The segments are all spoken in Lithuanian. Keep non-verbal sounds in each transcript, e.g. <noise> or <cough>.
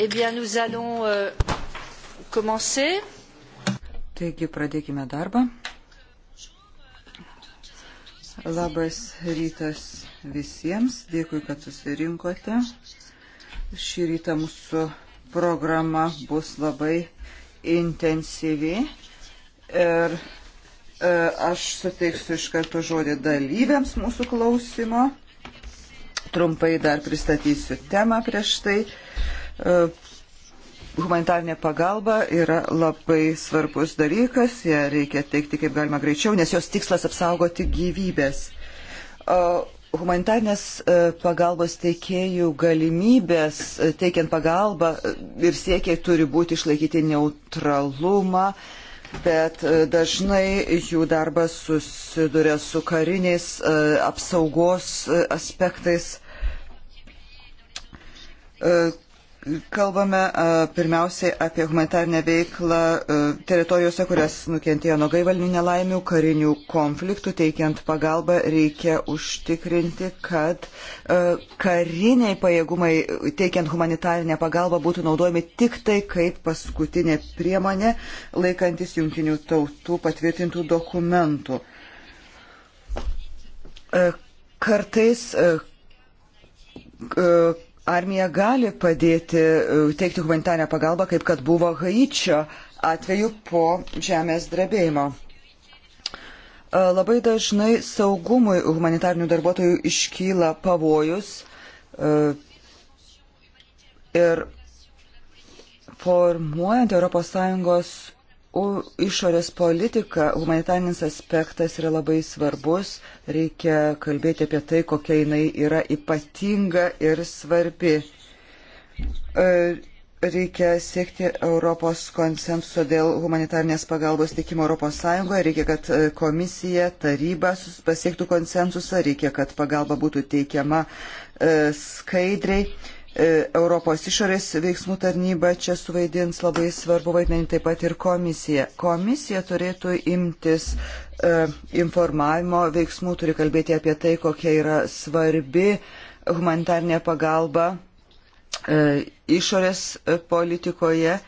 Eh bien, nous allons euh, commencer. Taigi, pradėkime darbą. Labas rytas visiems, dėkui, kad susirinkote. Šį rytą mūsų programa bus labai intensyvi ir e, aš suteiksiu iš karto žodį dalyviams mūsų klausimo. Trumpai dar pristatysiu temą prieš tai. E, E, humanitarinė pagalba yra labai svarbus dalykas, ją reikia teikti kaip galima greičiau, nes jos tikslas apsaugoti gyvybės. E, Humanitarnės e, pagalbos teikėjų galimybės teikiant pagalbą ir siekiai turi būti išlaikyti neutralumą, bet dažnai jų darbas susiduria su kariniais apsaugos aspektais Kalbame pirmiausiai apie humanitarnę veiklą teritorijose, kurias nukentėjo nuo gaivalinių nelaimių, karinių konfliktų, teikiant pagalbą reikia užtikrinti, kad kariniai pajėgumai teikiant humanitarnę pagalbą būtų naudojami tik tai kaip paskutinė priemonė, laikantis jungtinių tautų patvirtintų dokumentų. Kartais armija gali padėti e, teikti humanitarinę pagalbą, kaip kad buvo Haičio atveju po žemės drebėjimo. E, labai dažnai saugumui humanitarnių darbuotojų iškyla pavojus e, ir formuojant ES O išorės politika, humanitarinis aspektas yra labai svarbus, reikia kalbėti apie tai, kokia jinai yra ypatinga ir svarbi. E, reikia siekti Europos konsensuso dėl humanitarnės pagalbos teikimo ES, reikia, kad e, komisija, taryba pasiektų konsensusą, reikia, kad pagalba būtų teikiama e, skaidriai E, Europos išorės veiksmų tarnyba čia suvaidins labai svarbu vaidmenį, taip pat ir komisija. Komisija turėtų imtis e, informavimo veiksmų, turi kalbėti apie tai, kokia yra svarbi humanitarnė pagalba e, išorės politikoje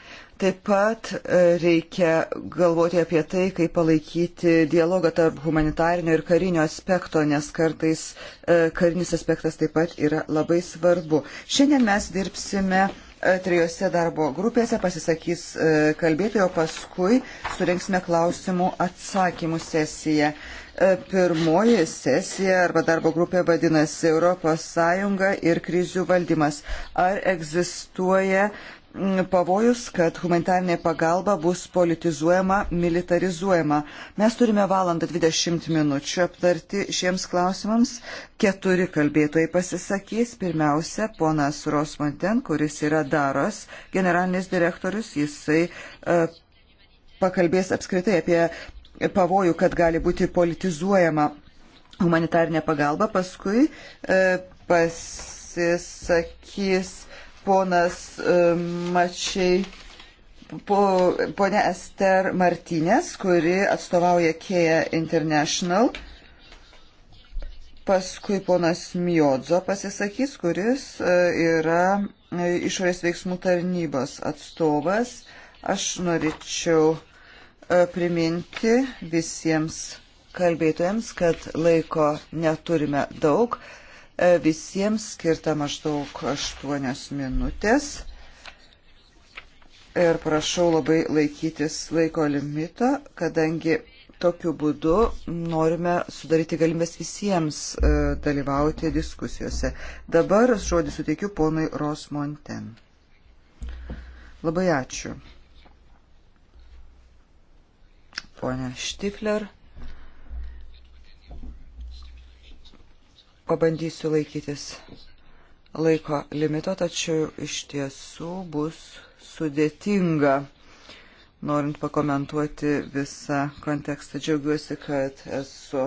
Taip pat e, reikia galvoti apie tai, kaip palaikyti dialogą tarp humanitarinio ir karinio aspekto, nes kartais e, karinis aspektas taip pat yra labai svarbu. Šiandien mes dirbsime e, trijose darbo grupėse pasisakys kalbėtojo, paskui surinksime klausimų atsakymų sesiją. Pirmoji sesija arba darbo grupė vadinasi ES ir krizių valdymas. Ar egzistuoja pavojus, kad humanitarnė pagalba bus politizuojama, militarizuojama. Mes turime valandą 20 minučių aptarti šiems klausimams. Keturi kalbėtojai pasisakys. Pirmiausia, ponas Rosmonten, kuris yra Daros generalinis direktorius, jisai uh, pakalbės apskritai apie pavojų, kad gali būti politizuojama humanitarnė pagalba. Paskui uh, pasisakys ponas e, Mačiai, po, ponė Ester Martinės, kuri atstovauja Keja International. Paskui ponas Miodzo pasisakys, kuris e, yra e, išorės veiksmų tarnybos atstovas. Aš norėčiau priminti visiems kalbėtojams, kad laiko neturime daug, E, visiems skirta maždaug 8 minutės. Ir prašau labai laikytis laiko limito, kadangi tokiu būdu norime sudaryti galimybės visiems e, dalyvauti diskusijose. Dabar žodį suteikiu ponui Rosmonten. Labai ačiū. Pone Štifler. Pabandysiu laikytis laiko limito, tačiau iš tiesų bus sudėtinga, norint pakomentuoti visą kontekstą. Džiaugiuosi, kad esu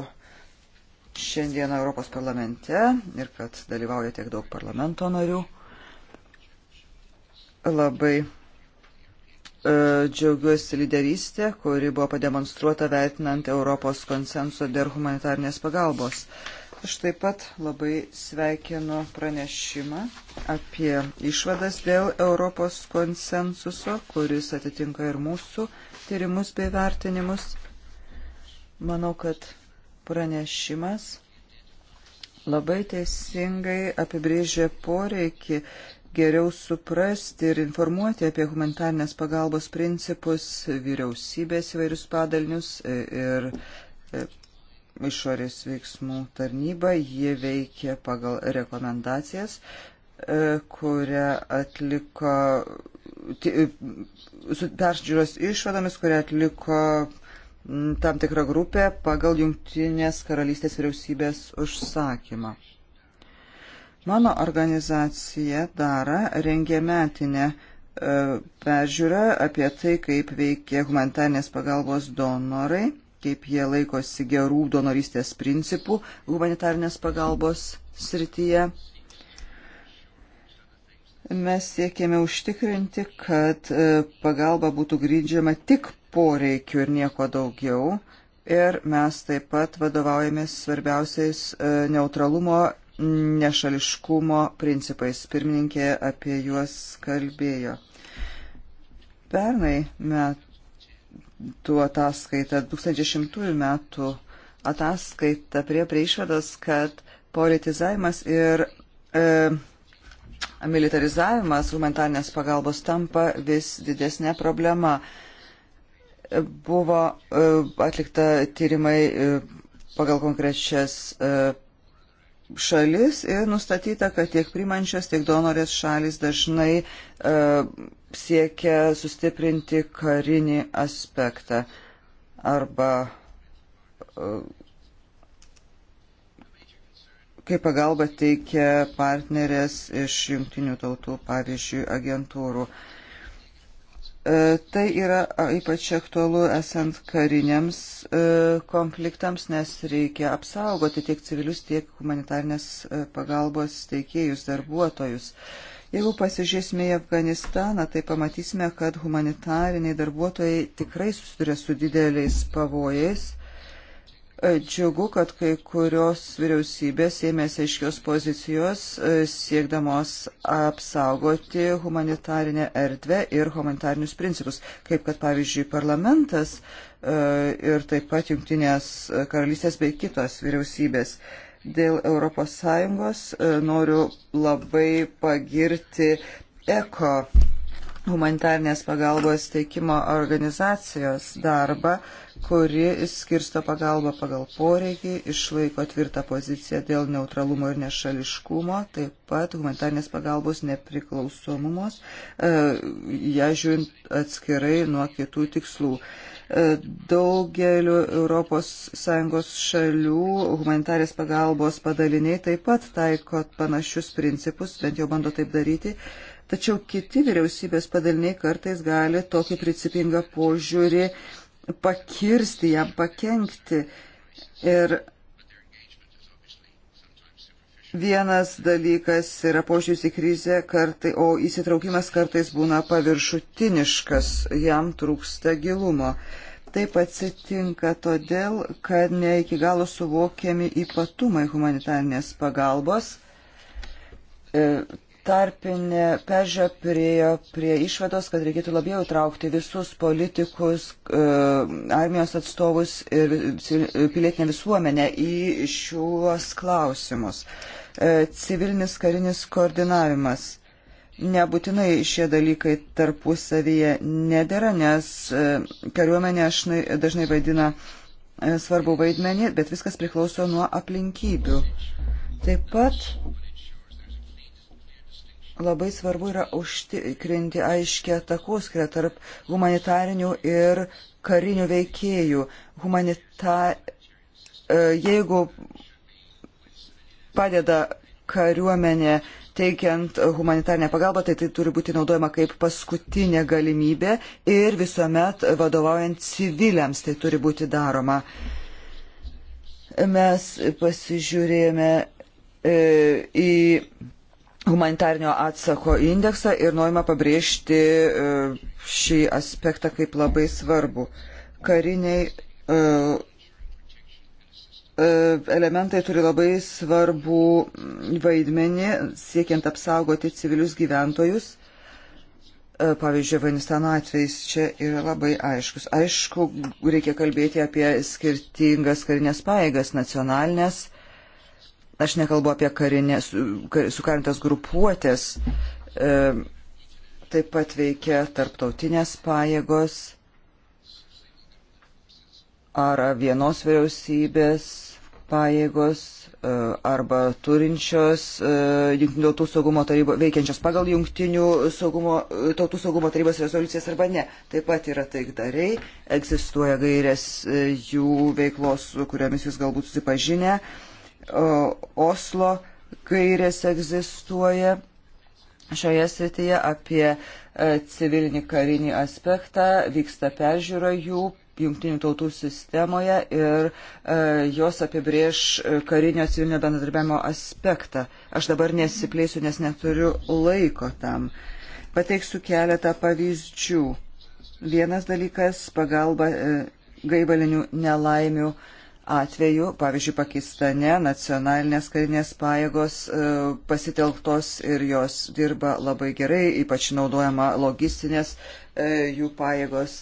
šiandien Europos parlamente ir kad dalyvauja tiek daug parlamento narių. Labai e, džiaugiuosi lyderystė, kuri buvo pademonstruota vertinant Europos konsenso dėl humanitarnės pagalbos. E, Aš taip pat labai sveikinu pranešimą apie išvadas dėl Europos konsensuso, kuris atitinka ir mūsų tyrimus bei vertinimus. Manau, kad pranešimas labai teisingai apibrėžė poreikį geriau suprasti ir informuoti apie humanitarnės pagalbos principus, vyriausybės įvairius padalinius ir e, išorės veiksmų tarnyba. Jie veikia pagal rekomendacijas, e, kurią atliko e, su peržiūros išvadomis, kurią atliko tam tikra grupė pagal Junktinės karalystės vyriausybės užsakymą. Mano organizacija Dara rengė metinę e, peržiūrą apie tai, kaip veikia humanitarnės pagalbos donorai kaip jie laikosi gerų donorystės principų humanitarnės pagalbos srityje. Mes siekėme užtikrinti, kad e, pagalba būtų grindžiama tik poreikiu ir nieko daugiau. Ir mes taip pat vadovaujamės svarbiausiais e, neutralumo, nešališkumo principais. Pirmininkė apie juos kalbėjo. Pernai metų tų ataskaitą, 2010 metų ataskaitą prie prie išvados, kad politizavimas ir e, militarizavimas humanitarnės pagalbos tampa vis didesnė problema. Buvo e, atlikta tyrimai e, pagal konkrečias e, šalis ir nustatyta, kad tiek primančios, tiek donorės šalis dažnai e, siekia sustiprinti karinį aspektą arba e, kaip pagalba teikia partnerės iš jungtinių tautų, pavyzdžiui, agentūrų. E, tai yra ypač aktualu esant kariniams e, konfliktams, nes reikia apsaugoti tiek civilius, tiek humanitarnės pagalbos teikėjus, darbuotojus. Jeigu pasižiūrėsime į Afganistaną, tai pamatysime, kad humanitariniai darbuotojai tikrai susiduria su dideliais pavojais. E, džiugu, kad kai kurios vyriausybės ėmėsi aiškios pozicijos e, siekdamos apsaugoti humanitarinę erdvę ir humanitarinius principus, kaip kad pavyzdžiui parlamentas e, ir taip pat jungtinės karalystės bei kitos vyriausybės dėl ES. E, noriu labai pagirti ECO humanitarnės pagalbos teikimo organizacijos darbą, kuri skirsto pagalbą pagal poreikį, išlaiko tvirtą poziciją dėl neutralumo ir nešališkumo, taip pat humanitarnės pagalbos nepriklausomumos, e, ją žiūrint atskirai nuo kitų tikslų. E, E, daugeliu ES šalių humanitarės pagalbos padaliniai taip pat taiko panašius principus, bent jau bando taip daryti. Tačiau kiti vyriausybės padaliniai kartais gali tokį principingą požiūrį pakirsti, jam pakengti. Ir Vienas dalykas yra požiūris į krizę, kartai, o įsitraukimas kartais būna paviršutiniškas, jam trūksta gilumo. Taip atsitinka todėl, kad ne iki galo suvokiami ypatumai humanitarnės pagalbos. E, tarpinė pežė priejo prie išvados, kad reikėtų labiau įtraukti visus politikus, e, armijos atstovus ir pilietinę visuomenę į šiuos klausimus. E, civilinis karinis koordinavimas. Nebūtinai šie dalykai tarpusavyje nedėra, nes e, kariuomenė dažnai vaidina svarbu vaidmenį, bet viskas priklauso nuo aplinkybių. Taip pat labai svarbu yra užtikrinti aiškę takoskirą tarp humanitarinių ir karinių veikėjų. Humanita, e, jeigu padeda kariuomenė teikiant humanitarnę pagalbą, tai tai turi būti naudojama kaip paskutinė galimybė ir visuomet vadovaujant civiliams tai turi būti daroma. Mes pasižiūrėjome e, į humanitarnio atsako indeksą ir norime pabrėžti e, šį aspektą kaip labai svarbu. Kariniai e, e, elementai turi labai svarbų vaidmenį siekiant apsaugoti civilius gyventojus. Pavyzdžiui, Afganistano atvejs čia yra labai aiškus. Aišku, reikia kalbėti apie skirtingas karinės paėgas, nacionalinės Aš nekalbu apie karinės, sukarintas grupuotės. E, taip pat veikia tarptautinės pajėgos ar vienos vyriausybės pajėgos e, arba turinčios e, jungtinių tautų saugumo tarybos, veikiančios pagal jungtinių saugumo, tautų saugumo tarybos rezoliucijas arba ne. Taip pat yra taikdariai, egzistuoja gairės e, jų veiklos, su kuriomis jūs galbūt susipažinę. Uh, Oslo gairės egzistuoja šioje srityje apie e, civilinį karinį aspektą, vyksta peržiūra jų jungtinių tautų sistemoje ir e, jos apibrieš e, karinio civilinio bendradarbiavimo aspektą. Aš dabar nesiplėsiu, nes neturiu laiko tam. Pateiksiu keletą pavyzdžių. Vienas dalykas - pagalba e, gaivalinių nelaimių e, atveju, pavyzdžiui, Pakistane nacionalinės karinės pajėgos e, pasitelktos ir jos dirba labai gerai, ypač naudojama logistinės e, jų pajėgos.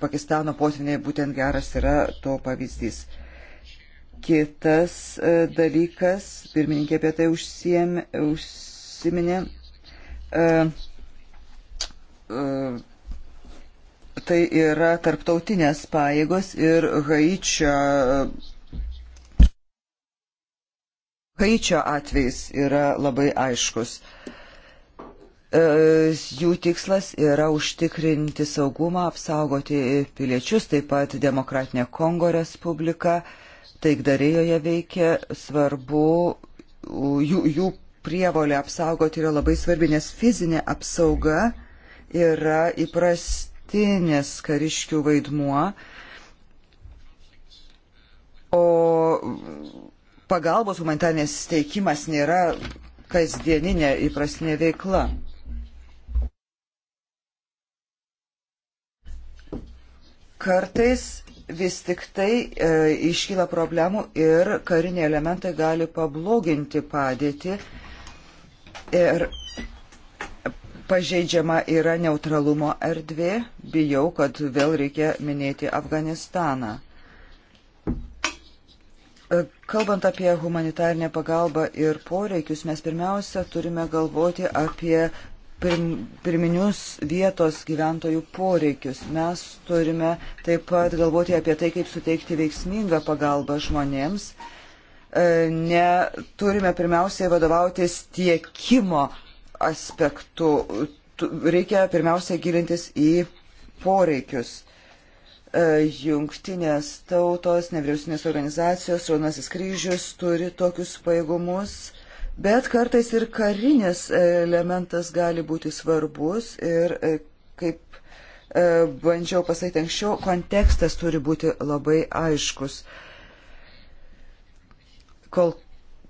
Pakistano potviniai būtent geras yra to pavyzdys. Kitas e, dalykas, pirmininkė apie tai užsiemė, užsiminė. Uh, uh, tai yra tarptautinės pajėgos ir Haičio. Haičio atvejs yra labai aiškus. E, jų tikslas yra užtikrinti saugumą, apsaugoti piliečius, taip pat Demokratinė Kongo Respublika, taikdarėjoje veikia, svarbu jų, jų prievolė apsaugoti yra labai svarbi, nes fizinė apsauga yra įprasta nuolatinės kariškių vaidmuo, o pagalbos humanitarnės teikimas nėra kasdieninė įprastinė veikla. Kartais vis tik tai e, iškyla problemų ir kariniai elementai gali pabloginti padėtį. Ir pažeidžiama yra neutralumo erdvė, bijau, kad vėl reikia minėti Afganistaną. E, kalbant apie humanitarnę pagalbą ir poreikius, mes pirmiausia turime galvoti apie pirminius vietos gyventojų poreikius. Mes turime taip pat galvoti apie tai, kaip suteikti veiksmingą pagalbą žmonėms. E, neturime pirmiausiai vadovautis tiekimo aspektų. Reikia pirmiausia gilintis į poreikius. E, jungtinės tautos, nevyriausinės organizacijos, Raudonasis kryžius turi tokius pajėgumus, bet kartais ir karinės elementas gali būti svarbus ir e, kaip e, bandžiau pasakyti anksčiau, kontekstas turi būti labai aiškus. Kol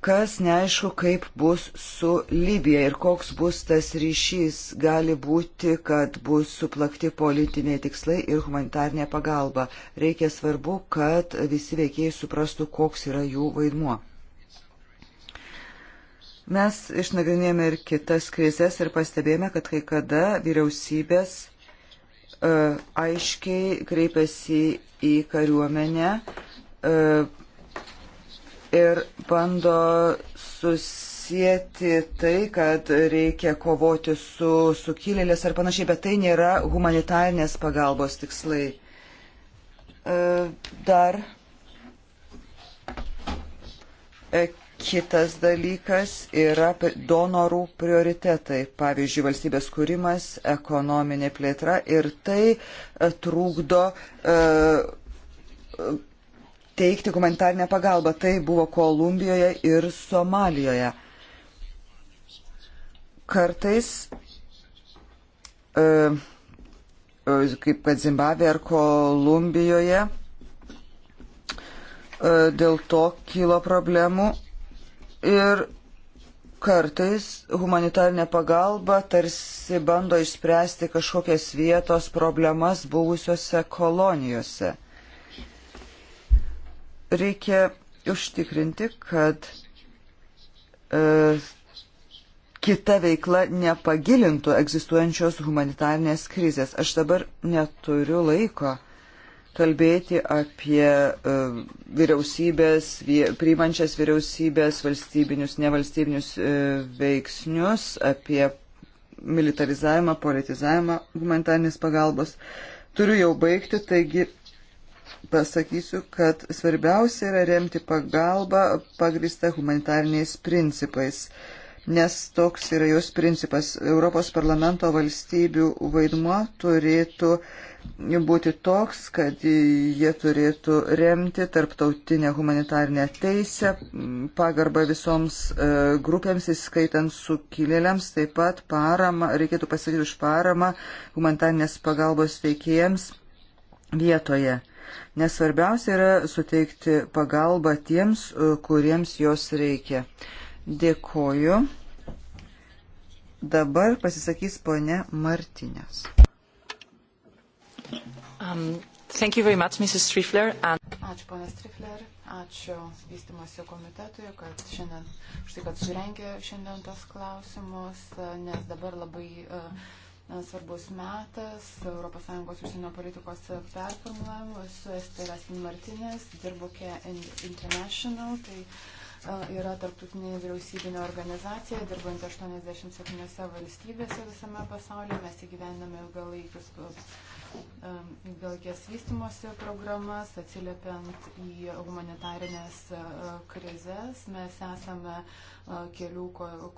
kas neaišku, kaip bus su Libija ir koks bus tas ryšys. Gali būti, kad bus suplakti politiniai tikslai ir humanitarnė pagalba. Reikia svarbu, kad visi veikėjai suprastų, koks yra jų vaidmuo. Mes išnagrinėjome ir kitas krizės ir pastebėjome, kad kai kada vyriausybės uh, aiškiai kreipiasi į kariuomenę, uh, ir bando susijęti tai, kad reikia kovoti su sukilėlės ar panašiai, bet tai nėra humanitarnės pagalbos tikslai. E, dar e, kitas dalykas yra donorų prioritetai, pavyzdžiui, valstybės kūrimas, ekonominė plėtra ir tai e, trūkdo teikti humanitarinę pagalbą. Tai buvo Kolumbijoje ir Somalijoje. Kartais, e, e, kaip kad Zimbabvė ar Kolumbijoje, e, dėl to kilo problemų ir kartais humanitarinė pagalba tarsi bando išspręsti kažkokias vietos problemas buvusiose kolonijose. Reikia užtikrinti, kad e, kita veikla nepagilintų egzistuojančios humanitarnės krizės. Aš dabar neturiu laiko kalbėti apie uh, vyriausybės, vie, priimančias vyriausybės, valstybinius, nevalstybinius uh, veiksnius, apie militarizavimą, politizavimą humanitarnės pagalbos. Turiu jau baigti, taigi pasakysiu, kad svarbiausia yra remti pagalbą pagrįstą humanitariniais principais, nes toks yra jos principas. Europos parlamento valstybių vaidmuo turėtų būti toks, kad jie turėtų remti tarptautinę humanitarinę teisę, pagarbą visoms e, grupėms, įskaitant sukilėliams, taip pat parama, reikėtų pasakyti už paramą humanitarnės pagalbos teikėjams vietoje nes svarbiausia yra suteikti pagalbą tiems, e, kuriems jos reikia. Dėkoju. Dabar pasisakys ponia Martinės. Um, much, Strifler, and... Ačiū, ponas Strifler. Ačiū vystimosi komitetui, kad šiandien, štai kad surengė šiandien tos klausimus, nes dabar labai uh, svarbus metas ES užsienio politikos performuojam. Esu Esteras Martinės, dirbu Care International, tai yra tarptautinė vyriausybinė organizacija, dirbanti 87 valstybėse visame pasaulyje. Mes įgyvendame ilgalaikius ilgalkės um, vystimosi programas, atsiliepiant į humanitarinės uh, krizės. Mes esame uh, kelių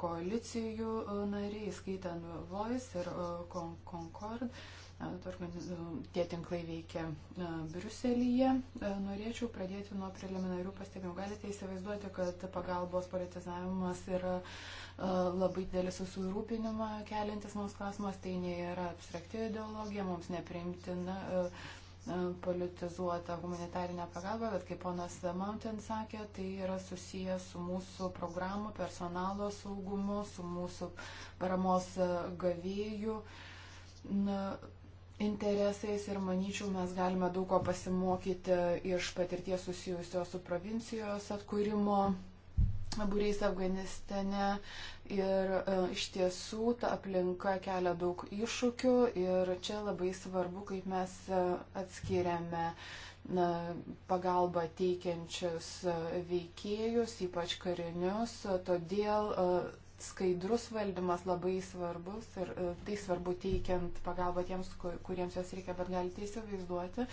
koalicijų uh, nariai, skaitant Voice ir Concord. Kon E, tie tinklai veikia e, Briuselyje. E, norėčiau pradėti nuo preliminarių pastebėjimų. Galite įsivaizduoti, kad pagalbos politizavimas yra labai didelis susirūpinimą keliantis mums klausimas. Tai nėra abstrakti ideologija, mums nepriimtina politizuota humanitarinė pagalba, bet kaip ponas Mountain sakė, tai yra susijęs su mūsų programų, personalo saugumu, su mūsų paramos gavėjų. Na, interesais ir manyčiau mes galime daug ko pasimokyti iš patirties susijusios su provincijos atkūrimo būriais Afganistane ir e, iš tiesų ta aplinka kelia daug iššūkių ir čia labai svarbu, kaip mes e, atskiriame na, pagalbą teikiančius e, veikėjus, ypač karinius, todėl skaidrus valdymas labai svarbus ir e, tai svarbu teikiant pagalbą tiems, kuriems jos reikia, bet galite įsivaizduoti,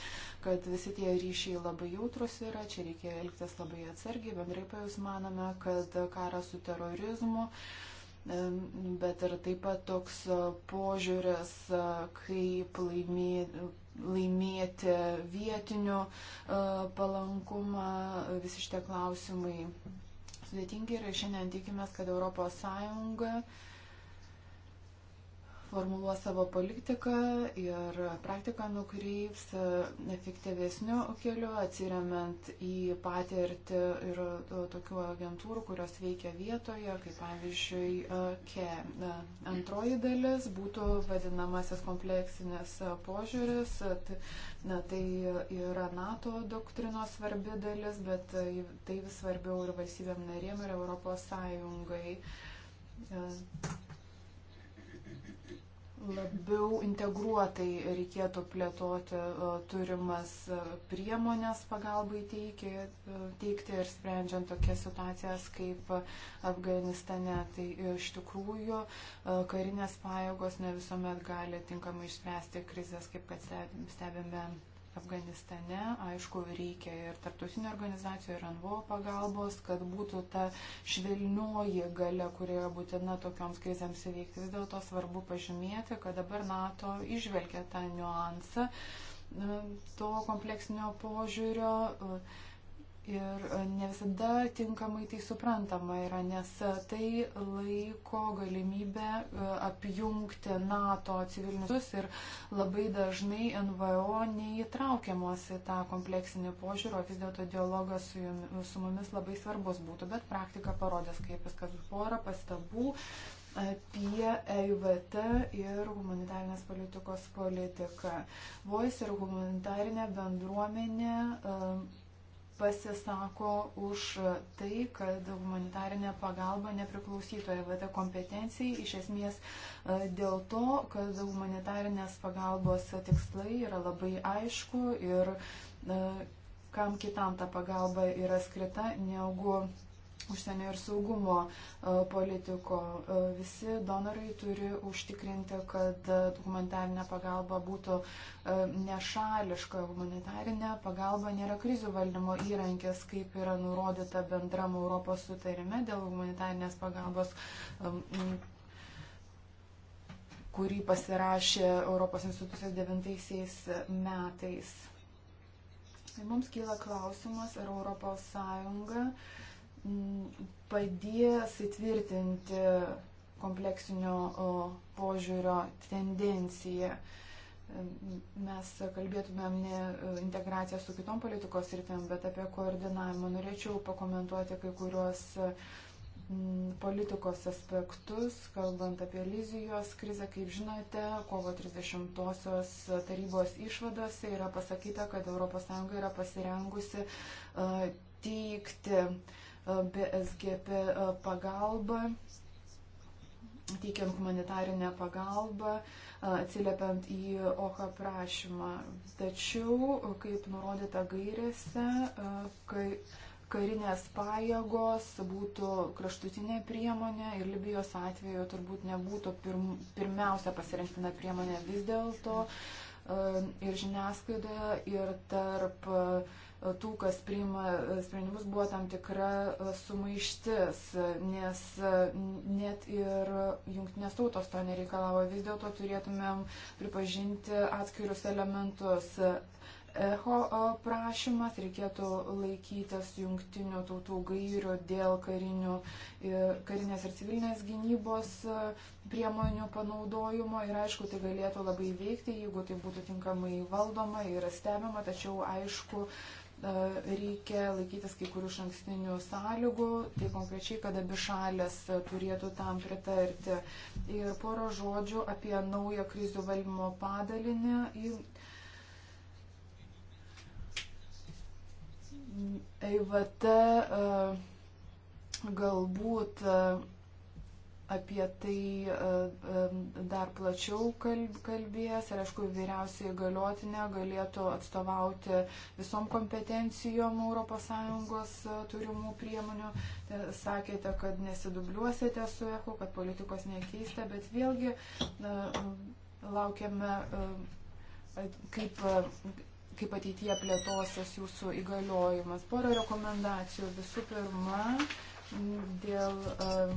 kad visi tie ryšiai labai jautrus yra, čia reikia elgtis labai atsargiai, bendrai pajus manome, kad karas su terorizmu, e, bet ir taip pat toks e, požiūris, kaip laimėti laimėti vietinių palankumą, visi šitie klausimai sudėtingi ir šiandien tikimės, kad ES formuluos savo politiką ir praktiką nukreips efektyvesniu keliu, atsiriamant į patirtį ir e, tokių agentūrų, kurios veikia vietoje, kaip pavyzdžiui, KE. E, antroji dalis būtų vadinamasis kompleksinis požiūris. Na, tai yra NATO doktrinos svarbi dalis, bet tai vis svarbiau ir valstybėm narėm ir Europos Sąjungai. Yeah labiau integruotai reikėtų plėtoti e, turimas e, priemonės pagalbai teikti, e, teikti ir sprendžiant tokias situacijas kaip Afganistane. Tai iš tikrųjų karinės pajėgos ne visuomet gali tinkamai išspręsti krizės, kaip kad stebime Afganistane. Aišku, reikia ir tarptautinių organizacijų, ir NVO pagalbos, kad būtų ta švelnioji gale, kurioje būtina tokioms krizėms įveikti. Vis dėlto svarbu pažymėti, kad dabar NATO išvelgia tą niuansą to kompleksinio požiūrio Ir e, ne visada tinkamai tai suprantama yra, nes e, tai laiko galimybę e, apjungti NATO civilinius ir labai dažnai NVO neįtraukiamos į tą kompleksinį požiūrį, o vis dėlto dialogas su, jumis, su mumis labai svarbus būtų, bet praktika parodės, kaip viskas porą pastabų apie EIVT ir humanitarinės politikos politiką. Voice ir humanitarinė bendruomenė. Uh, pasisako už tai, kad humanitarinė pagalba nepriklausytų EVT kompetencijai, iš esmės e, dėl to, kad humanitarinės pagalbos tikslai yra labai aišku ir e, kam kitam ta pagalba yra skirta, negu užsienio ir saugumo e, politiko. E, visi donorai turi užtikrinti, kad humanitarinė pagalba būtų e, nešališka. Humanitarinė pagalba nėra krizių valdymo įrankis, kaip yra nurodyta bendram Europos sutarime dėl humanitarinės pagalbos kurį pasirašė Europos institucijos devintaisiais metais. Mums kyla klausimas, ar Europos Sąjunga uh, padės įtvirtinti kompleksinio požiūrio tendenciją. Mes kalbėtumėm ne e, integraciją su kitom politikos rytėm, bet apie koordinavimą. Norėčiau pakomentuoti kai kuriuos e, politikos aspektus, kalbant apie Lizijos krizę, kaip žinote, kovo 30-osios tarybos išvadose yra pasakyta, kad ES yra pasirengusi e, teikti uh, BSGP e, pagalba, teikiant humanitarinę pagalbą, e, atsiliepiant į OHA prašymą. Tačiau, e, kaip nurodyta gairėse, kai karinės pajėgos būtų kraštutinė priemonė ir Libijos atveju turbūt nebūtų pirm, pirmiausia pasirinktina priemonė vis dėlto ir žiniasklaidoje, ir tarp uh, tų, kas priima e, sprendimus, buvo tam tikra e, sumaištis, nes e, net ir jungtinės tautos to nereikalavo. Vis dėlto turėtumėm pripažinti atskirius elementus. Echo prašymas reikėtų laikytas jungtinių tautų gairių dėl karinių, karinės ir civilinės gynybos priemonių panaudojimo ir aišku, tai galėtų labai veikti, jeigu tai būtų tinkamai valdoma ir stebima, tačiau aišku, E, reikia laikytis kai kurių šankstinių sąlygų, tai konkrečiai, kad abi šalės e, turėtų tam pritarti. Ir poro žodžių apie naują krizių valdymo padalinį. EIVT e, galbūt apie tai e, e, dar plačiau kalbės ir, aišku, vyriausiai galiotinė galėtų atstovauti visom kompetencijom ES e, turimų priemonių. Sakėte, kad nesidubliuosite su ECHO, kad politikos nekeista, bet vėlgi laukiame, kaip kaip ateityje plėtosios jūsų įgaliojimas. Porą rekomendacijų. Visų pirma, dėl uh,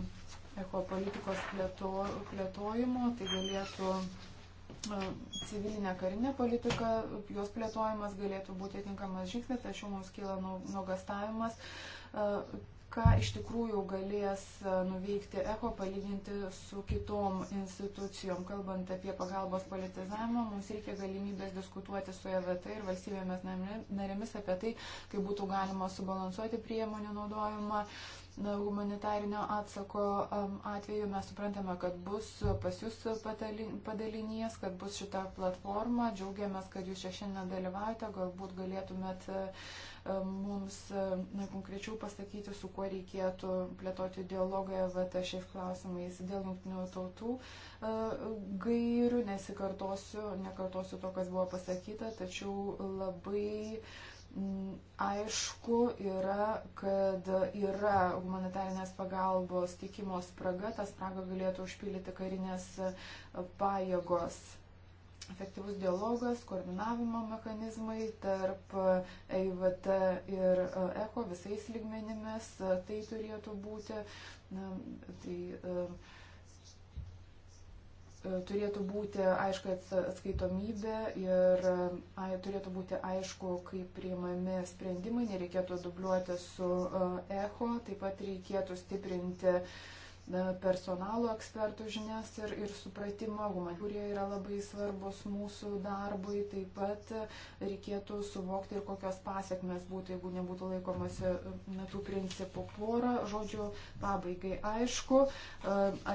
ekopolitikos plėto, plėtojimo, tai galėtų e, civilinė karinė politika, jos plėtojimas galėtų būti tinkamas žingsnis, tačiau mums kyla nu, nuogastavimas e, ką iš tikrųjų galės e, nuveikti ECO palyginti su kitom institucijom. Kalbant apie pagalbos politizavimą, mums reikia galimybės diskutuoti su EVT ir valstybėmis narėmis apie tai, kaip būtų galima subalansuoti priemonių naudojimą. Humanitarinio atsako atveju mes suprantame, kad bus pas jūs padalinys, kad bus šita platforma. Džiaugiamės, kad jūs čia šiandien dalyvaujate. Galbūt galėtumėt uh, E, mums e, konkrečiau pasakyti, su kuo reikėtų plėtoti dialogą e, VT šiais klausimais dėl jungtinių tautų gairių, nesikartosiu, nekartosiu to, kas buvo pasakyta, tačiau labai aišku yra, kad yra humanitarinės pagalbos teikimo spraga, tą spragą galėtų užpildyti karinės pajėgos efektyvus dialogas, koordinavimo mechanizmai tarp EIVT e ir ECHO e visais lygmenimis, e, tai turėtų būti. Na, tai, Turėtų būti aišku atskaitomybė ir ai, turėtų būti aišku, kaip priimami sprendimai, nereikėtų dubliuoti su ECHO, taip pat reikėtų stiprinti uh, E, personalo ekspertų žinias ir, ir supratimą, kurie yra labai svarbus mūsų darbui. Taip pat e, reikėtų suvokti ir kokios pasiekmes būtų, jeigu nebūtų laikomasi e, tų principų. Porą žodžių pabaigai. Aišku,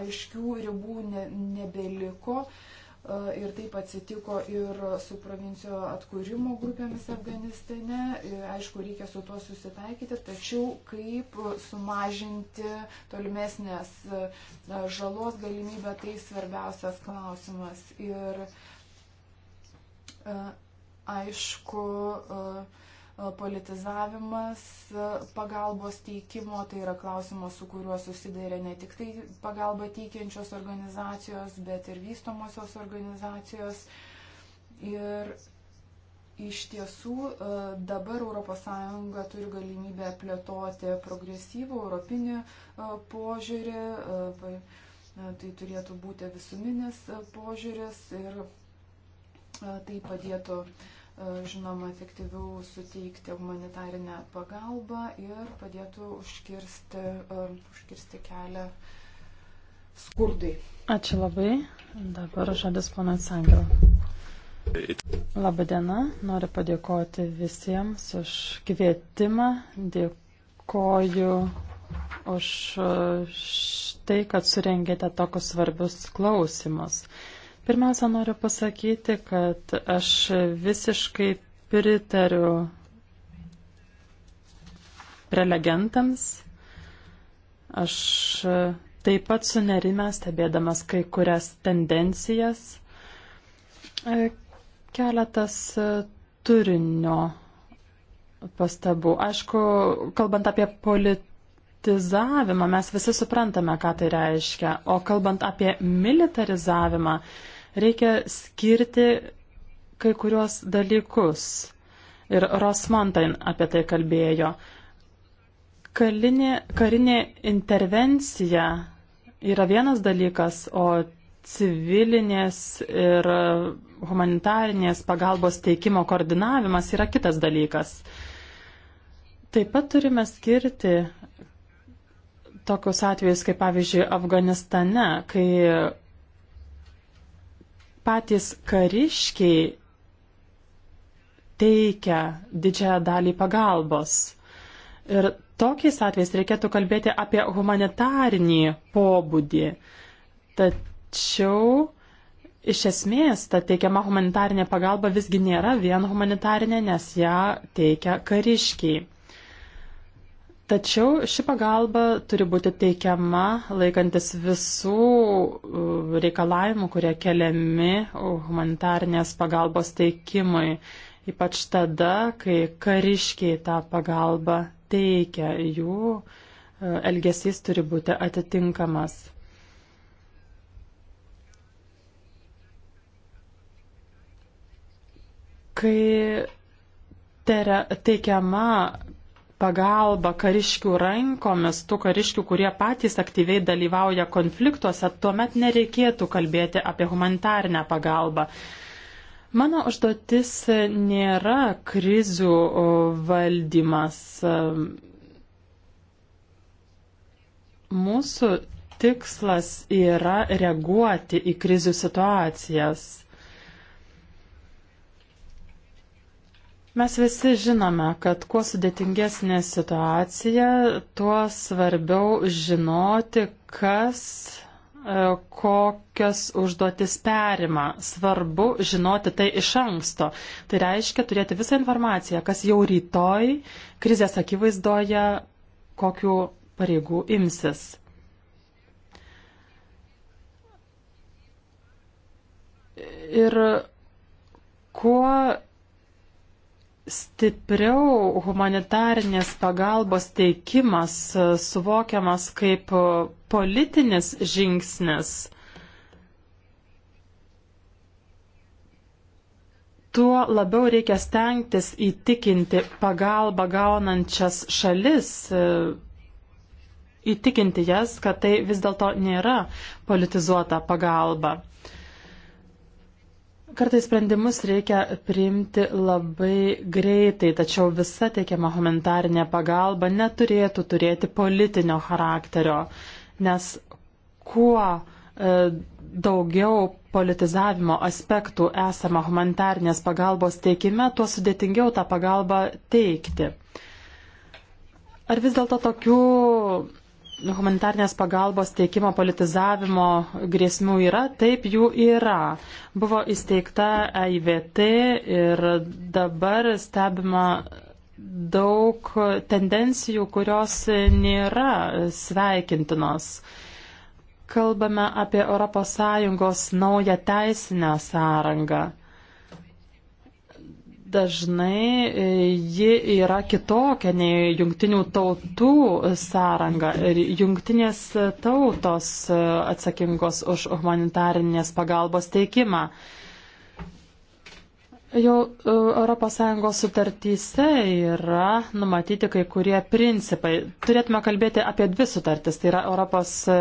aiškių ribų ne, nebeliko. Uh, E, ir taip atsitiko ir su provincijo atkūrimo grupėmis Afganistane. Aišku, reikia su tuo susitaikyti, tačiau kaip sumažinti tolimesnės e, žalos galimybę, tai svarbiausias klausimas. Ir e, aišku, E, politizavimas e, pagalbos teikimo, tai yra klausimas, su kuriuo susidarė ne tik tai pagalba teikiančios organizacijos, bet ir vystomosios organizacijos. Ir iš tiesų e, dabar ES turi galimybę plėtoti progresyvų europinį požiūrį, tai turėtų būti visuminis požiūris ir tai padėtų uh, E, žinoma, efektyviau suteikti humanitarinę pagalbą ir padėtų užkirsti, e, užkirsti kelią skurdai. Ačiū labai. Dabar žodis ponas Angela. Labadiena, noriu padėkoti visiems už kvietimą, dėkoju už tai, kad surengėte tokius svarbius klausimus. Pirmiausia, noriu pasakyti, kad aš visiškai pritariu prelegentams. Aš taip pat sunerime stebėdamas kai kurias tendencijas. E, keletas turinio pastabų. Aišku, kalbant apie politizavimą, mes visi suprantame, ką tai reiškia. O kalbant apie militarizavimą, Reikia skirti kai kuriuos dalykus. Ir Rosmantain apie tai kalbėjo. Kalinė, karinė intervencija yra vienas dalykas, o civilinės ir humanitarinės pagalbos teikimo koordinavimas yra kitas dalykas. Taip pat turime skirti tokius atvejus, kaip pavyzdžiui Afganistane, kai patys kariškiai teikia didžiąją dalį pagalbos. Ir tokiais atvejais reikėtų kalbėti apie humanitarinį pobūdį. Tačiau iš esmės ta teikiama humanitarinė pagalba visgi nėra vien humanitarinė, nes ją teikia kariškiai. Tačiau ši pagalba turi būti teikiama laikantis visų uh, reikalavimų, kurie keliami uh, humanitarnės pagalbos teikimui, ypač tada, kai kariškiai tą pagalbą teikia, jų uh, elgesys turi būti atitinkamas. Kai teikiama pagalba kariškių rankomis, tų kariškių, kurie patys aktyviai dalyvauja konfliktuose, tuomet nereikėtų kalbėti apie humanitarnę pagalbą. Mano užduotis nėra krizių valdymas. Mūsų tikslas yra reaguoti į krizių situacijas. Mes visi žinome, kad kuo sudėtingesnė situacija, tuo svarbiau žinoti, kas e, kokias užduotis perima. Svarbu žinoti tai iš anksto. Tai reiškia turėti visą informaciją, kas jau rytoj krizės akivaizdoje kokiu pareigų imsis. Ir kuo stipriau humanitarnės pagalbos teikimas e, suvokiamas kaip e, politinis žingsnis, tuo labiau reikia stengtis įtikinti pagalbą gaunančias šalis, e, įtikinti jas, kad tai vis dėlto nėra politizuota pagalba. Kartais sprendimus reikia priimti labai greitai, tačiau visa teikiama humanitarinė pagalba neturėtų turėti politinio charakterio, nes kuo e, daugiau politizavimo aspektų esama humanitarinės pagalbos teikime, tuo sudėtingiau tą pagalbą teikti. Ar vis dėlto tokių humanitarnės pagalbos teikimo politizavimo grėsmių yra, taip jų yra. Buvo įsteigta EIVT ir dabar stebima daug tendencijų, kurios nėra sveikintinos. Kalbame apie ES naują teisinę sąrangą dažnai e, ji yra kitokia nei jungtinių tautų sąranga. Ir jungtinės tautos e, atsakingos už humanitarinės pagalbos teikimą. Jau ES sutartyse yra numatyti kai kurie principai. Turėtume kalbėti apie dvi sutartys. Tai yra Europos e,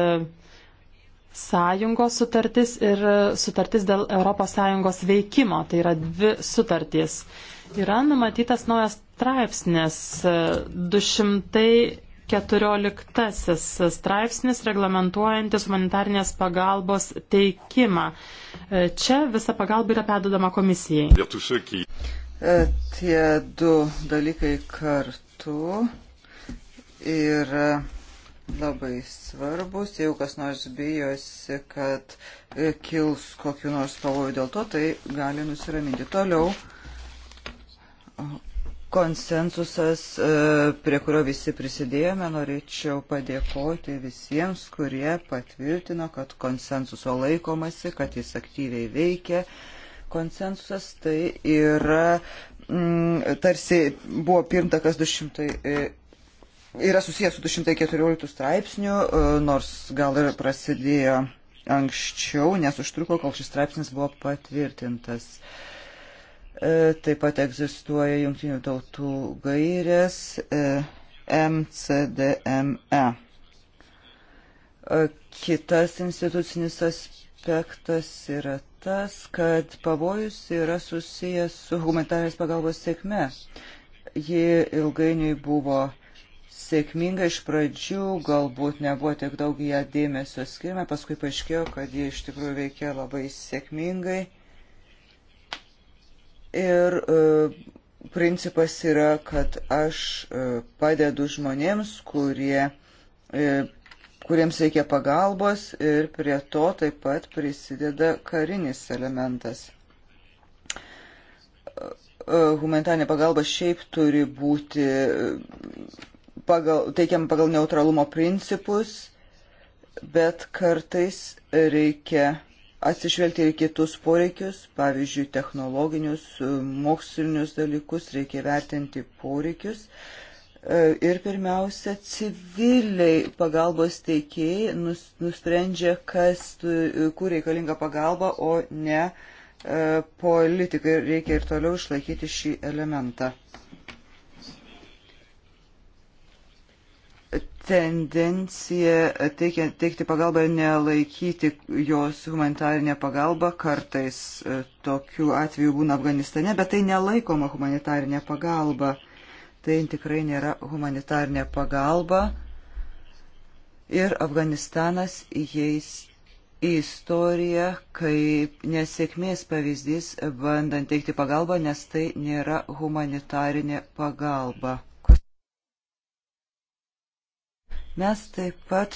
sąjungos sutartis ir sutartis dėl ES veikimo, tai yra dvi sutartys. Yra numatytas naujas straipsnis 214 straipsnis reglamentuojantis humanitarnės pagalbos teikimą. Čia visa pagalba yra perdodama komisijai. E, tie du dalykai kartu ir yra labai svarbus. Jeigu kas nors bijosi, kad e, kils kokiu nors pavojų dėl to, tai gali nusiraminti toliau. Konsensusas, e, prie kurio visi prisidėjome, norėčiau padėkoti visiems, kurie patvirtino, kad konsensuso laikomasi, kad jis aktyviai veikia. Konsensusas tai yra mm, tarsi buvo pirmtakas 200 yra susijęs su 214 straipsniu, e, nors gal ir prasidėjo anksčiau, nes užtruko, kol šis straipsnis buvo patvirtintas. E, taip pat egzistuoja jungtinių tautų gairės MCDME. E. Kitas institucinis aspektas yra tas, kad pavojus yra susijęs su humanitarės pagalbos sėkme. Ji ilgainiui buvo sėkminga iš pradžių, galbūt nebuvo tiek daug ją dėmesio skirime, paskui paaiškėjo, kad jie iš tikrųjų veikė labai sėkmingai. Ir e, principas yra, kad aš e, padedu žmonėms, kurie, e, kuriems reikia pagalbos ir prie to taip pat prisideda karinis elementas. E, e Humanitarinė pagalba šiaip turi būti e, pagal, teikiam pagal neutralumo principus, bet kartais reikia atsižvelgti ir kitus poreikius, pavyzdžiui, technologinius, mokslinius dalykus, reikia vertinti poreikius. E, ir pirmiausia, civiliai pagalbos teikėjai nusprendžia, kas, kur reikalinga pagalba, o ne e, politikai. Reikia ir toliau išlaikyti šį elementą. tendencija teikia, teikti pagalbą ir nelaikyti jos humanitarinę pagalbą. Kartais e, tokių atvejų būna Afganistane, bet tai nelaikoma humanitarinė pagalba. Tai tikrai nėra humanitarinė pagalba. Ir Afganistanas įeis į istoriją kaip nesėkmės pavyzdys, bandant teikti pagalbą, nes tai nėra humanitarinė pagalba. Mes taip pat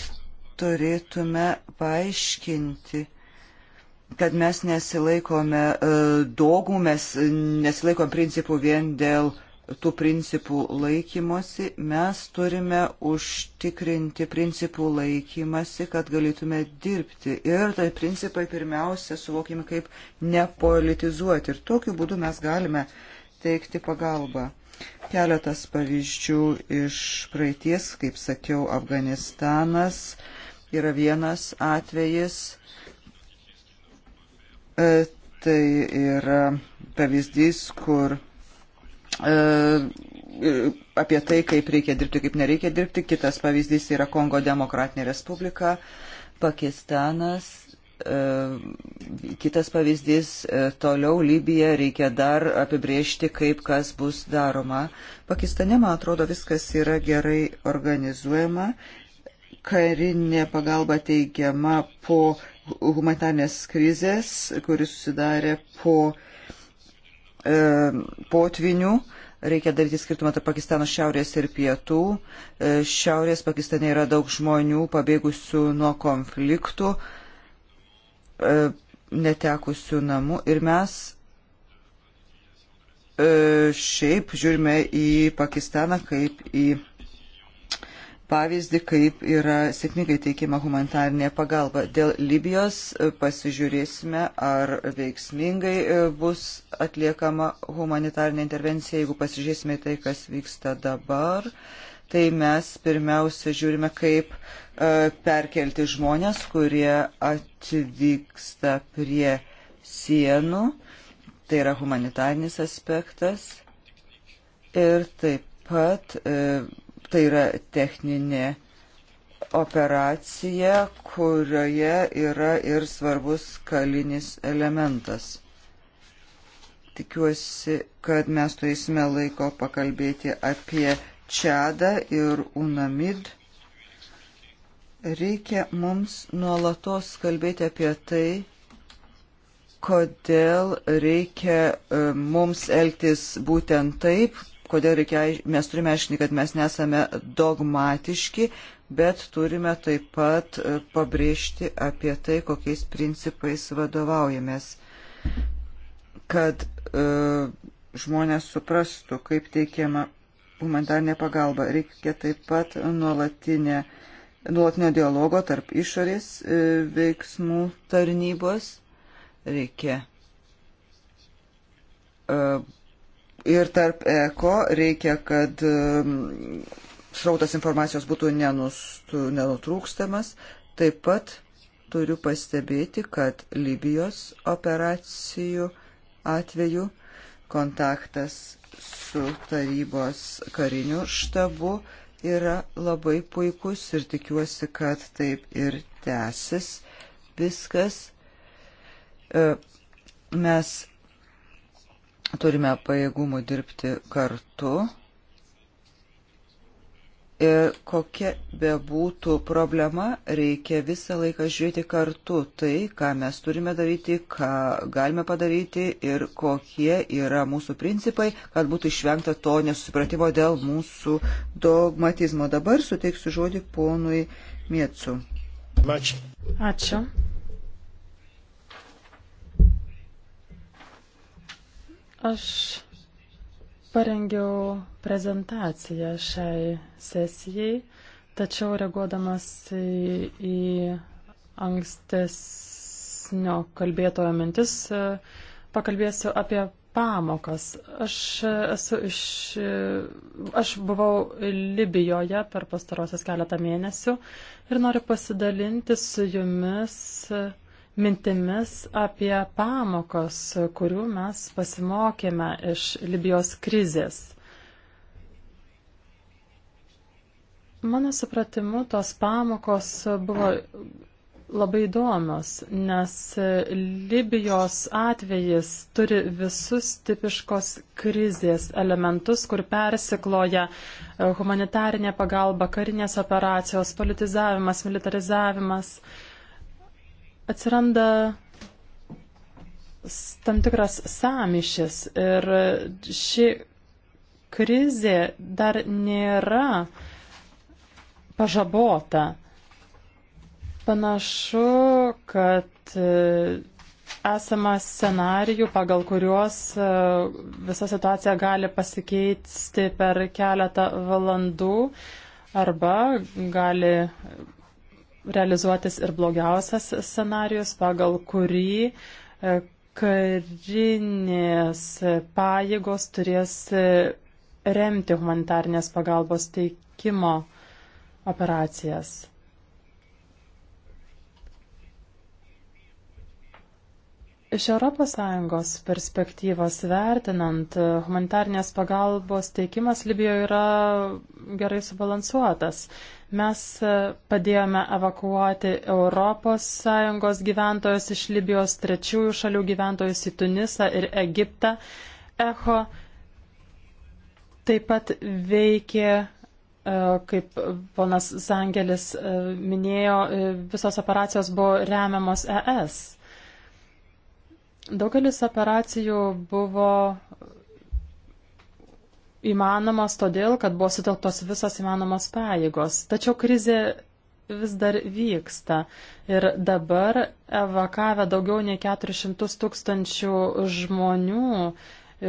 turėtume paaiškinti, kad mes nesilaikome e, dogų, mes nesilaikome principų vien dėl tų principų laikymosi, mes turime užtikrinti principų laikymasi, kad galėtume dirbti. Ir tai principai pirmiausia suvokime kaip nepolitizuoti. Ir tokiu būdu mes galime teikti pagalbą. Keletas pavyzdžių iš praeities, kaip sakiau, Afganistanas yra vienas atvejis. E, tai yra pavyzdys, kur e, apie tai, kaip reikia dirbti, kaip nereikia dirbti. Kitas pavyzdys yra Kongo Demokratinė Respublika, Pakistanas E, kitas pavyzdys, e, toliau Libija reikia dar apibriežti, kaip kas bus daroma. Pakistane, man atrodo, viskas yra gerai organizuojama. Karinė pagalba teikiama po humanitarnės krizės, kuris susidarė po e, potvinių. Reikia daryti skirtumą tarp Pakistano šiaurės ir pietų. E, šiaurės Pakistane yra daug žmonių pabėgusių nuo konfliktų. E, E, netekusių namų ir mes e, šiaip žiūrime į Pakistaną kaip į pavyzdį, kaip yra sėkmingai teikiama humanitarinė pagalba. Dėl Libijos e, pasižiūrėsime, ar veiksmingai bus atliekama humanitarinė intervencija. Jeigu pasižiūrėsime tai, kas vyksta dabar, tai mes pirmiausia žiūrime, kaip uh, E, perkelti žmonės, kurie atvyksta prie sienų. Tai yra humanitarinis aspektas. Ir taip pat e, tai yra techninė operacija, kurioje yra ir svarbus kalinis elementas. Tikiuosi, kad mes turėsime laiko pakalbėti apie Čadą ir Unamid Reikia mums nuolatos kalbėti apie tai, kodėl reikia e, mums elgtis būtent taip, kodėl reikia, mes turime aiškinti, kad mes nesame dogmatiški, bet turime taip pat e, pabrėžti apie tai, kokiais principais vadovaujamės, kad e, žmonės suprastų, kaip teikiama humanitarnė pagalba. Reikia taip pat nuolatinė e, nuolatinio dialogo tarp išorės e, veiksmų tarnybos. Reikia. E, ir tarp eko reikia, kad e, srautas informacijos būtų nenustu, nenutrūkstamas. Taip pat turiu pastebėti, kad Libijos operacijų atveju kontaktas su tarybos kariniu štabu uh, yra labai puikus ir tikiuosi, kad taip ir tęsis viskas. E, mes turime pajėgumų dirbti kartu Ir kokia bebūtų problema, reikia visą laiką žiūrėti kartu tai, ką mes turime daryti, ką galime padaryti ir kokie yra mūsų principai, kad būtų išvengta to nesusipratimo dėl mūsų dogmatizmo. Dabar suteiksiu žodį ponui Miecu. Ačiū. Ačiū. Aš parengiau prezentaciją šiai sesijai, tačiau reaguodamas į, į ankstesnio kalbėtojo mintis, e, pakalbėsiu apie pamokas. Aš e, esu iš. E, aš buvau Libijoje per pastarosius keletą mėnesių ir noriu pasidalinti su jumis mintimis apie pamokas, kurių mes pasimokėme iš Libijos krizės. Mano supratimu, tos pamokos buvo labai įdomios, nes Libijos atvejis turi visus tipiškos krizės elementus, kur persikloja e, humanitarinė pagalba, karinės operacijos, politizavimas, militarizavimas atsiranda tam tikras samišis ir ši krizė dar nėra pažabota. Panašu, kad e, esama scenarijų, pagal kuriuos e, visa situacija gali pasikeisti per keletą valandų arba gali realizuotis ir blogiausias scenarius, pagal kurį e, karinės pajėgos turės e, remti humanitarnės pagalbos teikimo operacijas. Iš ES perspektyvos vertinant, humanitarnės pagalbos teikimas Libijoje yra gerai subalansuotas. Mes e, padėjome evakuoti ES gyventojus iš Libijos, trečiųjų šalių gyventojus į Tunisą ir Egiptą. Echo taip pat veikė, e, kaip ponas Zangelis e, minėjo, visos operacijos buvo remiamos ES. Daugelis operacijų buvo įmanomas todėl, kad buvo sutelktos visos įmanomos pajėgos. Tačiau krizė vis dar vyksta. Ir dabar evakavę daugiau nei 400 tūkstančių žmonių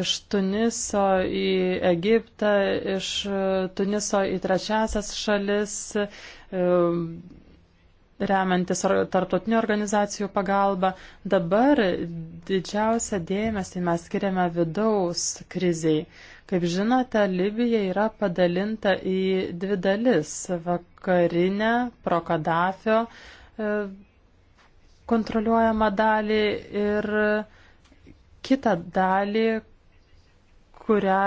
iš Tuniso į Egiptą, iš Tuniso į trečiasias šalis, um, remiantis tarptautinių organizacijų pagalba. Dabar didžiausią dėmesį mes skiriame vidaus kriziai. Kaip žinote, Libija yra padalinta į dvi dalis - vakarinę pro Kadafio e, kontroliuojamą dalį ir kitą dalį, kurią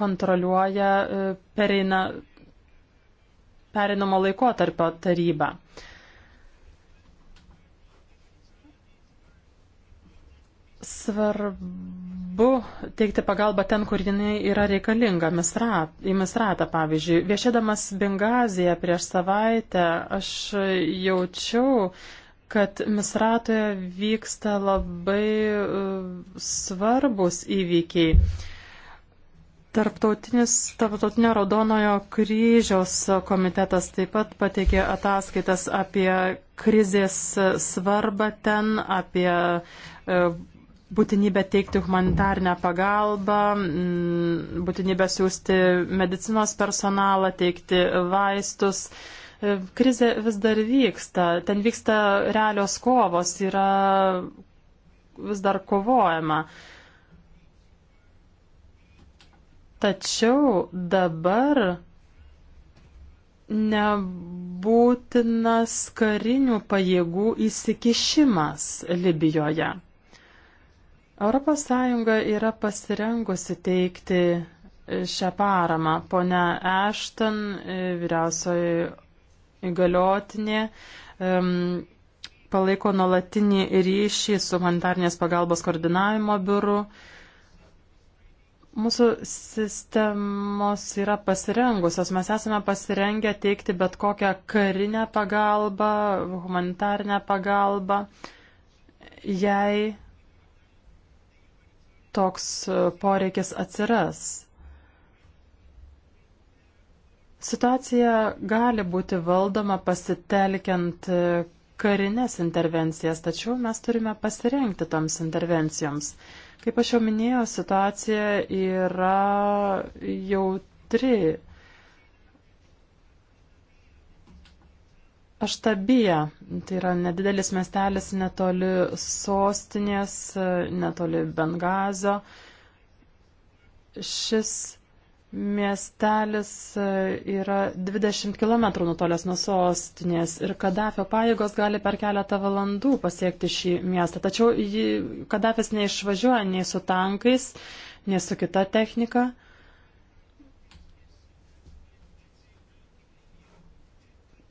kontroliuoja e, pereina, pereinamo laikotarpio taryba. Svarbu svarbu teikti pagalbą ten, kur jinai yra reikalinga, misra, į misratą pavyzdžiui. Viešėdamas Bengazija prieš savaitę aš jaučiau, kad misratoje vyksta labai e, svarbus įvykiai. Tarptautinis, tarptautinio raudonojo kryžiaus komitetas taip pat pateikė ataskaitas apie krizės svarbą ten, apie e, būtinybę teikti humanitarnę pagalbą, mm, būtinybę siūsti medicinos personalą, teikti vaistus. E, Krize vis dar vyksta, ten vyksta realios kovos, yra vis dar kovojama. Tačiau dabar nebūtinas karinių pajėgų įsikišimas Libijoje. ES yra pasirengusi teikti šią paramą. Pone Ešton, vyriausioji įgaliotinė, palaiko nuolatinį ryšį su humanitarnės pagalbos koordinavimo biuru. Mūsų sistemos yra pasirengusios, mes esame pasirengę teikti bet kokią karinę pagalbą, humanitarnę pagalbą, jei toks e, poreikis atsiras. Situacija gali būti valdoma pasitelkiant e, karinės intervencijas, tačiau mes turime pasirengti toms intervencijoms. Kaip aš jau minėjau, situacija yra jautri. Aštabija, tai yra nedidelis miestelis netoli sostinės, netoli Bengazio. Šis miestelis yra 20 km nutolęs nuo sostinės ir Kadafio pajėgos gali per keletą valandų pasiekti šį miestą. Tačiau Kadafis neišvažiuoja nei su tankais, nei su kita technika.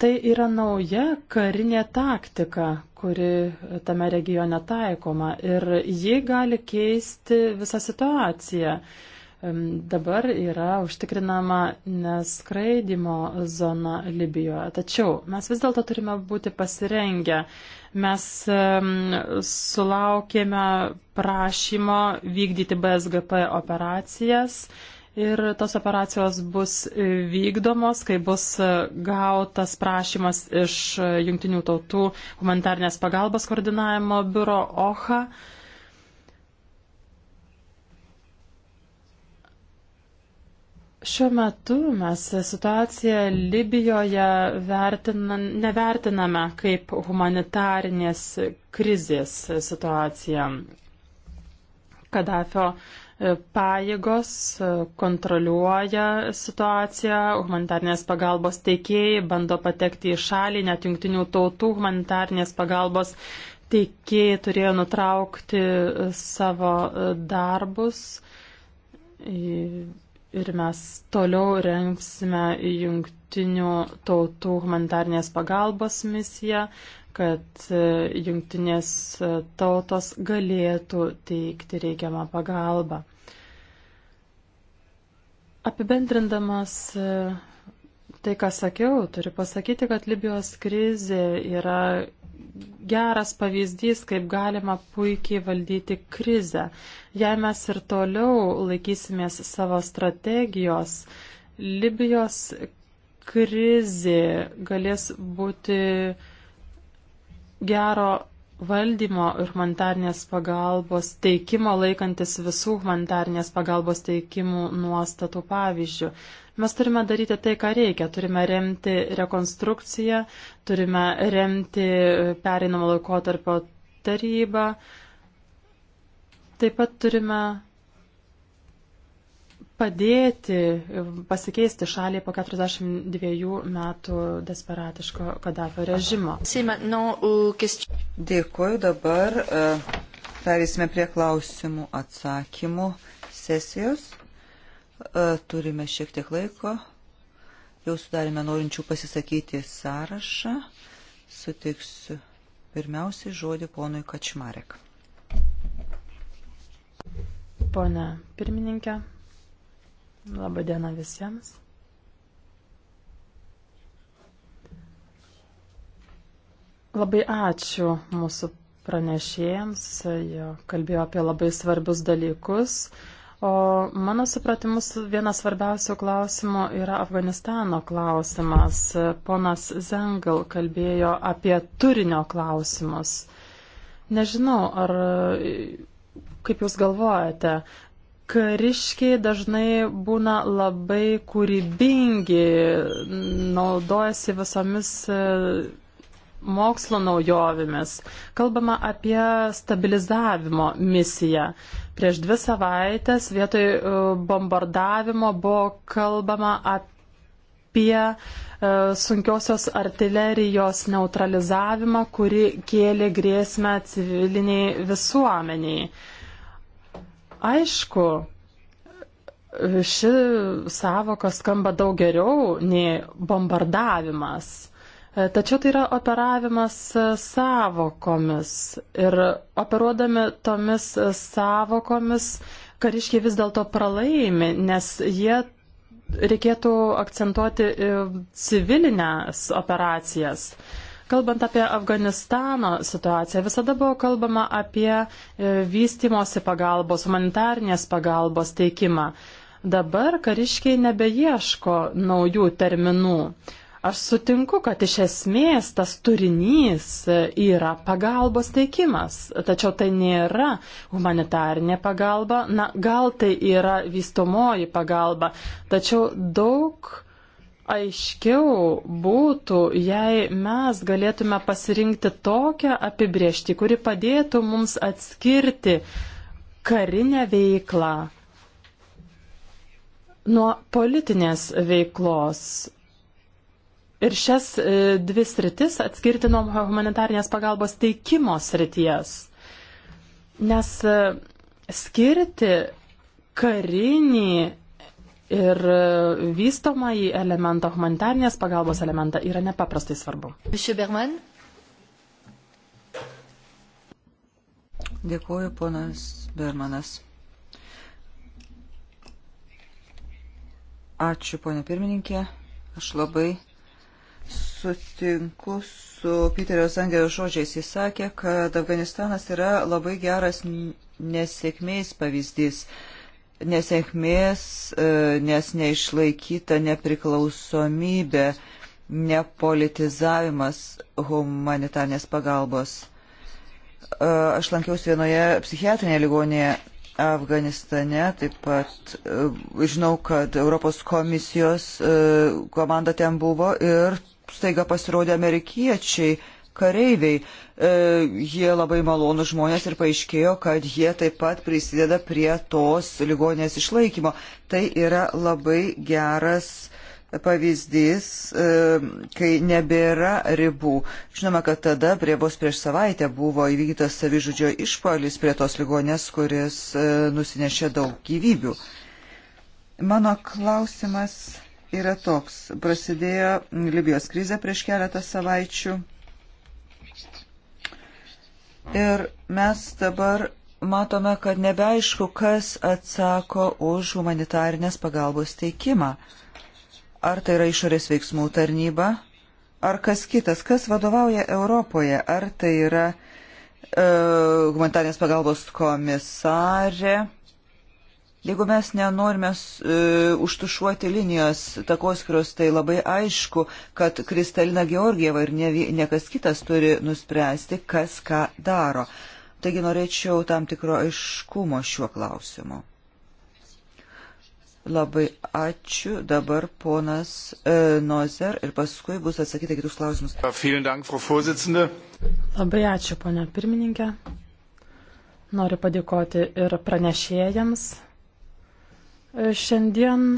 Tai yra nauja karinė taktika, kuri tame regione taikoma ir ji gali keisti visą situaciją. Dabar yra užtikrinama neskraidimo zona Libijoje. Tačiau mes vis dėlto turime būti pasirengę. Mes sulaukėme prašymo vykdyti BSGP operacijas. Ir tos operacijos bus vykdomos, kai bus gautas prašymas iš Junktinių tautų humanitarnės pagalbos koordinavimo biuro OHA. Šiuo metu mes situaciją Libijoje vertina, nevertiname kaip humanitarinės krizės situaciją. Kadafio uh, E, pajėgos e, kontroliuoja situaciją, humanitarnės pagalbos teikėjai bando patekti į šalį, net jungtinių tautų humanitarnės pagalbos teikėjai turėjo nutraukti e, savo darbus. Ir mes toliau remsime jungtinių tautų humanitarnės pagalbos misiją kad e, jungtinės e, tautos galėtų teikti reikiamą pagalbą. Apibendrindamas e, tai, ką sakiau, turiu pasakyti, kad Libijos krizė yra geras pavyzdys, kaip galima puikiai valdyti krizę. Jei mes ir toliau laikysimės savo strategijos, Libijos krizė galės būti gero valdymo ir humanitarnės pagalbos teikimo laikantis visų humanitarnės pagalbos teikimų nuostatų pavyzdžių. Mes turime daryti tai, ką reikia. Turime remti rekonstrukciją, turime remti pereinamo laikotarpio tarybą. Taip pat turime padėti pasikeisti šaliai po 42 metų desperatiško Kadafio režimo. Dėkuoju dabar. E, Perėsime prie klausimų atsakymų sesijos. E, turime šiek tiek laiko. Jau sudarėme norinčių pasisakyti sąrašą. Sutiksiu pirmiausiai žodį ponui Kačmarek. Pone pirmininkė, Labadiena visiems. Labai ačiū mūsų pranešėjams, jie kalbėjo apie labai svarbius dalykus. O mano supratimus vienas svarbiausių klausimų yra Afganistano klausimas. Ponas Zengel kalbėjo apie turinio klausimus. Nežinau, ar kaip Jūs galvojate, Kariškiai dažnai būna labai kūrybingi, naudojasi visomis e, mokslo naujovėmis. Kalbama apie stabilizavimo misiją. Prieš dvi savaitės vietoj e, bombardavimo buvo kalbama apie e, sunkiosios artilerijos neutralizavimą, kuri kėlė grėsmę civiliniai visuomeniai. Aišku, ši savoka skamba daug geriau nei bombardavimas. E, tačiau tai yra operavimas e, savokomis. Ir operuodami tomis e, savokomis, kariškiai vis dėlto pralaimi, nes jie reikėtų akcentuoti civilinės operacijas. Kalbant apie Afganistano situaciją, visada buvo kalbama apie e, vystimosi pagalbos, humanitarnės pagalbos teikimą. Dabar kariškiai nebeieško naujų terminų. Aš sutinku, kad iš esmės tas turinys e, yra pagalbos teikimas, tačiau tai nėra humanitarnė pagalba, na gal tai yra vystomoji pagalba, tačiau daug aiškiau būtų, jei mes galėtume pasirinkti tokią apibriežtį, kuri padėtų mums atskirti karinę veiklą nuo politinės veiklos ir šias e, dvi sritis atskirti nuo humanitarnės pagalbos teikimo srities. Nes e, skirti karinį ir vystomą į elementą, humanitarnės pagalbos elementą yra nepaprastai svarbu. Dėkuoju, ponas Bermanas. Ačiū, ponė pirmininkė. Aš labai sutinku su Piterio Zangerio žodžiais. Jis sakė, kad Afganistanas yra labai geras nesėkmės pavyzdys. Uh, nesėkmės, e, nes neišlaikyta nepriklausomybė, nepolitizavimas humanitarnės pagalbos. E, aš lankiausi vienoje psichiatrinėje ligonėje Afganistane, taip pat e, žinau, kad Europos komisijos komanda ten buvo ir staiga pasirodė amerikiečiai kareiviai. E, jie labai malonų žmonės ir paaiškėjo, kad jie taip pat prisideda prie tos ligonės išlaikymo. Tai yra labai geras pavyzdys, e, kai nebėra ribų. Žinoma, kad tada prie vos prieš savaitę buvo įvykdytas savižudžio išpolis prie tos ligonės, kuris e, nusinešė daug gyvybių. Mano klausimas yra toks. Prasidėjo Libijos krizė prieš keletą savaičių. Ir mes dabar matome, kad nebeaišku, kas atsako už humanitarinės pagalbos teikimą. Ar tai yra išorės veiksmų tarnyba, ar kas kitas, kas vadovauja Europoje, ar tai yra e, humanitarinės pagalbos komisarė, Jeigu mes nenorime e, užtušuoti linijos takoskiros, tai labai aišku, kad Kristalina Georgieva ir ne, ne kas kitas turi nuspręsti, kas ką daro. Taigi norėčiau tam tikro aiškumo šiuo klausimu. Labai ačiū. Dabar ponas e, Nozer ir paskui bus atsakyta kitus klausimus. Labai ačiū, ponia pirmininkė. Noriu padėkoti ir pranešėjams Šiandien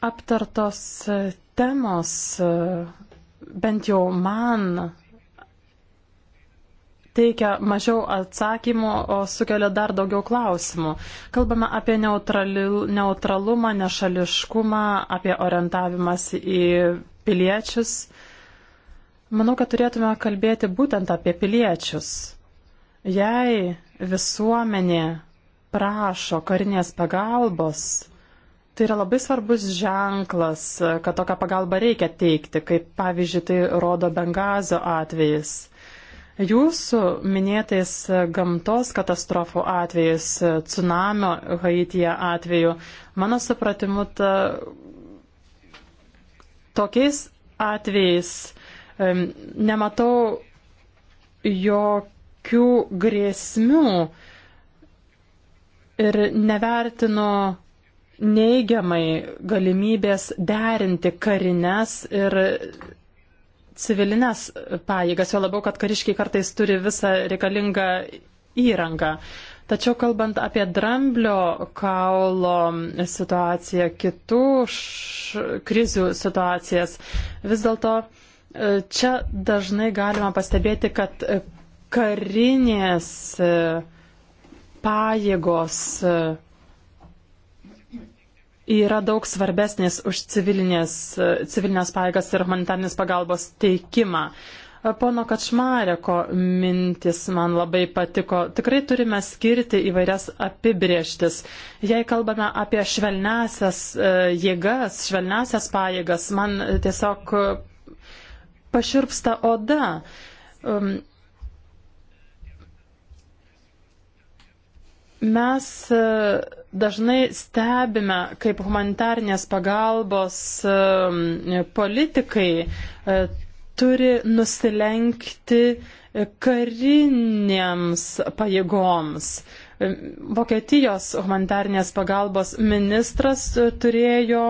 aptartos temos bent jau man teikia mažiau atsakymų, o sukelia dar daugiau klausimų. Kalbame apie neutrali, neutralumą, nešališkumą, apie orientavimas į piliečius. Manau, kad turėtume kalbėti būtent apie piliečius. Jei visuomenė prašo karinės pagalbos, Tai yra labai svarbus ženklas, kad tokią pagalbą reikia teikti, kaip pavyzdžiui tai rodo Bengazio atvejis. Jūsų minėtais gamtos katastrofų atvejais, tsunamio Haityje atveju, mano supratimu, ta, tokiais atvejais nematau jokių grėsmių ir nevertinu neigiamai galimybės derinti karines ir civilinės pajėgas, jo labiau, kad kariškiai kartais turi visą reikalingą įrangą. Tačiau kalbant apie dramblio kaulo situaciją, kitų š... krizių situacijas, vis dėlto e, čia dažnai galima pastebėti, kad karinės e, pajėgos e, yra daug svarbesnės už civilinės, civilinės paėgas ir humanitarnės pagalbos teikimą. Pono Kačmareko mintis man labai patiko. Tikrai turime skirti įvairias apibrieštis. Jei kalbame apie švelnesias e, jėgas, švelnesias pajėgas, man tiesiog paširpsta oda. Um, mes e, dažnai stebime, kaip humanitarnės pagalbos um, politikai e, turi nusilenkti e, karinėms pajėgoms. E, Vokietijos humanitarnės pagalbos ministras turėjo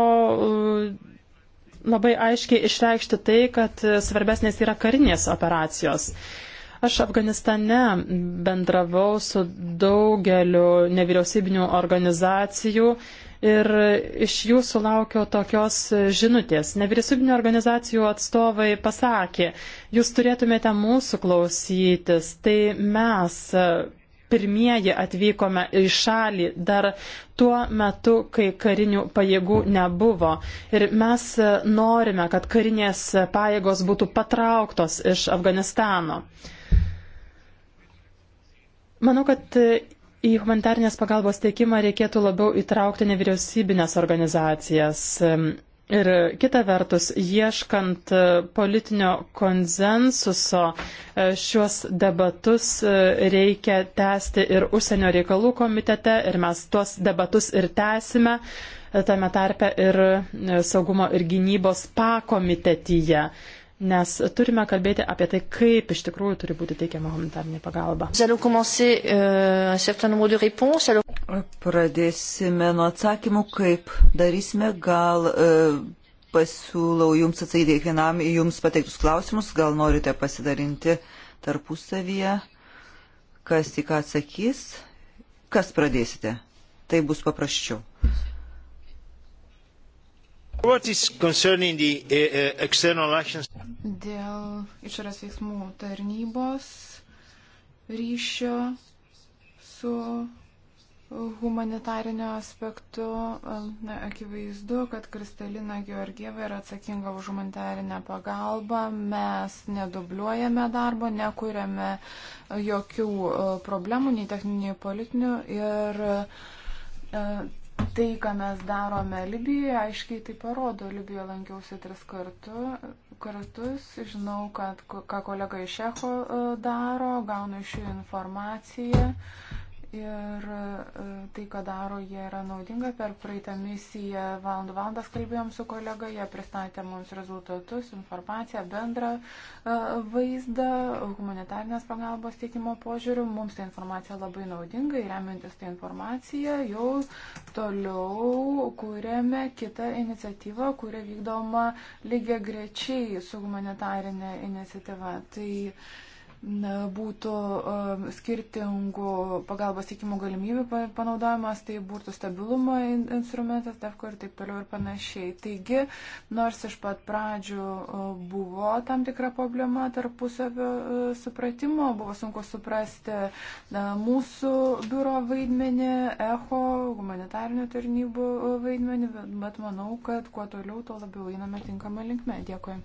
labai aiškiai išreikšti tai, kad svarbesnės yra karinės operacijos. Aš Afganistane bendravau su daugeliu nevyriausybinių organizacijų ir iš jų sulaukiau tokios žinutės. Nevyriausybinio organizacijų atstovai pasakė, jūs turėtumėte mūsų klausytis, tai mes e, pirmieji atvykome į šalį dar tuo metu, kai karinių pajėgų nebuvo. Ir mes e, norime, kad karinės pajėgos būtų patrauktos iš Afganistano. Manau, kad į humanitarnės pagalbos teikimą reikėtų labiau įtraukti nevyriausybinės organizacijas. Ir kita vertus, ieškant politinio konsensuso, šiuos debatus reikia tęsti ir užsienio reikalų komitete, ir mes tuos debatus ir tęsime, tame tarpe ir saugumo ir gynybos pakomitetyje. komitetyje nes turime kalbėti apie tai, kaip iš tikrųjų turi būti teikiama humanitarinė pagalba. Euh, Pradėsime nuo atsakymų, kaip darysime, gal euh, pasiūlau jums atsakyti kiekvienam į jums pateiktus klausimus, gal norite pasidalinti tarpusavyje, kas į ką atsakys, kas pradėsite. Tai bus paprasčiau. Uh, uh, Dėl išorės veiksmų tarnybos ryšio su humanitariniu aspektu um, na, akivaizdu, kad Kristalina Georgieva yra atsakinga už humanitarinę pagalbą. Mes nedubliuojame darbo, nekūrėme jokių uh, problemų, nei techninių, nei politinių. Ir tai, ką mes darome Libijoje, aiškiai tai parodo. Libijoje lankiausi tris kartu, kartus, žinau, kad, ką kolega iš Echo e, daro, gaunu iš jų informaciją, Ir e, tai, ką daro, jie yra naudinga. Per praeitą misiją valandų valandas kalbėjom su kolega, jie pristatė mums rezultatus, informaciją, bendrą e, vaizdą, humanitarnės pagalbos teikimo požiūrių. Mums ta informacija labai naudinga ir remiantis tą informaciją jau toliau kūrėme kitą iniciatyvą, kuri vykdoma lygiai grečiai su humanitarinė iniciatyva. Tai, uh, būtų e, skirtingų pagalbos teikimo galimybių panaudojimas, tai būtų stabilumo instrumentas, DEFCO ir taip toliau ir panašiai. Taigi, nors iš pat pradžių e, buvo tam tikra problema tarpusavio e, supratimo, buvo sunku suprasti mūsų biuro vaidmenį, echo, humanitarnių tarnybų vaidmenį, bet manau, kad kuo toliau, tuo labiau einame tinkamą linkmę. Dėkui.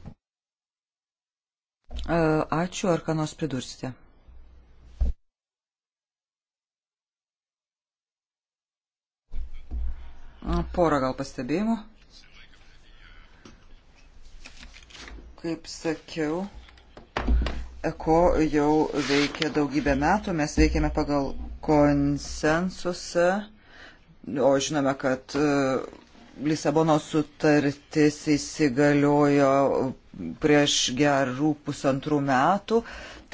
E, ačiū, ar ką nors pridursite? Porą gal pastebėjimų. Kaip sakiau, ECO jau veikia daugybę metų, mes veikiame pagal konsensusą, o žinome, kad Lisabono sutartis įsigaliojo prieš gerų pusantrų metų,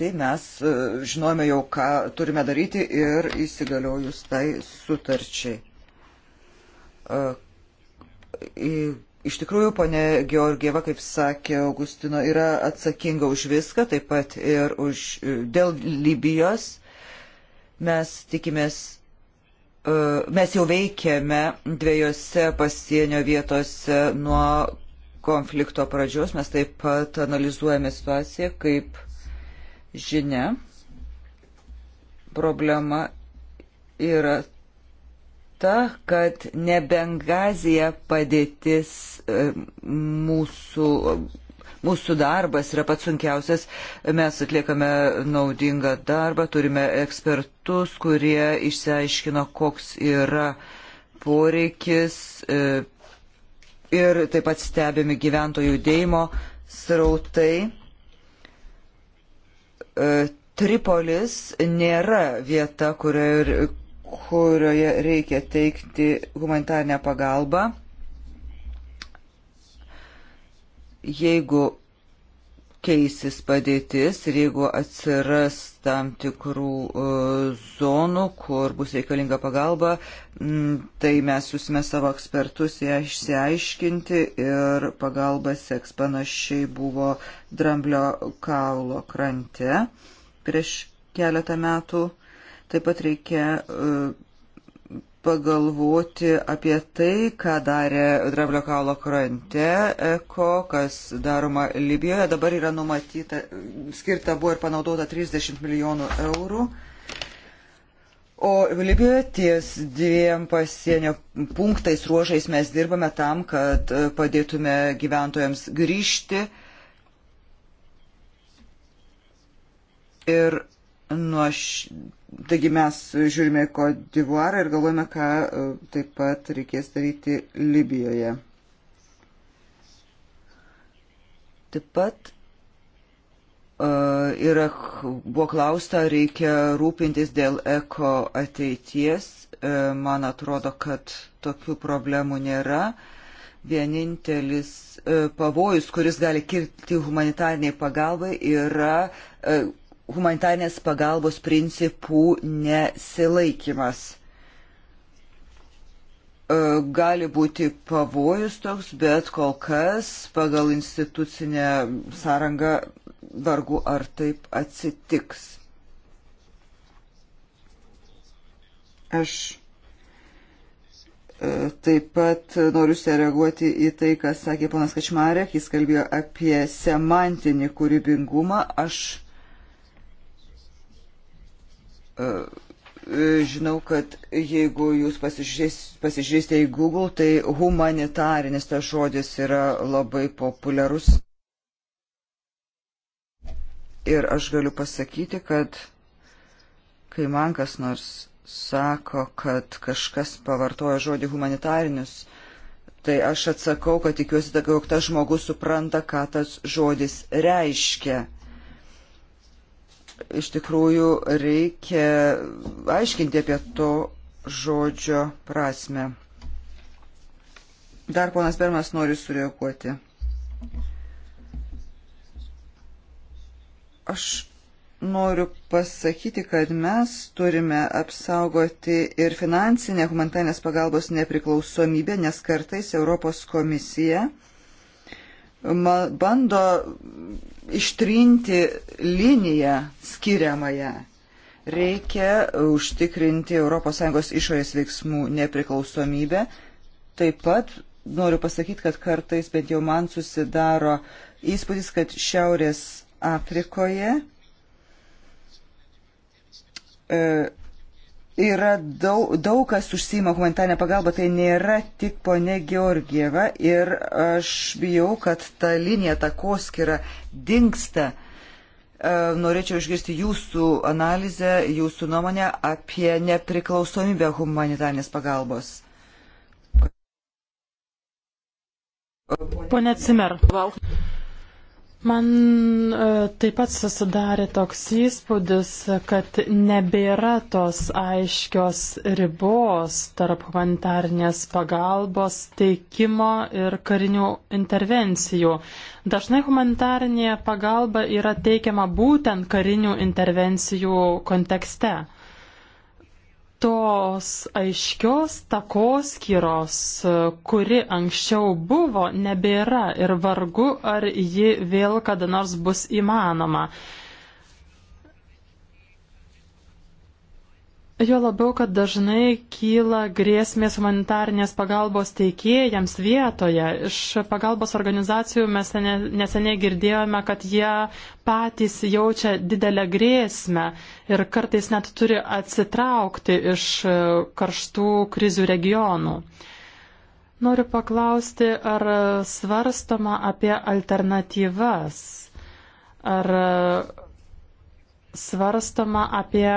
tai mes e, žinome jau, ką turime daryti ir įsigaliojus tai sutarčiai. E, iš tikrųjų, ponė Georgieva, kaip sakė Augustino, yra atsakinga už viską, taip pat ir už, e, dėl Libijos. Mes tikimės E, mes jau veikiame dviejose pasienio vietose nuo konflikto pradžios. Mes taip pat analizuojame situaciją, kaip žinia, problema yra ta, kad ne Bengazija padėtis e, mūsų mūsų darbas yra pats sunkiausias. Mes atliekame naudingą darbą, turime ekspertus, kurie išsiaiškino, koks yra poreikis e, ir taip pat stebimi gyventojų judėjimo srautai. E, Tripolis nėra vieta, kurioje, kurioje reikia teikti humanitarnę pagalbą. jeigu keisis padėtis ir jeigu atsiras tam tikrų e, zonų, kur bus reikalinga pagalba, tai mes siūsime savo ekspertus ją išsiaiškinti ir pagalba seks panašiai buvo dramblio kaulo krante prieš keletą metų. Taip pat reikia e, pagalvoti apie tai, ką darė Drablio kaulo krante ECO, kas daroma Libijoje. Dabar yra numatyta, skirta buvo ir panaudota 30 milijonų eurų. O Libijoje ties dviem pasienio punktais ruožais mes dirbame tam, kad e, padėtume gyventojams grįžti. Ir nuo š... Taigi mes žiūrime į Kodivuarą ir galvojame, ką e, taip pat reikės daryti Libijoje. Taip pat ir e, buvo klausta, reikia rūpintis dėl eko ateities. E, man atrodo, kad tokių problemų nėra. Vienintelis pavojus, kuris gali kirti humanitarniai pagalbai, yra humanitarnės pagalbos principų nesilaikimas. E, gali būti pavojus toks, bet kol kas pagal institucinę sąrangą vargu ar taip atsitiks. Aš e, Taip pat noriu reaguoti į tai, kas sakė ponas Kačmarek, jis kalbėjo apie semantinį kūrybingumą. Aš E, žinau, kad jeigu jūs pasižiūrėsite į Google, tai humanitarinis tas žodis yra labai populiarus. Ir aš galiu pasakyti, kad kai man kas nors sako, kad kažkas pavartoja žodį humanitarinius, tai aš atsakau, kad tikiuosi, kad tas žmogus supranta, ką tas žodis reiškia iš tikrųjų reikia aiškinti apie to žodžio prasme. Dar ponas Bermas nori sureaguoti. Aš noriu pasakyti, kad mes turime apsaugoti ir finansinę humanitarinės pagalbos nepriklausomybę, nes kartais Europos komisija bando ištrinti liniją skiriamąją. Reikia užtikrinti ES išorės veiksmų nepriklausomybę. Taip pat noriu pasakyti, kad kartais bent jau man susidaro įspūdis, kad Šiaurės Afrikoje e, yra daug, daug kas užsima humanitarinę pagalbą, tai nėra tik ponė Georgieva ir aš bijau, kad ta linija, ta koskira dinksta. E, norėčiau išgirsti jūsų analizę, jūsų nuomonę apie nepriklausomybę humanitarnės pagalbos. Pone Cimer. Wow. Man e, taip pat susidarė toks įspūdis, kad nebėra tos aiškios ribos tarp humanitarnės pagalbos teikimo ir karinių intervencijų. Dažnai humanitarnė pagalba yra teikiama būtent karinių intervencijų kontekste tos aiškios takoskyros, kuri anksčiau buvo, nebėra ir vargu, ar ji vėl kada nors bus įmanoma. Jo labiau, kad dažnai kyla grėsmės humanitarnės pagalbos teikėjams vietoje. Iš pagalbos organizacijų mes neseniai girdėjome, kad jie patys jaučia didelę grėsmę ir kartais net turi atsitraukti iš karštų krizių regionų. Noriu paklausti, ar svarstama apie alternatyvas? Ar svarstama apie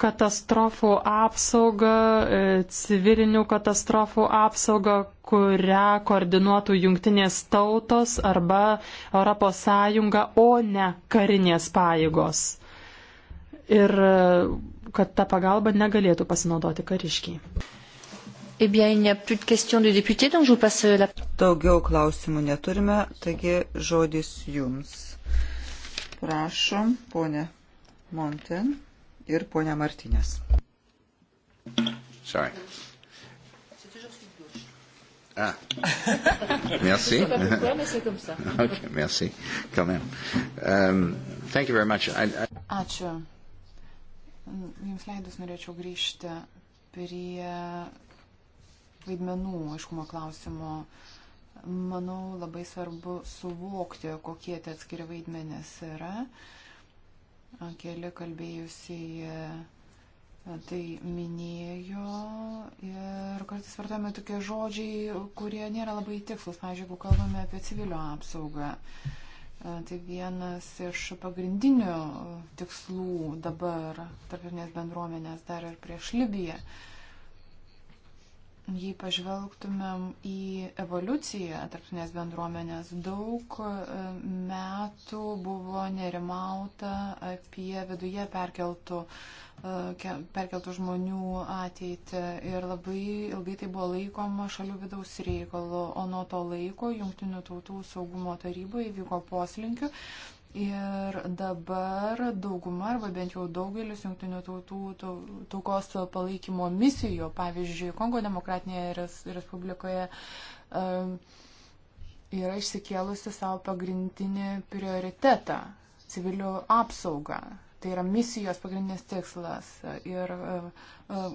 katastrofų apsaugą, e, civilinių katastrofų apsaugą, kurią koordinuotų jungtinės tautos arba ES, o ne karinės pajėgos. Ir e, kad tą pagalbą negalėtų pasinaudoti kariškiai. Eh bien, il n'y a plus de questions de députés, donc je vous passe euh, la... Daugiau klausimų neturime, taigi žodis jums. Prašom, ponė Monten ir ponia Martinės. Sorry. Ah. merci. <laughs> <laughs> okay, merci. Quand même. Um, thank you very much. I, I... Ačiū. Jums leidus norėčiau grįžti prie vaidmenų aiškumo klausimo. Manau, labai svarbu suvokti, kokie tie atskiri vaidmenės yra. Uh, keli kalbėjusiai e, tai minėjo ir kartais vartojame tokie žodžiai, kurie nėra labai tikslus. Pavyzdžiui, jeigu kalbame apie civilio apsaugą, e, tai vienas iš pagrindinių tikslų dabar tarptautinės bendruomenės dar ir prieš Libiją jei pažvelgtumėm į evoliuciją tarptautinės bendruomenės, daug e, metų buvo nerimauta apie viduje perkeltų, e, perkeltų žmonių ateitį ir labai ilgai tai buvo laikoma šalių vidaus reikalų, o nuo to laiko Junktinių tautų saugumo taryboje įvyko poslinkių Ir dabar dauguma arba bent jau daugelis jungtinių tautų taukos palaikymo misijų, pavyzdžiui, Kongo demokratinėje Respublikoje, yra išsikėlusi savo pagrindinį prioritetą - civilių apsaugą. Tai yra misijos pagrindinis tikslas ir e,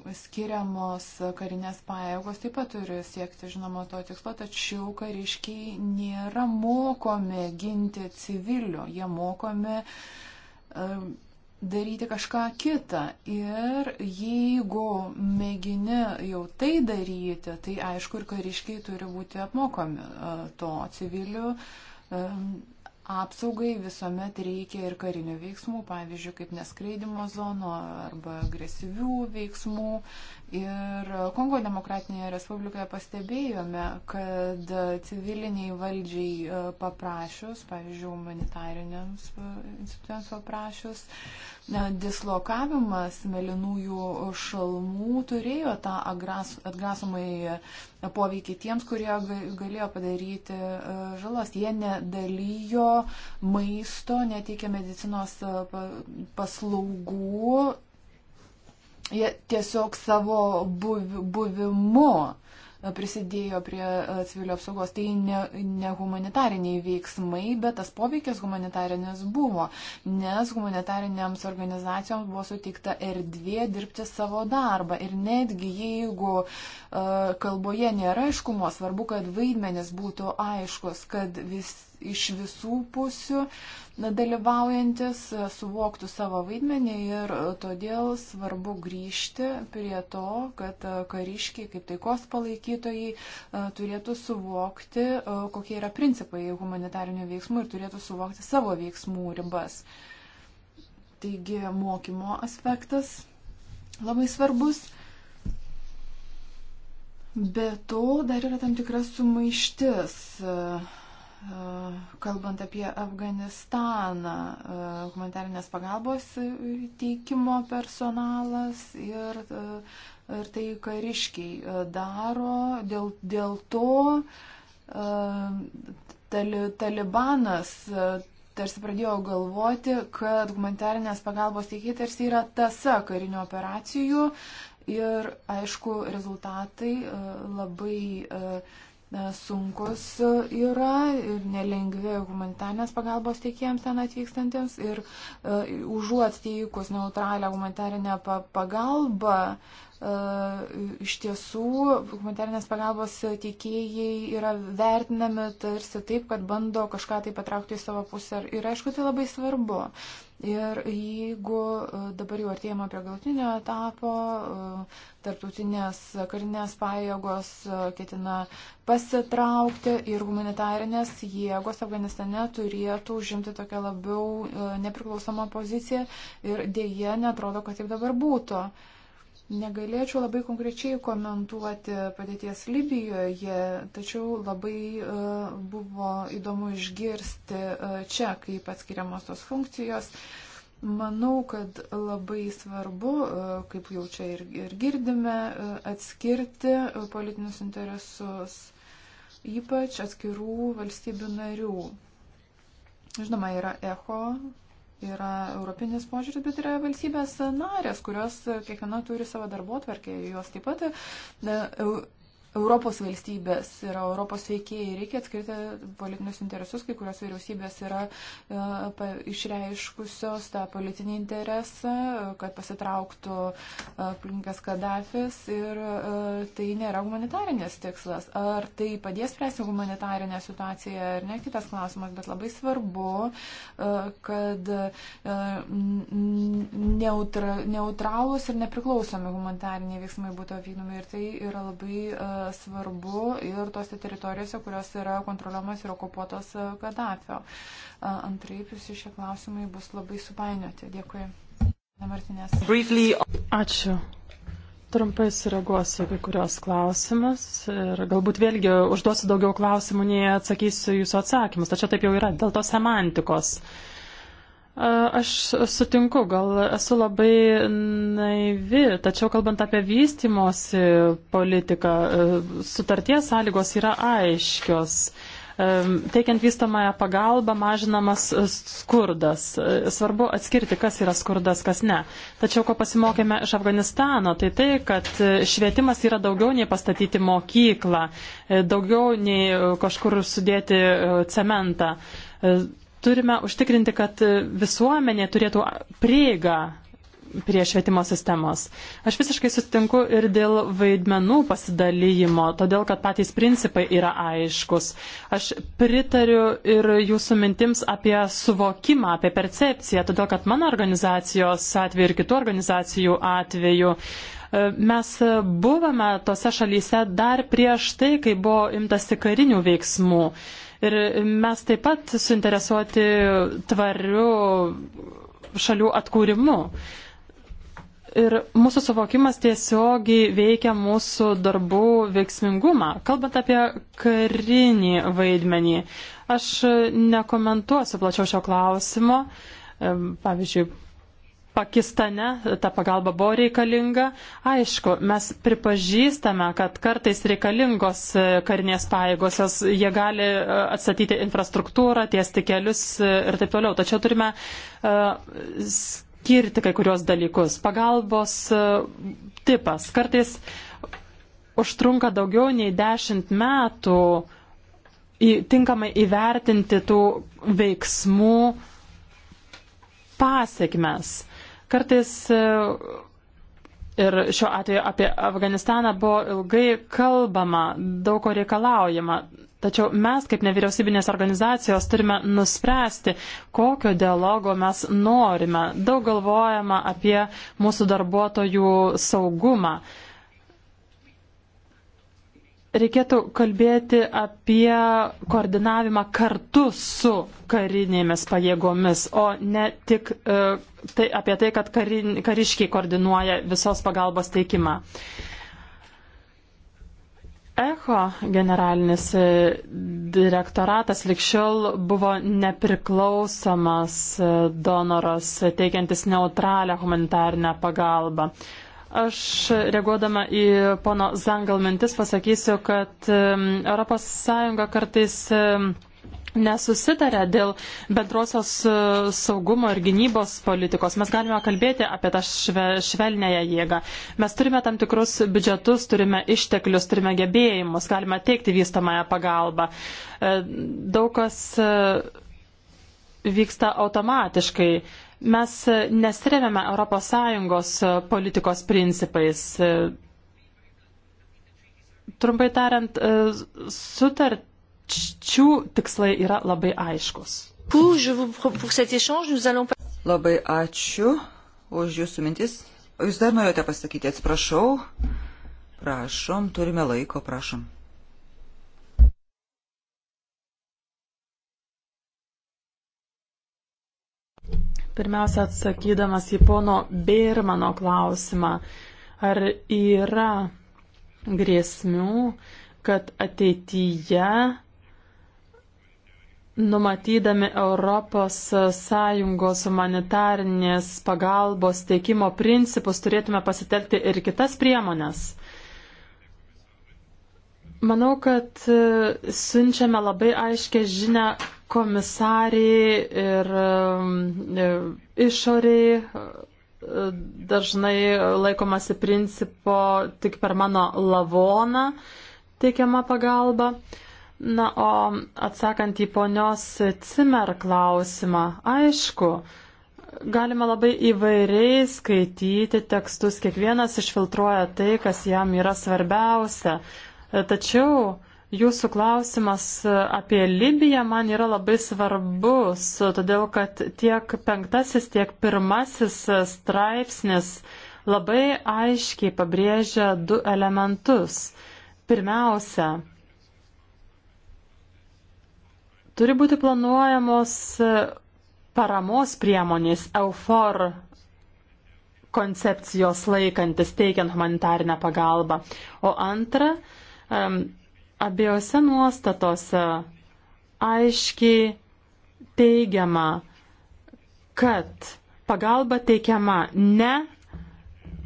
e, skiriamos karinės pajėgos taip pat turi siekti, žinoma, to tikslo, tačiau kariškiai nėra mokomi ginti civilių, jie mokomi e, daryti kažką kitą. Ir jeigu mėgini jau tai daryti, tai aišku ir kariškiai turi būti apmokomi to civilių apsaugai visuomet reikia ir karinių veiksmų, pavyzdžiui, kaip neskraidimo zono arba agresyvių veiksmų. Ir Kongo demokratinėje respublikoje pastebėjome, kad civiliniai valdžiai e, paprašus, pavyzdžiui, humanitariniams e, institucijams paprašus, dislokavimas melinųjų šalmų turėjo tą atgrasomai poveikį tiems, kurie galėjo padaryti e, žalos. Jie nedalyjo maisto, neteikė medicinos paslaugų jie tiesiog savo buvimu prisidėjo prie e, civilių apsaugos. Tai ne, ne humanitariniai veiksmai, bet tas poveikis humanitarinis buvo, nes humanitarinėms organizacijoms buvo suteikta erdvė dirbti savo darbą. Ir netgi jeigu uh, kalboje nėra aiškumo, svarbu, kad vaidmenis būtų aiškus, kad visi iš visų pusių dalyvaujantis e, suvoktų savo vaidmenį ir e, todėl svarbu grįžti prie to, kad e, kariškiai kaip taikos palaikytojai turėtų suvokti, kokie yra principai humanitarinių veiksmų ir turėtų suvokti savo veiksmų ribas. Taigi mokymo aspektas labai svarbus. Be to dar yra tam tikras sumaištis kalbant apie Afganistaną, e, humanitarinės pagalbos teikimo personalas ir, e, ir tai kariškiai e, daro. Dėl, dėl to tali, talibanas tarsi pradėjo galvoti, kad humanitarinės pagalbos teikėjai tarsi yra tasa karinių operacijų ir, aišku, rezultatai labai E, sunkus e, yra ir nelengvi humanitarnės pagalbos teikėjams ten atvykstantiems. Ir e, užuot teikus neutralią humanitarinę pagalbą, iš tiesų humanitarinės pagalbos teikėjai yra vertinami tarsi taip, kad bando kažką tai patraukti į savo pusę. Ir aišku, tai labai svarbu. Ir jeigu e, dabar jau artėjama prie galtinio etapo, e, tarptautinės karinės pajėgos e, ketina pasitraukti ir humanitarinės jėgos Afganistane turėtų užimti tokią labiau nepriklausomą poziciją ir dėje netrodo, kad taip dabar būtų. Uh, Negalėčiau labai konkrečiai komentuoti padėties Libijoje, tačiau labai e, buvo įdomu išgirsti e, čia, kaip atskiriamos tos funkcijos. Manau, kad labai svarbu, e, kaip jau čia ir, ir girdime, atskirti politinius interesus, ypač atskirų valstybių narių. Žinoma, yra echo yra europinis požiūris, bet yra valstybės narės, kurios kiekviena turi savo darbo tvarkę. Jos taip pat e, Europos valstybės yra Europos veikėjai, reikia atskirti politinius interesus, kai kurios vyriausybės yra e, išreiškusios tą politinį interesą, kad pasitrauktų aplinkas e, Kadafis ir e, tai nėra humanitarinės tikslas. Ar tai padės spręsti humanitarinę situaciją ar ne, kitas klausimas, bet labai svarbu, e, kad e, neutra, neutralus ir nepriklausomi humanitariniai veiksmai būtų vykdomi ir tai yra labai e, svarbu ir tose teritorijose, kurios yra kontroliuomas ir okupuotos e, Gaddafio. E, antraip visi šie klausimai bus labai supainioti. Dėkui. Martinės. Briefly... Ačiū. Trumpai sureaguosiu kai kurios klausimus ir galbūt vėlgi užduosiu daugiau klausimų, nei atsakysiu jūsų atsakymus, tačiau taip jau yra dėl to semantikos. Uh, Aš sutinku, gal esu labai naivi, tačiau kalbant apie vystimosi politiką, e, sutarties sąlygos yra aiškios. E, teikiant vystamąją pagalbą mažinamas skurdas. E, svarbu atskirti, kas yra skurdas, kas ne. Tačiau ko pasimokėme iš Afganistano, tai tai, kad švietimas yra daugiau nei pastatyti mokyklą, daugiau nei kažkur sudėti cementą turime užtikrinti, kad visuomenė turėtų prieigą prie švietimo sistemos. Aš visiškai sutinku ir dėl vaidmenų pasidalymo, todėl kad patys principai yra aiškus. Aš pritariu ir jūsų mintims apie suvokimą, apie percepciją, todėl kad mano organizacijos atveju ir kitų organizacijų atveju e, mes buvome tose šalyse dar prieš tai, kai buvo imtasi karinių veiksmų. Ir mes taip pat suinteresuoti tvariu šalių atkūrimu. Ir mūsų suvokimas tiesiogiai veikia mūsų darbų veiksmingumą. Kalbant apie karinį vaidmenį, aš nekomentuosiu plačiau šio klausimo. Pavyzdžiui, Pakistane ta pagalba buvo reikalinga. Aišku, mes pripažįstame, kad kartais reikalingos e, karinės pajėgos, jos jie gali e, atstatyti infrastruktūrą, tiesti kelius e, ir taip toliau. Tačiau turime uh, skirti kai kurios dalykus. Pagalbos uh, tipas kartais užtrunka daugiau nei dešimt metų į, tinkamai įvertinti tų veiksmų pasiekmes. Kartais e, ir šiuo atveju apie Afganistaną buvo ilgai kalbama, daug ko reikalaujama. Tačiau mes, kaip nevyriausybinės organizacijos, turime nuspręsti, kokio dialogo mes norime. Daug galvojama apie mūsų darbuotojų saugumą reikėtų kalbėti apie koordinavimą kartu su karinėmis pajėgomis, o ne tik uh, tai, apie tai, kad karin, kariškiai koordinuoja visos pagalbos teikimą. Echo generalinis e, direktoratas likščiol buvo nepriklausomas e, donoras, teikiantis neutralią humanitarnę pagalbą. Uh, Aš reaguodama į pono Zangal mintis pasakysiu, kad ES kartais nesusitarė dėl bendrosios e, saugumo ir gynybos politikos. Mes galime kalbėti apie tą šve, švelnėją jėgą. Mes turime tam tikrus biudžetus, turime išteklius, turime gebėjimus, galime teikti vystamąją pagalbą. E, daug kas e, vyksta automatiškai. Mes nesiremiame ES politikos principais. Trumpai tariant, sutarčių tikslai yra labai aiškus. Labai ačiū už jūsų mintis. Jūs dar norėjote pasakyti, atsiprašau. Prašom, turime laiko, prašom. Pirmiausia, atsakydamas į pono Bėrmano klausimą, ar yra grėsmių, kad ateityje Numatydami ES humanitarnės pagalbos teikimo principus turėtume pasitelkti ir kitas priemonės. Manau, kad siunčiame labai aiškę žinę komisariai ir um, e, išoriai e, dažnai laikomasi principo tik per mano lavoną teikiama pagalba. Na, o atsakant į ponios Cimer klausimą, aišku, galima labai įvairiai skaityti tekstus, kiekvienas išfiltruoja tai, kas jam yra svarbiausia. Tačiau Jūsų klausimas apie Libiją man yra labai svarbus, todėl kad tiek penktasis, tiek pirmasis straipsnis labai aiškiai pabrėžia du elementus. Pirmiausia, turi būti planuojamos paramos priemonės EUFOR koncepcijos laikantis teikiant humanitarinę pagalbą. O antra, abiejose nuostatose aiškiai teigiama, kad pagalba teikiama ne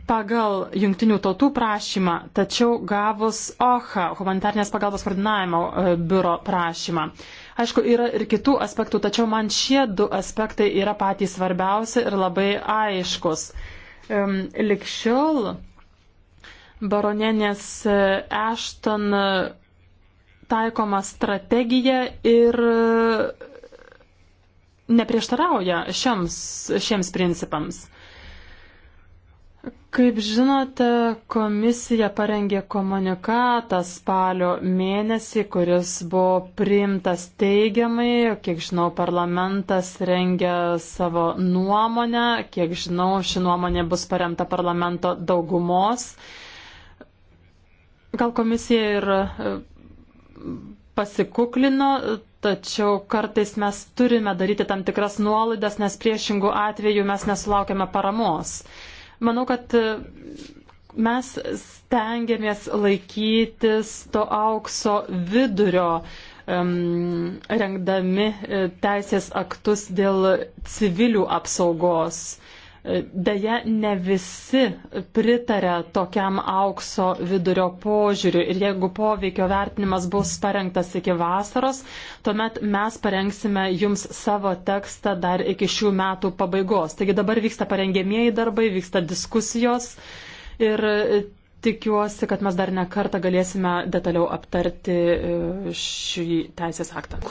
pagal jungtinių tautų prašymą, tačiau gavus OHA, humanitarnės pagalbos koordinavimo e, biuro prašymą. Aišku, yra ir kitų aspektų, tačiau man šie du aspektai yra patys svarbiausi ir labai aiškus. Likščiol baronienės Ešton taikoma strategija ir neprieštarauja šiems, šiems principams. Kaip žinote, komisija parengė komunikatą spalio mėnesį, kuris buvo priimtas teigiamai. Kiek žinau, parlamentas rengia savo nuomonę. Kiek žinau, ši nuomonė bus paremta parlamento daugumos. Gal komisija ir pasikuklino, tačiau kartais mes turime daryti tam tikras nuolaidas, nes priešingų atveju mes nesulaukime paramos. Manau, kad e, mes stengiamės laikytis to aukso vidurio, um, rengdami e, teisės aktus dėl civilių apsaugos. Deja, ne visi pritarė tokiam aukso vidurio požiūriu ir jeigu poveikio vertinimas bus parengtas iki vasaros, tuomet mes parengsime jums savo tekstą dar iki šių metų pabaigos. Taigi dabar vyksta parengėmieji darbai, vyksta diskusijos ir e, tikiuosi, kad mes dar ne kartą galėsime detaliau aptarti e, šį teisės aktą.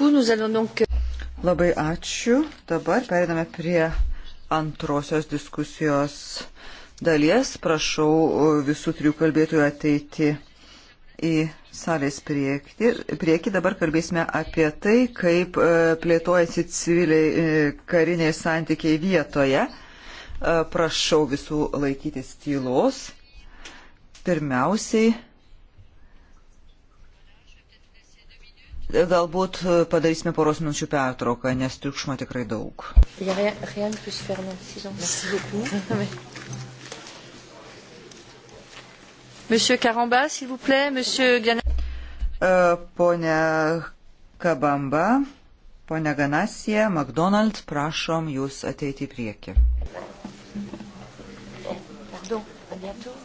Labai ačiū. Dabar periname prie antrosios diskusijos dalies. Prašau e, visų trijų kalbėtojų ateiti į salės priekį. priekį. Dabar kalbėsime apie tai, kaip e, plėtojasi civiliai e, kariniai santykiai vietoje. Prašau visų laikytis tylos. Pirmiausiai Galbūt padarysime poros minučių pertrauką, nes triukšmo tikrai daug. <laughs> Monsieur Karamba, s'il vous plaît, monsieur Gana. E, pone Kabamba, pone Ganasija, McDonald, prašom jūs ateiti į priekį. Pardon, à bientôt.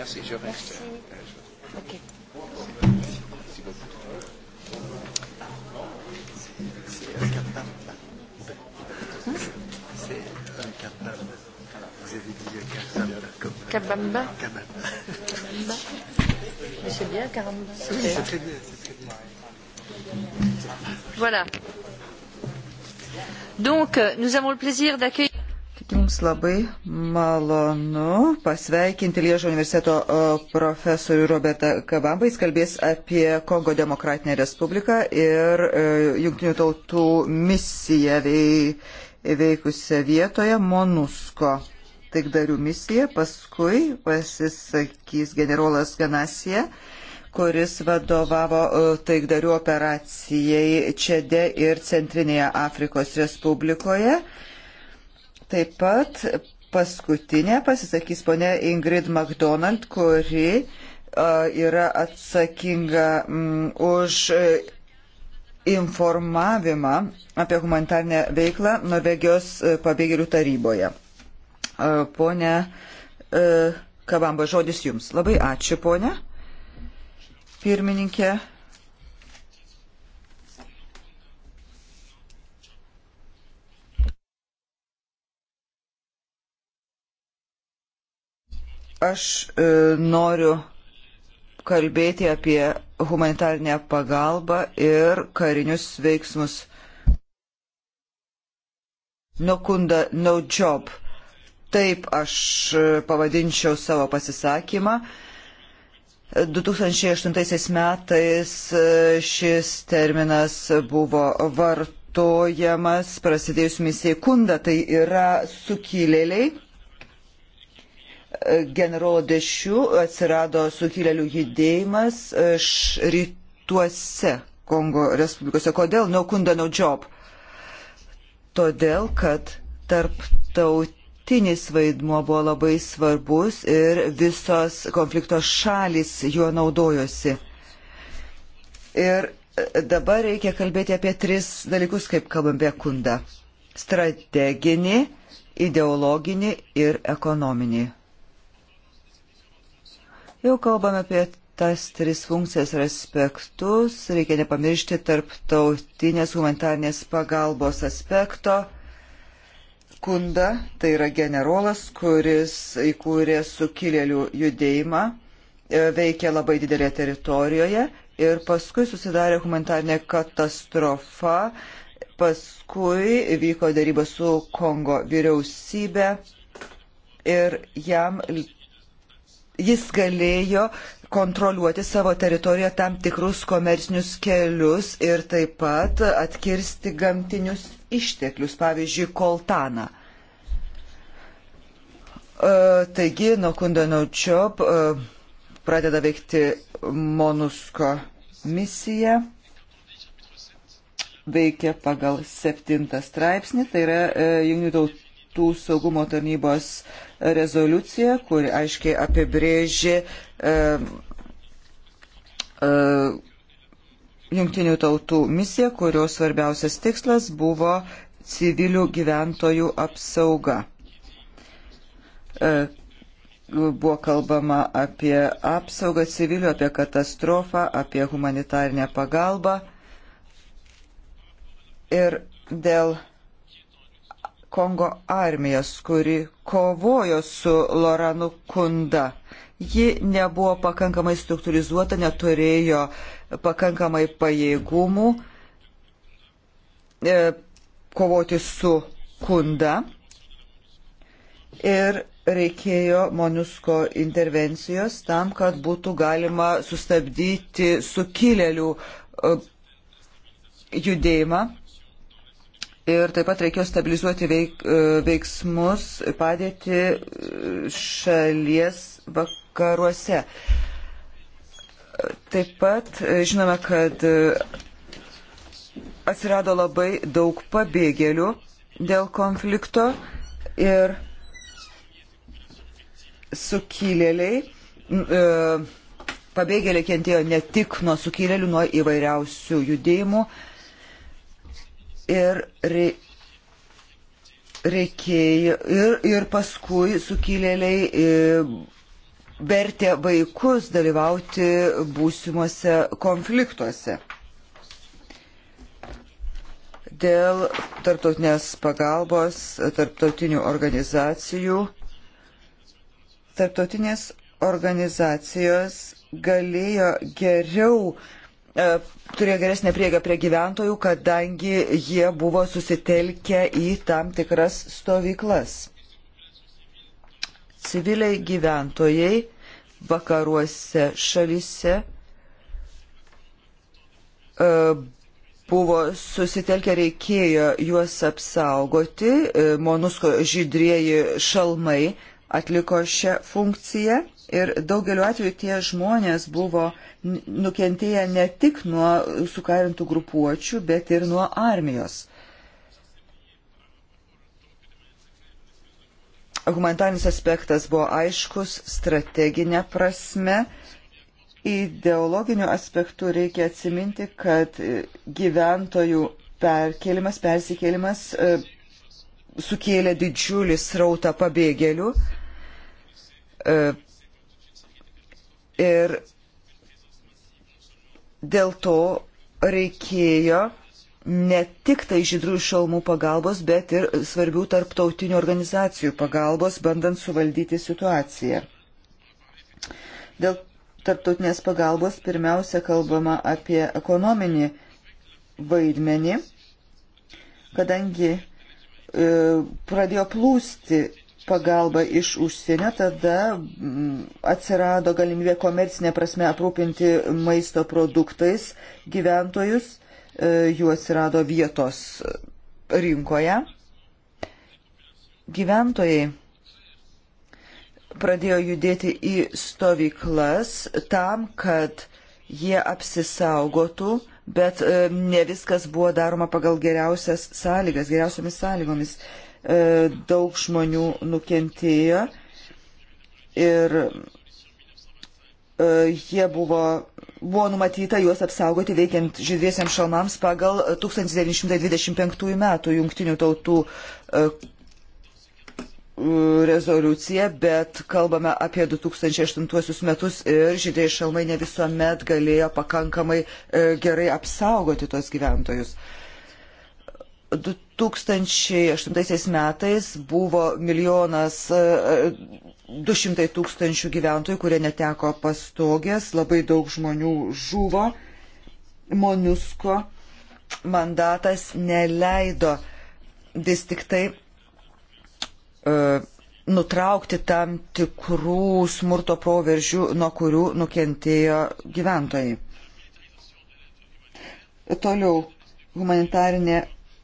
Merci, je reste. Merci. Okay. j'avais dit Kazamba. Kabamba. Kabamba. Mais c'est bien, Karamba. Oui, c'est très bien, c'est très bien. Voilà. Donc, euh, nous avons le plaisir d'accueillir. Jums labai malonu pasveikinti Liežo universiteto profesorių Robertą Kabambą. Jis kalbės apie Kongo demokratinę respubliką ir e, jungtinių tautų misiją veikusią vietoje Monusko taikdarių misiją, paskui pasisakys generolas Ganasija, kuris vadovavo e, taikdarių operacijai Čede ir Centrinėje Afrikos Respublikoje. Taip pat paskutinė pasisakys ponė Ingrid McDonald, kuri e, yra atsakinga mm, už e, informavimą apie humanitarnę veiklą Norvegijos pabėgėlių taryboje. Pone Kavamba, žodis jums. Labai ačiū, ponė. Pirmininkė. Aš e, noriu kalbėti apie humanitarinę pagalbą ir karinius veiksmus. No kunda, no job Taip aš e, pavadinčiau savo pasisakymą. 2008 metais e, šis terminas buvo vartojamas prasidėjus misijai Kunda, tai yra sukilėliai. E, generolo Dešių atsirado sukilėlių judėjimas rytuose Kongo Respublikose. Kodėl? No Kunda, no job. Todėl, kad tarptautinė tarptautinis vaidmuo buvo labai svarbus ir visos konflikto šalis juo naudojosi. Ir e, dabar reikia kalbėti apie tris dalykus, kaip kalbam apie kundą - strateginį, ideologinį ir ekonominį. Jau kalbame apie tas tris funkcijas ir aspektus. Reikia nepamiršti tarptautinės humanitarnės pagalbos aspekto. Kunda, tai yra generolas, kuris įkūrė sukilėlių judėjimą, e, veikė labai didelėje teritorijoje ir paskui susidarė humanitarnė katastrofa, paskui vyko daryba su Kongo vyriausybė ir jam jis galėjo kontroliuoti savo teritoriją tam tikrus komercinius kelius ir taip pat atkirsti gamtinius išteklius, pavyzdžiui, koltaną. E, taigi, nuo Kundanaučio e, pradeda veikti Monusko misija, veikia pagal septintą straipsnį, tai yra e, Junktinių tautų saugumo tarnybos rezoliucija, kuri aiškiai apibrėžė jungtinių tautų misija, kurios svarbiausias tikslas buvo civilių gyventojų apsauga. E, buvo kalbama apie apsaugą civilių, apie katastrofą, apie humanitarinę pagalbą. Ir dėl Kongo armijos, kuri kovojo su Loranu Kunda. Ji nebuvo pakankamai struktūrizuota, neturėjo uh, pakankamai pajėgumų e, kovoti su kunda ir reikėjo Monusko intervencijos tam, kad būtų galima sustabdyti sukilėlių e, judėjimą. Ir taip pat reikėjo stabilizuoti veik, e, veiksmus, padėti šalies vakaruose. Taip pat e, žinome, kad e, atsirado labai daug pabėgėlių dėl konflikto ir sukilėliai, e, pabėgėliai kentėjo ne tik nuo sukilėlių, nuo įvairiausių judėjimų ir rei, reikėjo ir, ir paskui sukilėliai vertė vaikus dalyvauti būsimuose konfliktuose. Dėl tarptautinės pagalbos, tarptautinių organizacijų, tarptautinės organizacijos galėjo geriau e, turėjo geresnę prieigą prie gyventojų, kadangi jie buvo susitelkę į tam tikras stovyklas civiliai gyventojai vakaruose šalyse e, buvo susitelkę, reikėjo juos apsaugoti. E, Monusko žydrieji šalmai atliko šią funkciją ir daugeliu atveju tie žmonės buvo nukentėję ne tik nuo sukarintų grupuočių, bet ir nuo armijos. Humanitarinis aspektas buvo aiškus strateginė prasme. Ideologiniu aspektu reikia atsiminti, kad e, gyventojų perkelimas, persikėlimas e, sukėlė didžiulį srautą pabėgėlių. E, ir dėl to reikėjo ne tik tai žydrų šalmų pagalbos, bet ir svarbių tarptautinių organizacijų pagalbos, bandant suvaldyti situaciją. Dėl tarptautinės pagalbos pirmiausia kalbama apie ekonominį vaidmenį, kadangi e, pradėjo plūsti pagalba iš užsienio, tada atsirado galimybė komercinė prasme aprūpinti maisto produktais gyventojus E, jų atsirado vietos rinkoje. Gyventojai pradėjo judėti į stovyklas tam, kad jie apsisaugotų, bet e, ne viskas buvo daroma pagal geriausias sąlygas, geriausiamis sąlygomis. E, daug žmonių nukentėjo ir jie buvo buvo numatyta juos apsaugoti veikiant žydriesiams šalmams pagal 1925 e, metų jungtinių tautų e, rezoliuciją, bet kalbame apie 2008 metus ir žydrai šalmai ne visuomet galėjo pakankamai e, gerai apsaugoti tos gyventojus. 2008 metais buvo milijonas 200 tūkstančių gyventojų, kurie neteko pastogės, labai daug žmonių žuvo. Monusko mandatas neleido vis tik tai e, nutraukti tam tikrų smurto proveržių, nuo kurių nukentėjo gyventojai. Toliau humanitarinė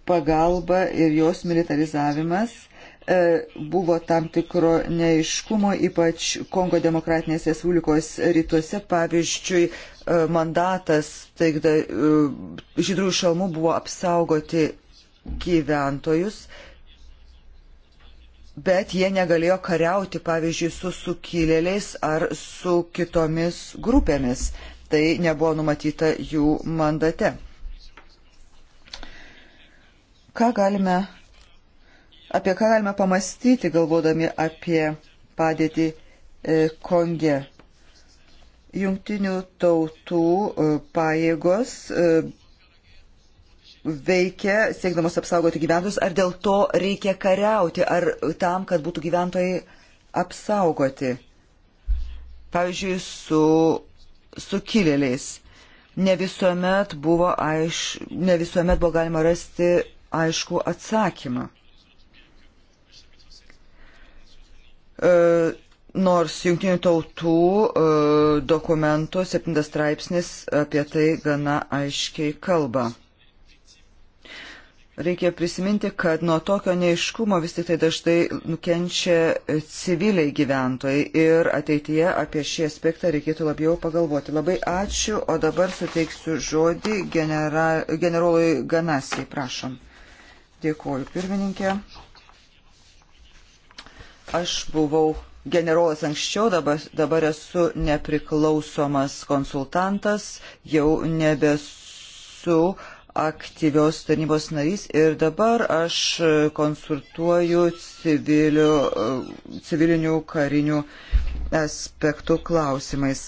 pagalba ir jos militarizavimas – E, buvo tam tikro neiškumo, ypač Kongo demokratinės Respublikos rytuose. Pavyzdžiui, e, mandatas taigda, e, žydrų šalmų buvo apsaugoti gyventojus, bet jie negalėjo kariauti, pavyzdžiui, su sukilėliais ar su kitomis grupėmis. Tai nebuvo numatyta jų mandate. Ką galime apie ką galime pamastyti, galvodami apie padėtį e, Konge. Jungtinių tautų e, pajėgos e, veikia, siekdamos apsaugoti gyventojus, ar dėl to reikia kariauti, ar tam, kad būtų gyventojai apsaugoti. Pavyzdžiui, su sukilėliais. Ne visuomet, buvo aiš, ne visuomet buvo galima rasti aišku atsakymą. E, nors jungtinių tautų e, dokumento 7 straipsnis apie tai gana aiškiai kalba. Reikia prisiminti, kad nuo tokio neiškumo vis tik tai dažnai nukenčia civiliai gyventojai ir ateityje apie šį aspektą reikėtų labiau pagalvoti. Labai ačiū, o dabar suteiksiu žodį genera, generolui Ganasiai, prašom. Dėkuoju, pirmininkė. Aš buvau generolas anksčiau, dabar, dabar esu nepriklausomas konsultantas, jau nebesu aktyvios tarnybos narys ir dabar aš konsultuoju civilių, civilinių karinių aspektų klausimais.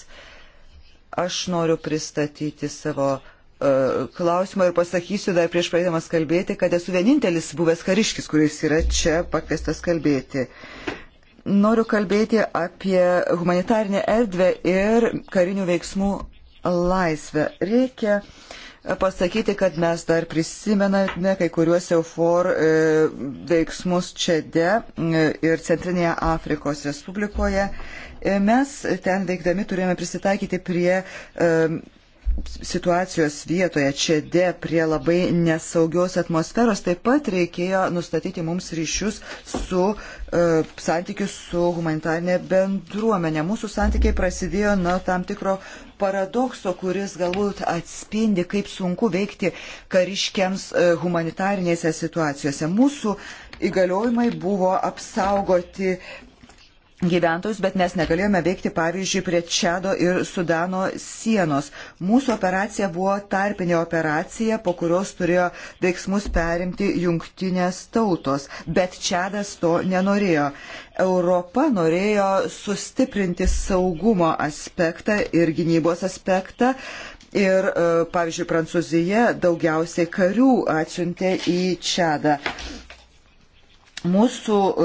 Aš noriu pristatyti savo E, klausimą ir pasakysiu dar prieš pradėdamas kalbėti, kad esu vienintelis buvęs kariškis, kuris yra čia pakviestas kalbėti. Noriu kalbėti apie humanitarinę erdvę ir karinių veiksmų laisvę. Reikia pasakyti, kad mes dar prisimename kai kuriuos EUFOR e, veiksmus Čede e, ir Centrinėje Afrikos Respublikoje. Mes ten veikdami turėjome prisitaikyti prie situacijos vietoje čia D prie labai nesaugios atmosferos taip pat reikėjo nustatyti mums ryšius su e, santykius su humanitarnė bendruomenė. Mūsų santykiai prasidėjo nuo tam tikro paradokso, kuris galbūt atspindi, kaip sunku veikti kariškiams e, humanitarinėse situacijose. Mūsų įgaliojimai buvo apsaugoti gyventojus, bet mes negalėjome veikti, pavyzdžiui, prie Čado ir Sudano sienos. Mūsų operacija buvo tarpinė operacija, po kurios turėjo veiksmus perimti jungtinės tautos, bet Čadas to nenorėjo. Europa norėjo sustiprinti saugumo aspektą ir gynybos aspektą. Ir, e, pavyzdžiui, Prancūzija daugiausiai karių atsiuntė į Čadą mūsų e,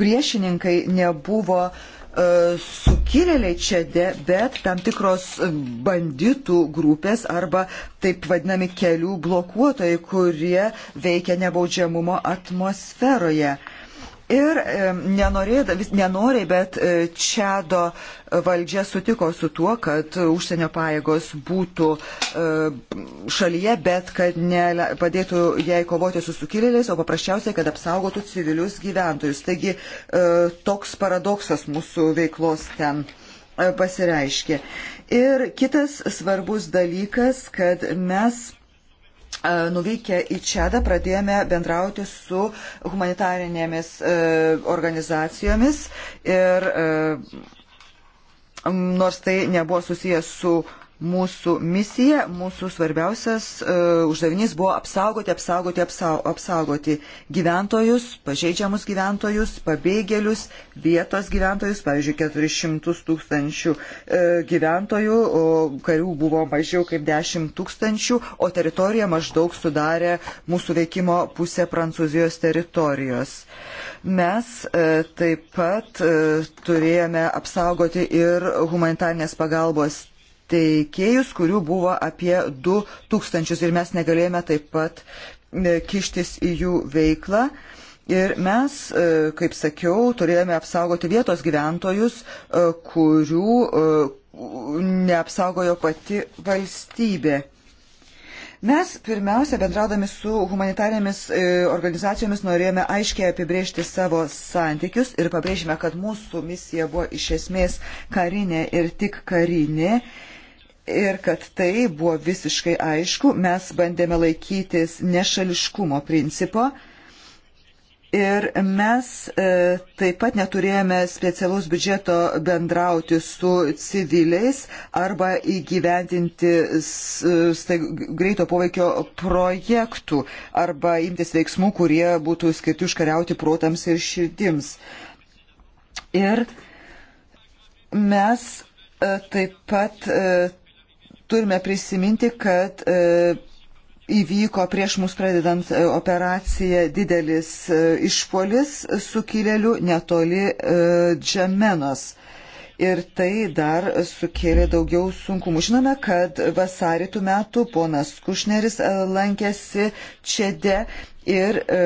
priešininkai nebuvo e, sukilėliai čede, bet tam tikros e, banditų grupės arba taip vadinami kelių blokuotojai, kurie veikia nebaudžiamumo atmosferoje. Ir e, nenorėda, vis nenoriai, bet e, Čado valdžia sutiko su tuo, kad užsienio pajėgos būtų e, šalyje, bet kad ne, padėtų jai kovoti su sukilėliais, o paprasčiausiai, kad apsaugotų civilius gyventojus. Taigi toks paradoksas mūsų veiklos ten pasireiškia. Ir kitas svarbus dalykas, kad mes nuvykę į Čedą pradėjome bendrauti su humanitarinėmis e, organizacijomis ir e, nors tai nebuvo susijęs su mūsų misija, mūsų svarbiausias uh, uždavinys buvo apsaugoti, apsaugoti, apsau, apsaugoti gyventojus, pažeidžiamus gyventojus, pabėgėlius, vietos gyventojus, pavyzdžiui, 400 tūkstančių uh, gyventojų, o karių buvo mažiau kaip 10 tūkstančių, o teritorija maždaug sudarė mūsų veikimo pusę Prancūzijos teritorijos. Mes uh, taip pat uh, turėjome apsaugoti ir humanitarnės pagalbos teikėjus, kurių buvo apie 2000 ir mes negalėjome taip pat e, kištis į jų veiklą. Ir mes, e, kaip sakiau, turėjome apsaugoti vietos gyventojus, e, kurių neapsaugojo pati valstybė. Mes pirmiausia, bendradami su humanitarėmis organizacijomis, norėjome aiškiai apibrėžti savo santykius ir pabrėžime, kad mūsų misija buvo iš esmės karinė ir tik karinė ir kad tai buvo visiškai aišku, mes bandėme laikytis nešališkumo principo. Ir mes e, taip pat neturėjome specialaus biudžeto bendrauti su civiliais arba įgyventinti staig, greito poveikio projektų arba imtis veiksmų, kurie būtų skirti užkariauti protams ir širdims. Ir mes e, taip pat e, turime prisiminti, kad e, įvyko prieš mus pradedant e, operaciją didelis e, išpolis sukilėlių netoli Džemenos. Ir tai dar sukėlė daugiau sunkumų. Žinome, kad vasarį tų metų ponas Kušneris lankėsi Čede ir e,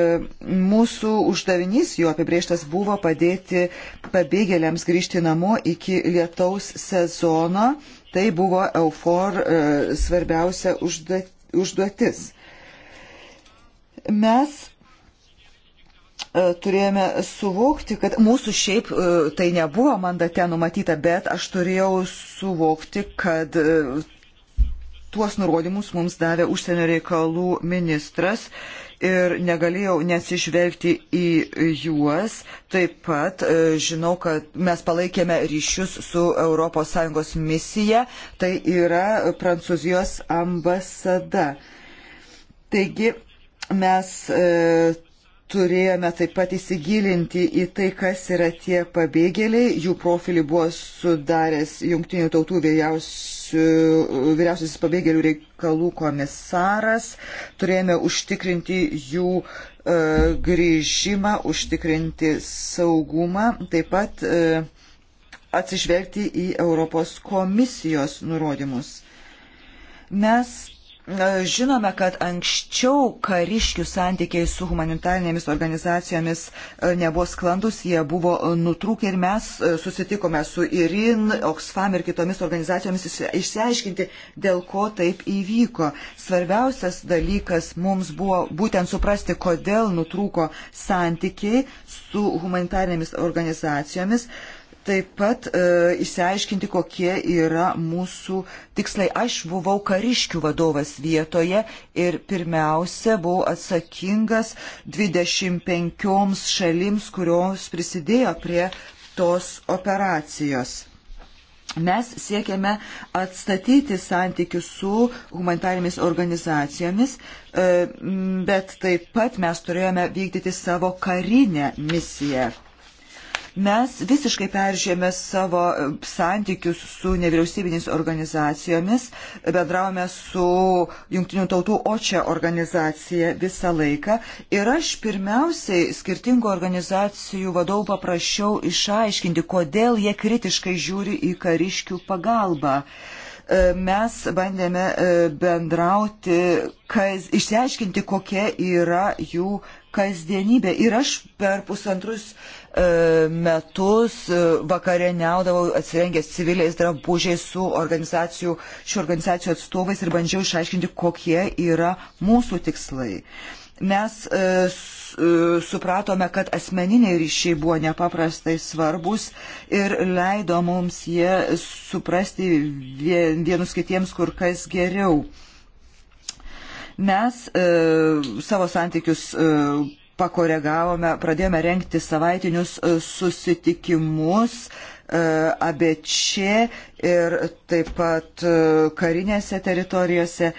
mūsų uždavinys jo apibrieštas buvo padėti pabėgėliams grįžti namo iki lietaus sezono Tai buvo EUFOR e, svarbiausia užduotis. Mes e, turėjome suvokti, kad mūsų šiaip e, tai nebuvo mandate numatyta, bet aš turėjau suvokti, kad tuos nurodymus mums davė užsienio reikalų ministras ir negalėjau nesižvelgti į juos. Taip pat e, žinau, kad mes palaikėme ryšius su ES misija, tai yra Prancūzijos ambasada. Taigi mes e, turėjome taip pat įsigilinti į tai, kas yra tie pabėgėliai. Jų profilį buvo sudaręs Junktinių tautų vyriausiasis pabėgėlių reikalų komisaras. Turėjome užtikrinti jų e, grįžimą, užtikrinti saugumą, taip pat e, atsižvelgti į Europos komisijos nurodymus. Mes Žinome, kad anksčiau kariškių santykiai su humanitarinėmis organizacijomis e, nebuvo sklandus, jie buvo nutrūkę ir mes e, susitikome su IRIN, Oxfam ir kitomis organizacijomis išsiaiškinti, dėl ko taip įvyko. Svarbiausias dalykas mums buvo būtent suprasti, kodėl nutrūko santykiai su humanitarinėmis organizacijomis. Uh, taip pat e, įsiaiškinti, kokie yra mūsų tikslai. Aš buvau kariškių vadovas vietoje ir pirmiausia buvau atsakingas 25 šalims, kurios prisidėjo prie tos operacijos. Mes siekiame atstatyti santykius su humanitarinėmis organizacijomis, e, bet taip pat mes turėjome vykdyti savo karinę misiją Mes visiškai peržėmė savo e, santykius su nevyriausybiniais organizacijomis, bendravome su Junktinių tautų OČE organizacija visą laiką ir aš pirmiausiai skirtingų organizacijų vadovų paprašiau išaiškinti, kodėl jie kritiškai žiūri į kariškių pagalbą e, mes bandėme e, bendrauti, kas, išsiaiškinti, kokia yra jų kasdienybė. Ir aš per pusantrus E, metus e, vakarieniaudavau atsirengęs civiliais drabužiais su organizacijų, šių organizacijų atstovais ir bandžiau išaiškinti, kokie yra mūsų tikslai. Mes e, supratome, kad asmeniniai ryšiai buvo nepaprastai svarbus ir leido mums jie suprasti vienus kitiems kur kas geriau mes e, savo santykius e, pakoregavome, pradėjome renkti savaitinius e, susitikimus e, abečė ir taip pat e, karinėse teritorijose.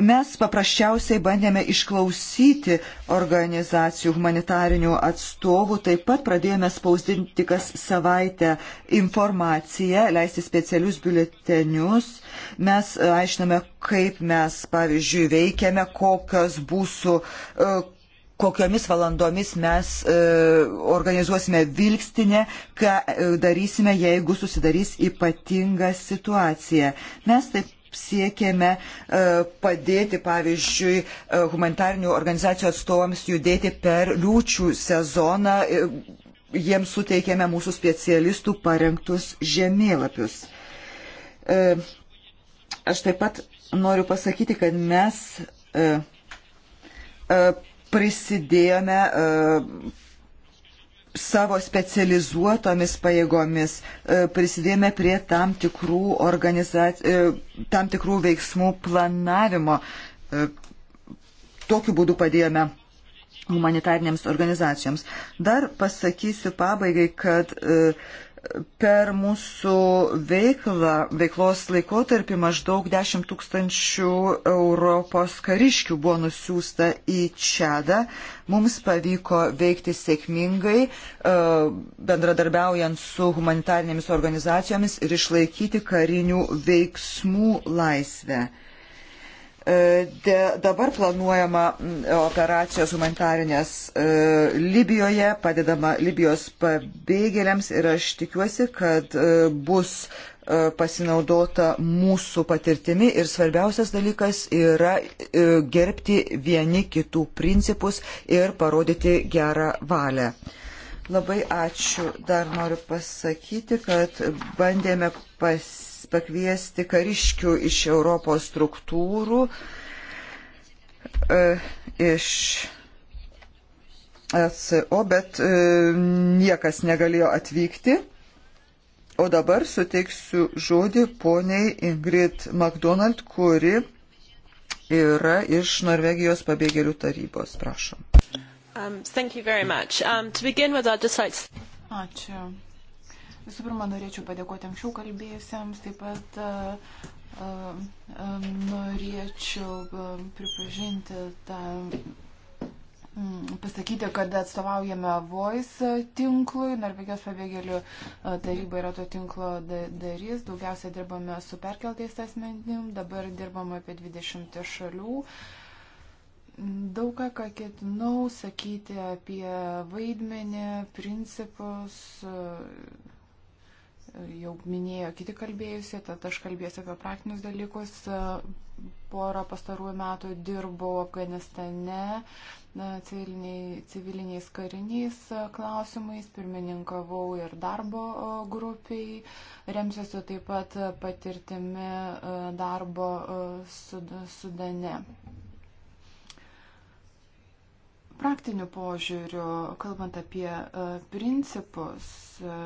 Mes paprasčiausiai bandėme išklausyti organizacijų humanitarinių atstovų, taip pat pradėjome spausdinti kas savaitę informaciją, leisti specialius biuletenius. Mes aiškiname, kaip mes, pavyzdžiui, veikiame, kokios būsų kokiomis valandomis mes e, organizuosime vilkstinę, ką e, darysime, jeigu susidarys ypatinga situacija. Mes taip siekėme e, padėti, pavyzdžiui, e, humanitarnių organizacijų atstovams judėti per liūčių sezoną. Jiems suteikėme mūsų specialistų parengtus žemėlapius. Aš taip pat noriu pasakyti, kad mes prisidėjome e, savo specializuotomis pajėgomis e, prisidėjome prie tam tikrų, organizac... E, tam tikrų veiksmų planavimo. Tokiu būdu padėjome humanitarniams organizacijoms. Dar pasakysiu pabaigai, kad uh, per mūsų veiklą, veiklos laikotarpį maždaug 10 tūkstančių Europos kariškių buvo nusiųsta į Čedą. Mums pavyko veikti sėkmingai, e, bendradarbiaujant su humanitarinėmis organizacijomis ir išlaikyti karinių veiksmų laisvę. E, de, dabar planuojama operacijos humanitarinės e, Libijoje, padedama Libijos pabėgėliams ir aš tikiuosi, kad e, bus e, pasinaudota mūsų patirtimi ir svarbiausias dalykas yra e, gerbti vieni kitų principus ir parodyti gerą valią. Labai ačiū. Dar noriu pasakyti, kad bandėme pasiekti pakviesti kariškių iš Europos struktūrų, e, iš ECO, bet e, niekas negalėjo atvykti. O dabar suteiksiu žodį poniai Ingrid McDonald, kuri yra iš Norvegijos pabėgėlių tarybos. Prašom. Um, um like... Ačiū. Visų pirma, norėčiau padėkoti anksčiau kalbėjusiems, taip pat uh, uh, norėčiau pripažinti tą, um, pasakyti, kad atstovaujame Voice tinklui, Norvegijos pabėgėlių taryba yra to tinklo darys, daugiausia dirbame su perkeltais asmenim, dabar dirbame apie 20 šalių. Daug ką, ką ketinau sakyti apie vaidmenį, principus, uh, jau minėjo kiti kalbėjusi, tad aš kalbėsiu apie praktinius dalykus. Porą pastarųjų metų dirbau Afganistane civiliniais, civiliniais kariniais klausimais, pirmininkavau ir darbo grupiai, remsiuosi taip pat patirtimi e, darbo e, sudane. Sud praktiniu požiūriu, kalbant apie e, principus, e,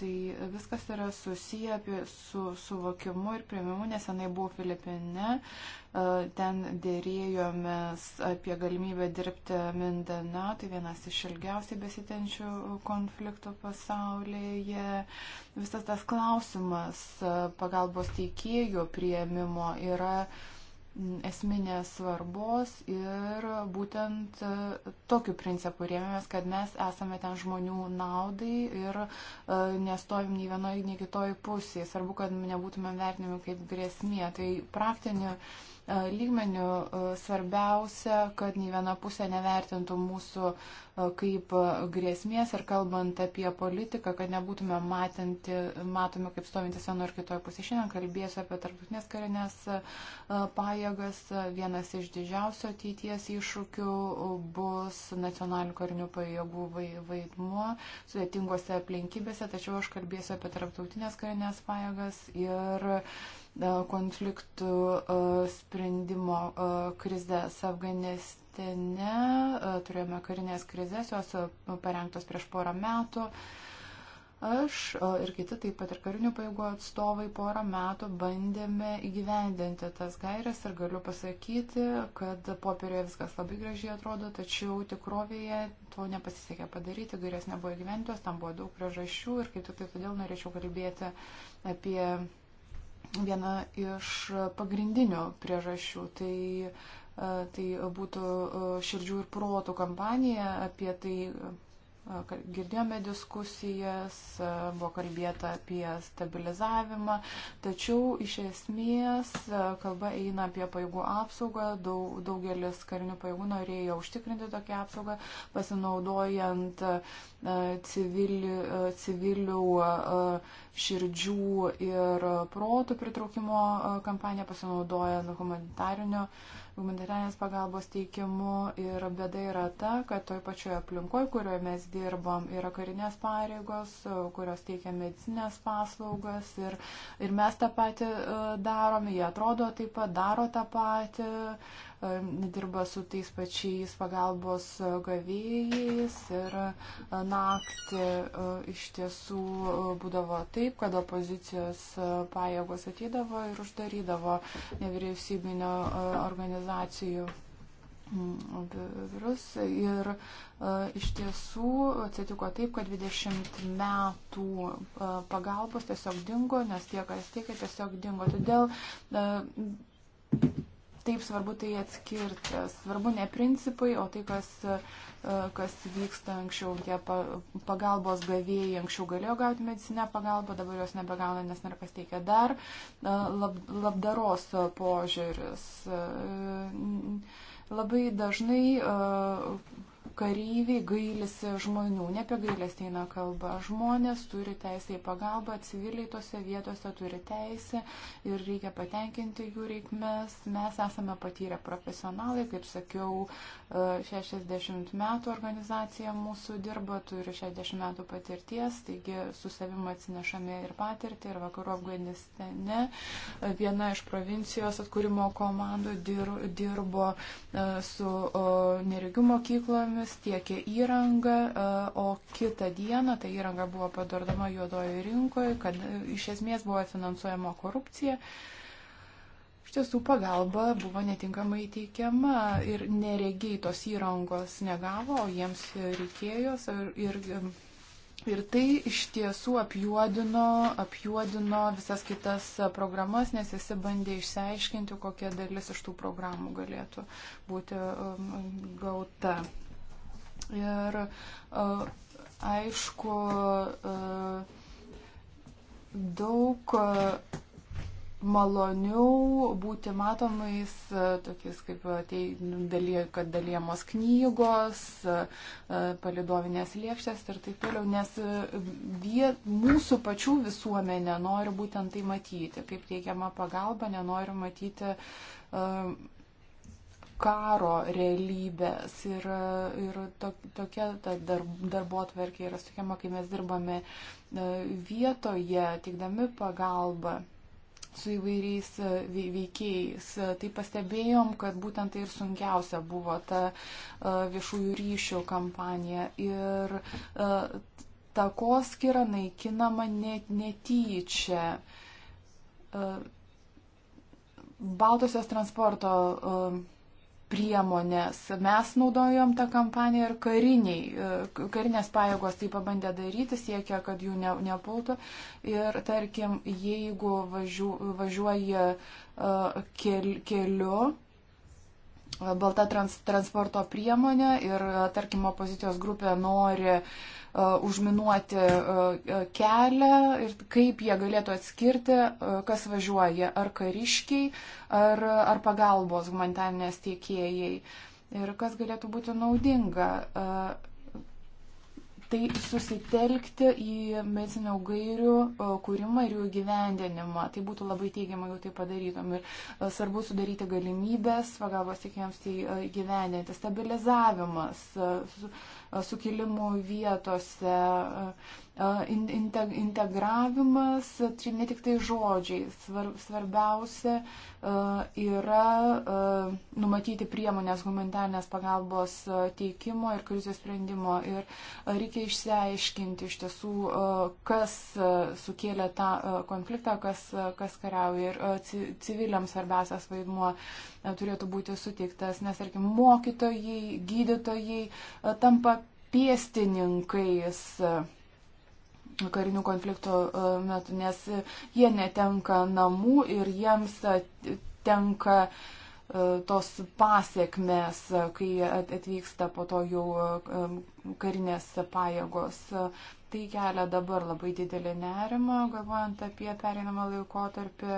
tai viskas yra susiję su suvokimu ir prieimimu. Nesenai buvau Filipine, e, ten dėrėjomės apie galimybę dirbti Mindana, tai vienas iš ilgiausiai besitenčių konfliktų pasaulyje. Visas tas klausimas pagalbos teikėjų prieimimo yra esminės svarbos ir būtent e, tokiu principu rėmėmės, kad mes esame ten žmonių naudai ir e, nestovim nei vienoje, nei kitoje pusėje. Svarbu, kad nebūtumėm vertinami kaip grėsmė. Tai praktinė. Uh, E, lygmenių. E, svarbiausia, kad nei viena pusė nevertintų mūsų e, kaip grėsmės ir kalbant apie politiką, kad nebūtume matinti, matomi kaip stovintis vienoje ar kitoje pusėje. Šiandien kalbėsiu apie tarptautinės karinės pajėgas. Vienas iš didžiausio ateities iššūkių bus nacionalinių karinių pajėgų vaidmuo sudėtingose aplinkybėse, tačiau aš kalbėsiu apie tarptautinės karinės pajėgas ir uh, konfliktų e, sprendimo e, krizės Afganistane. E, turėjome karinės krizės, jos parengtos prieš porą metų. Aš ir kiti, taip pat ir karinių pajėgų atstovai, porą metų bandėme įgyvendinti tas gairias ir galiu pasakyti, kad popierioje viskas labai gražiai atrodo, tačiau tikrovėje to nepasisekė padaryti, gairias nebuvo įgyvendintos, tam buvo daug priežasčių ir kaip tik tai todėl norėčiau kalbėti apie viena iš pagrindinių priežasčių. Tai, e, tai būtų e, širdžių ir protų kampanija apie tai, Girdėjome diskusijas, buvo kalbėta apie stabilizavimą, tačiau iš esmės kalba eina apie pajėgų apsaugą. Daug, daugelis karinių pajėgų norėjo užtikrinti tokią apsaugą, pasinaudojant civili, civilių širdžių ir protų pritraukimo kampaniją, pasinaudojant humanitarinio humanitarinės pagalbos teikimu ir bėda yra ta, kad toj pačioje aplinkoje, kurioje mes dirbom, yra karinės pareigos, kurios teikia medicinės paslaugas ir, ir mes tą patį e, darome, jie atrodo taip pat, daro tą patį dirba su tais pačiais pagalbos e, gavėjais ir e, naktį e, iš tiesų būdavo taip, kad opozicijos pajėgos atydavo ir uždarydavo nevyriausybinio organizacijų virus. Ir iš tiesų atsitiko taip, kad 20 metų pagalbos tiesiog dingo, nes tie, kas teikia, tiesiog dingo. Todėl taip svarbu tai atskirti. Svarbu ne principai, o tai, kas, e, kas vyksta anksčiau. Tie pagalbos gavėjai anksčiau galėjo gauti medicinę pagalbą, dabar jos nebegauna, nes narkas teikia dar e, lab, labdaros požiūris. E, labai dažnai kareiviai gailisi žmonių, ne apie gailestį eina kalba. Žmonės turi teisę į pagalbą, civiliai tose vietose turi teisę ir reikia patenkinti jų reikmes. Mes esame patyrę profesionalai, kaip sakiau, 60 e, metų organizacija mūsų dirba, turi 60 metų patirties, taigi su savimi atsinešame ir patirtį, ir vakarų Afganistane. E, viena iš provincijos atkūrimo komandų dirbo e, su neregių mokyklomis duomenis, tiekė įrangą, e, o kitą dieną ta įranga buvo padardama juodojo rinkoje, kad e, iš esmės buvo finansuojama korupcija. Iš tiesų pagalba buvo netinkamai teikiama ir neregiai tos įrangos negavo, o jiems reikėjo ir, ir Ir tai iš tiesų apjuodino, apjuodino visas kitas programas, nes visi bandė išsiaiškinti, kokia dalis iš tų programų galėtų būti um, gauta. Ir aišku, daug maloniau būti matomais, tokiais kaip tai, nu, daly, kad dalyjamos knygos, palidovinės lėkštės ir taip toliau, nes vie, mūsų pačių visuomenė nori būtent tai matyti, kaip teikiama pagalba, nenori matyti karo realybės ir, ir to, tokia ta dar, darbo atverkė yra sukiama, kai mes dirbame e, vietoje, teikdami pagalbą su įvairiais e, veikėjais. Tai pastebėjom, kad būtent tai ir sunkiausia buvo ta e, viešųjų ryšių kampanija. Ir takoskira naikinama net netyčia. Baltosios transporto uh, priemonės. Mes naudojom tą kampaniją ir kariniai, e, karinės pajėgos tai pabandė daryti, siekia, kad jų ne, nepultų. Ir tarkim, jeigu važiu, važiuoji uh, kel, keliu, balta trans, transporto priemonė ir, e, tarkim, opozicijos grupė nori uh, užminuoti uh, kelią ir kaip jie galėtų atskirti, uh, kas važiuoja, ar kariškiai, ar, ar pagalbos humanitarnės tiekėjai ir kas galėtų būti naudinga. Uh, tai susitelkti į medicinio gairių kūrimą ir jų gyvendinimą. Tai būtų labai teigiama, jeigu tai padarytum. Ir svarbu sudaryti galimybės pagalbos teikėjams tai gyvendinti. Stabilizavimas, sukilimų vietose, integravimas, čia ne tik tai žodžiai, svarbiausia yra numatyti priemonės humanitarnės pagalbos teikimo ir krizės sprendimo. Ir reikia išsiaiškinti iš tiesų, kas sukėlė tą konfliktą, kas, kas kariauja. Ir civiliams svarbiausias vaidmuo turėtų būti suteiktas, nes, tarkim, mokytojai, gydytojai tampa pėstininkais e, karinių konfliktų e, metu, nes jie netenka namų ir jiems e, tenka tos pasiekmes, kai atvyksta po to jau karinės pajėgos. Tai kelia dabar labai didelį nerimą, galvojant apie pereinamą laikotarpį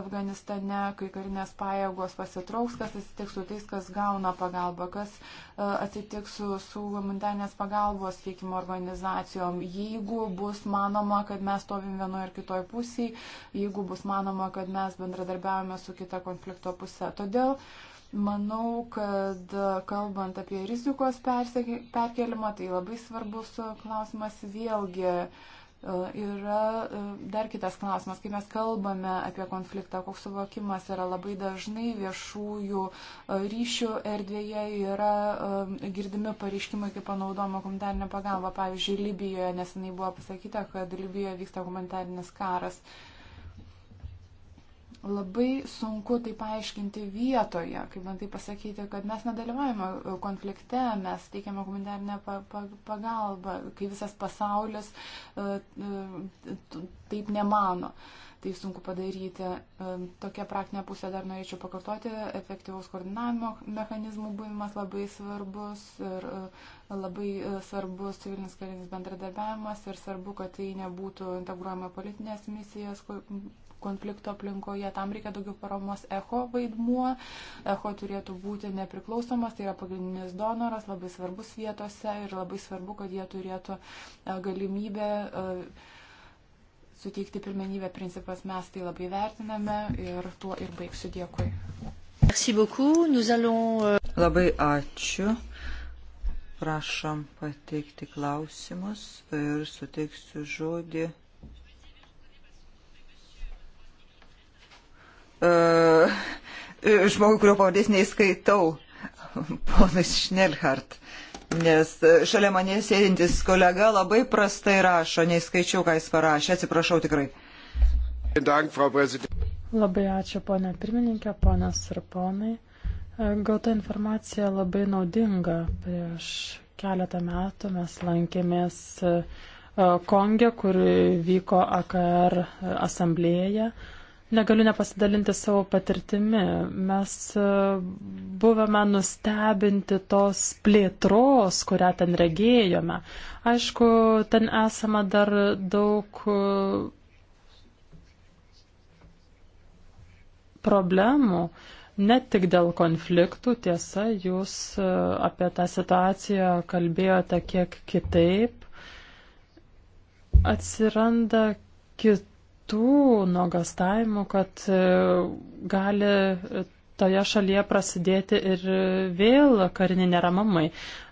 Afganistane, kai karinės pajėgos pasitrauks, kas atsitiks su tais, kas gauna pagalbą, kas e, atsitiks su, su humanitarnės pagalbos teikimo organizacijom. Jeigu bus manoma, kad mes stovim vienoje ar kitoje pusėje, jeigu bus manoma, kad mes bendradarbiavame su kita konflikto puse. Todėl uh, Manau, kad e, kalbant apie rizikos perkelimą, tai labai svarbus e, klausimas vėlgi. E, yra dar kitas klausimas, kai mes kalbame apie konfliktą, koks suvokimas yra labai dažnai viešųjų ryšių erdvėje yra girdimi pareiškimai, kaip panaudojama humanitarinė pagalba. Pavyzdžiui, Libijoje nesenai buvo pasakyta, kad Libijoje vyksta humanitarinis karas. Uh, labai sunku tai paaiškinti vietoje, kaip man tai pasakyti, kad mes nedalyvavome konflikte, mes teikiame humanitarinę pagalbą, kai visas pasaulis e, e, taip nemano. Tai sunku padaryti. E, tokia praktinė pusė dar norėčiau pakartoti. Efektyvaus koordinavimo mechanizmų buvimas labai svarbus ir labai svarbus civilinis karinis bendradarbiavimas ir svarbu, kad tai nebūtų integruojama politinės misijas, konflikto aplinkoje. Tam reikia daugiau paramos echo vaidmuo. Echo turėtų būti nepriklausomas, tai yra pagrindinis donoras, labai svarbus vietose ir labai svarbu, kad jie turėtų e, galimybę e, suteikti pirmenybę principas, mes tai labai vertiname ir tuo ir baigsiu. Dėkui. Euh, labai ačiū. Prašom pateikti klausimus ir suteiksiu žodį uh, žmogui, kurio pavardės neįskaitau, ponas Šnelhart. Nes e, šalia manęs sėdintis kolega labai prastai rašo, neįskaičiau, ką jis parašė, atsiprašau tikrai. Labai ačiū, ponė pirmininkė, ponas ir ponai. E, gauta informacija labai naudinga. Prieš keletą metų mes lankėmės Konge, kur vyko AKR asamblėje. Negaliu nepasidalinti savo patirtimi. Mes e, buvome nustebinti tos plėtros, kurią ten regėjome. Aišku, ten esama dar daug e, problemų, ne tik dėl konfliktų, tiesa, jūs e, apie tą situaciją kalbėjote kiek kitaip. Atsiranda kitų tų nuogastavimų, kad e, gali e, toje šalyje prasidėti ir e, vėl kariniai neramamai.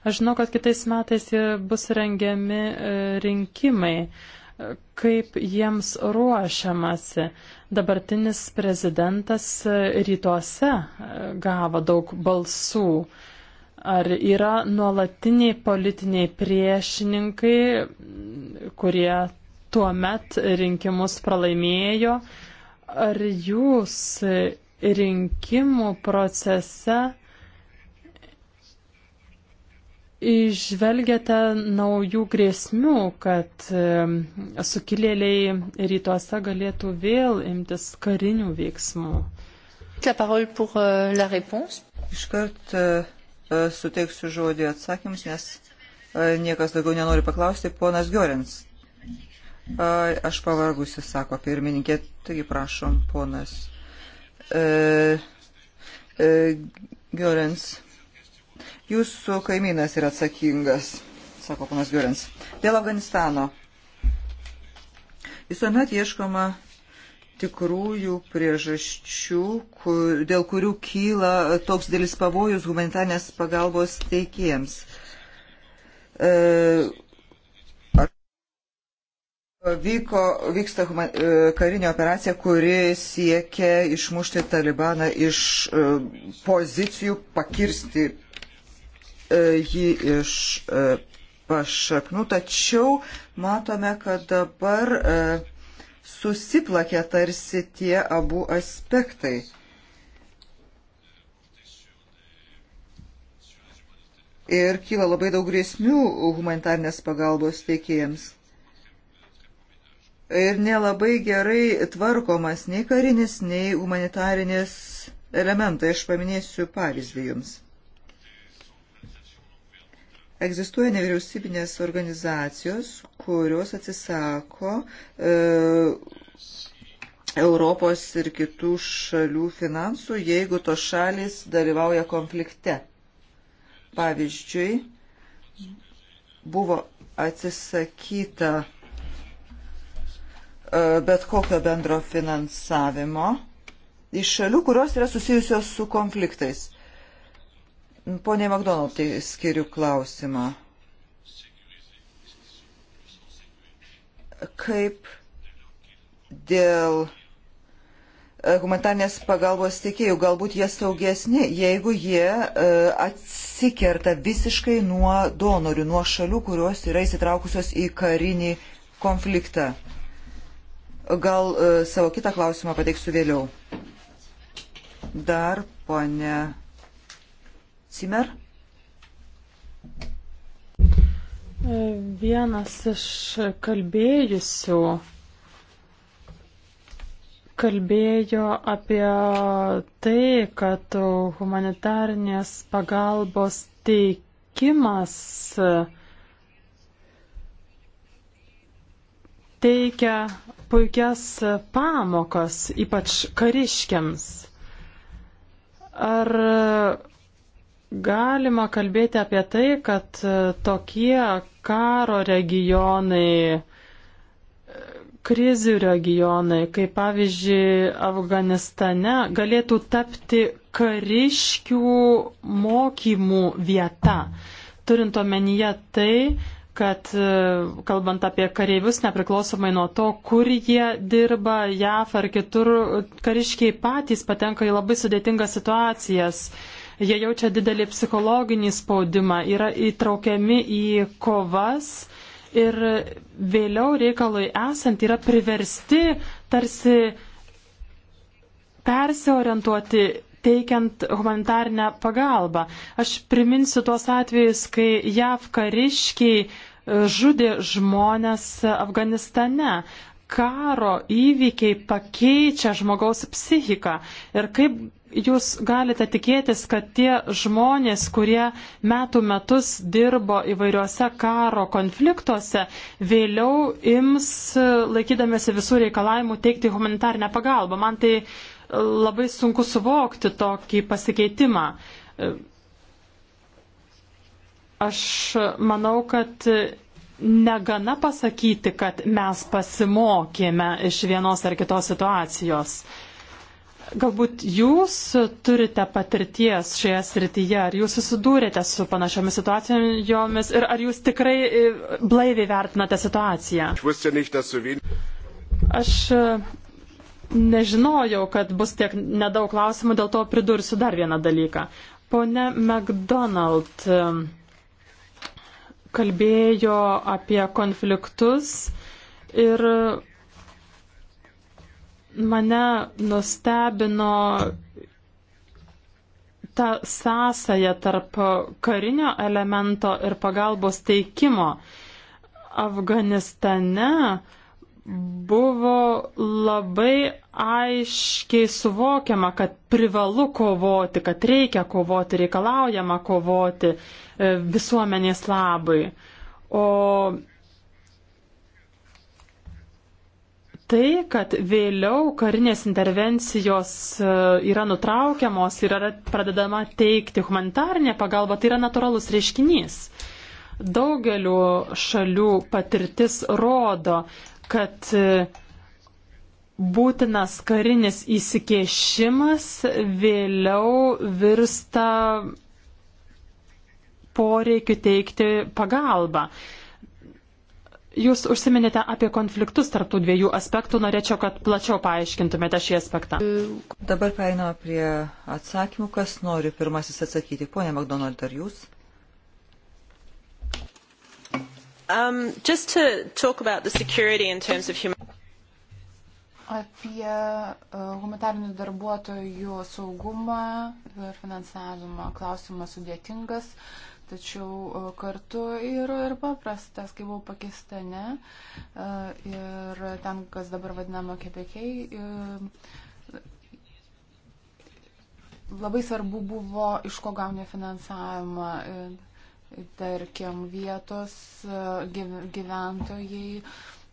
Aš žinau, kad kitais metais bus rengiami rinkimai kaip jiems ruošiamasi. Dabartinis prezidentas rytuose gavo daug balsų. Ar yra nuolatiniai politiniai priešininkai, kurie tuo met rinkimus pralaimėjo. Ar jūs rinkimų procese Išvelgiate naujų grėsmių, kad sukilėliai rytuose galėtų vėl imtis karinių veiksmų. Euh, Iškart e, e, suteiksiu žodį atsakymus, nes e, niekas daugiau nenori paklausti. Ponas Giorins. Aš pavargusiu, sako pirmininkė. Taigi prašom, ponas e, e, Giorens. Jūsų kaimynas yra atsakingas, sako ponas Giorens. Dėl Afganistano. Visuomet ieškoma tikrųjų priežasčių, kur, dėl kurių kyla toks dėlis pavojus humanitarnės pagalbos teikėjams. E, Vyko, vyksta e, karinė operacija, kuri siekia išmušti Talibaną iš e, pozicijų, pakirsti e, jį iš pašaknų, tačiau matome, kad dabar susiplakia tarsi tie abu aspektai. Ir kyla labai daug grėsmių humanitarnės pagalbos teikėjams ir nelabai gerai tvarkomas nei karinis, nei humanitarinis elementai. Aš paminėsiu pavyzdį jums. Egzistuoja nevyriausybinės organizacijos, kurios atsisako e, Europos ir kitų šalių finansų, jeigu tos šalis dalyvauja konflikte. Pavyzdžiui, buvo atsisakyta E, bet kokio bendro finansavimo iš šalių, kurios yra susijusios su konfliktais. Pone McDonaldai skiriu klausimą. Kaip dėl e, humanitarnės pagalbos teikėjų, galbūt jie saugesni, jeigu jie e, atsikerta visiškai nuo donorių, nuo šalių, kurios yra įsitraukusios į karinį konfliktą. Gal e, savo kitą klausimą pateiksiu vėliau. Dar ponė Cimer. E, vienas iš kalbėjusių kalbėjo apie tai, kad humanitarnės pagalbos teikimas uh, teikia puikias pamokas, ypač kariškiams. Ar galima kalbėti apie tai, kad tokie karo regionai, krizių regionai, kaip pavyzdžiui Afganistane, galėtų tapti kariškių mokymų vieta, turint omenyje tai, kad e, kalbant apie kareivius, nepriklausomai nuo to, kur jie dirba, JAF ar kitur, kariškiai patys patenka į labai sudėtingas situacijas. Jie jaučia didelį psichologinį spaudimą, yra įtraukiami į kovas ir vėliau reikalui esant yra priversti tarsi persiorientuoti teikiant humanitarnę pagalbą. Aš priminsiu tuos atvejus, kai JAV kariškiai e, žudė žmonės Afganistane karo įvykiai pakeičia žmogaus psichiką ir kaip jūs galite tikėtis, kad tie žmonės, kurie metų metus dirbo įvairiuose karo konfliktuose, vėliau ims, laikydamėsi visų reikalavimų, teikti humanitarnę pagalbą. Man tai labai sunku suvokti tokį pasikeitimą. Aš manau, kad negana pasakyti, kad mes pasimokėme iš vienos ar kitos situacijos. Galbūt jūs turite patirties šioje srityje, ar jūs susidūrėte su panašiomis situacijomis ir ar jūs tikrai e, blaiviai vertinate situaciją? Aš nežinojau, kad bus tiek nedaug klausimų, dėl to pridursiu dar vieną dalyką. Pone McDonald kalbėjo apie konfliktus ir mane nustebino ta sąsaja tarp karinio elemento ir pagalbos teikimo. Afganistane uh, buvo labai aiškiai suvokiama, kad privalu kovoti, kad reikia kovoti, reikalaujama kovoti e, visuomenės labai. O tai, kad vėliau karinės intervencijos e, yra nutraukiamos ir yra pradedama teikti humanitarnė pagalba, tai yra natūralus reiškinys daugeliu šalių patirtis rodo, kad e, būtinas karinis įsikešimas vėliau virsta poreikiu teikti pagalbą. Jūs užsiminėte apie konfliktus tarptų dviejų aspektų, norėčiau, kad plačiau paaiškintumėte šį aspektą. Dabar painama prie atsakymų, kas nori pirmasis atsakyti. Pone McDonald, ar jūs? Um, just to talk about the security in terms of human apie uh, humanitarinių darbuotojų saugumą ir finansavimą klausimas sudėtingas, tačiau uh, kartu ir, ir paprastas, kai buvau Pakistane uh, ir ten, kas dabar vadinama kepekiai, labai svarbu buvo, iš ko gauni finansavimą. Ir, tarkim, vietos e, gyventojai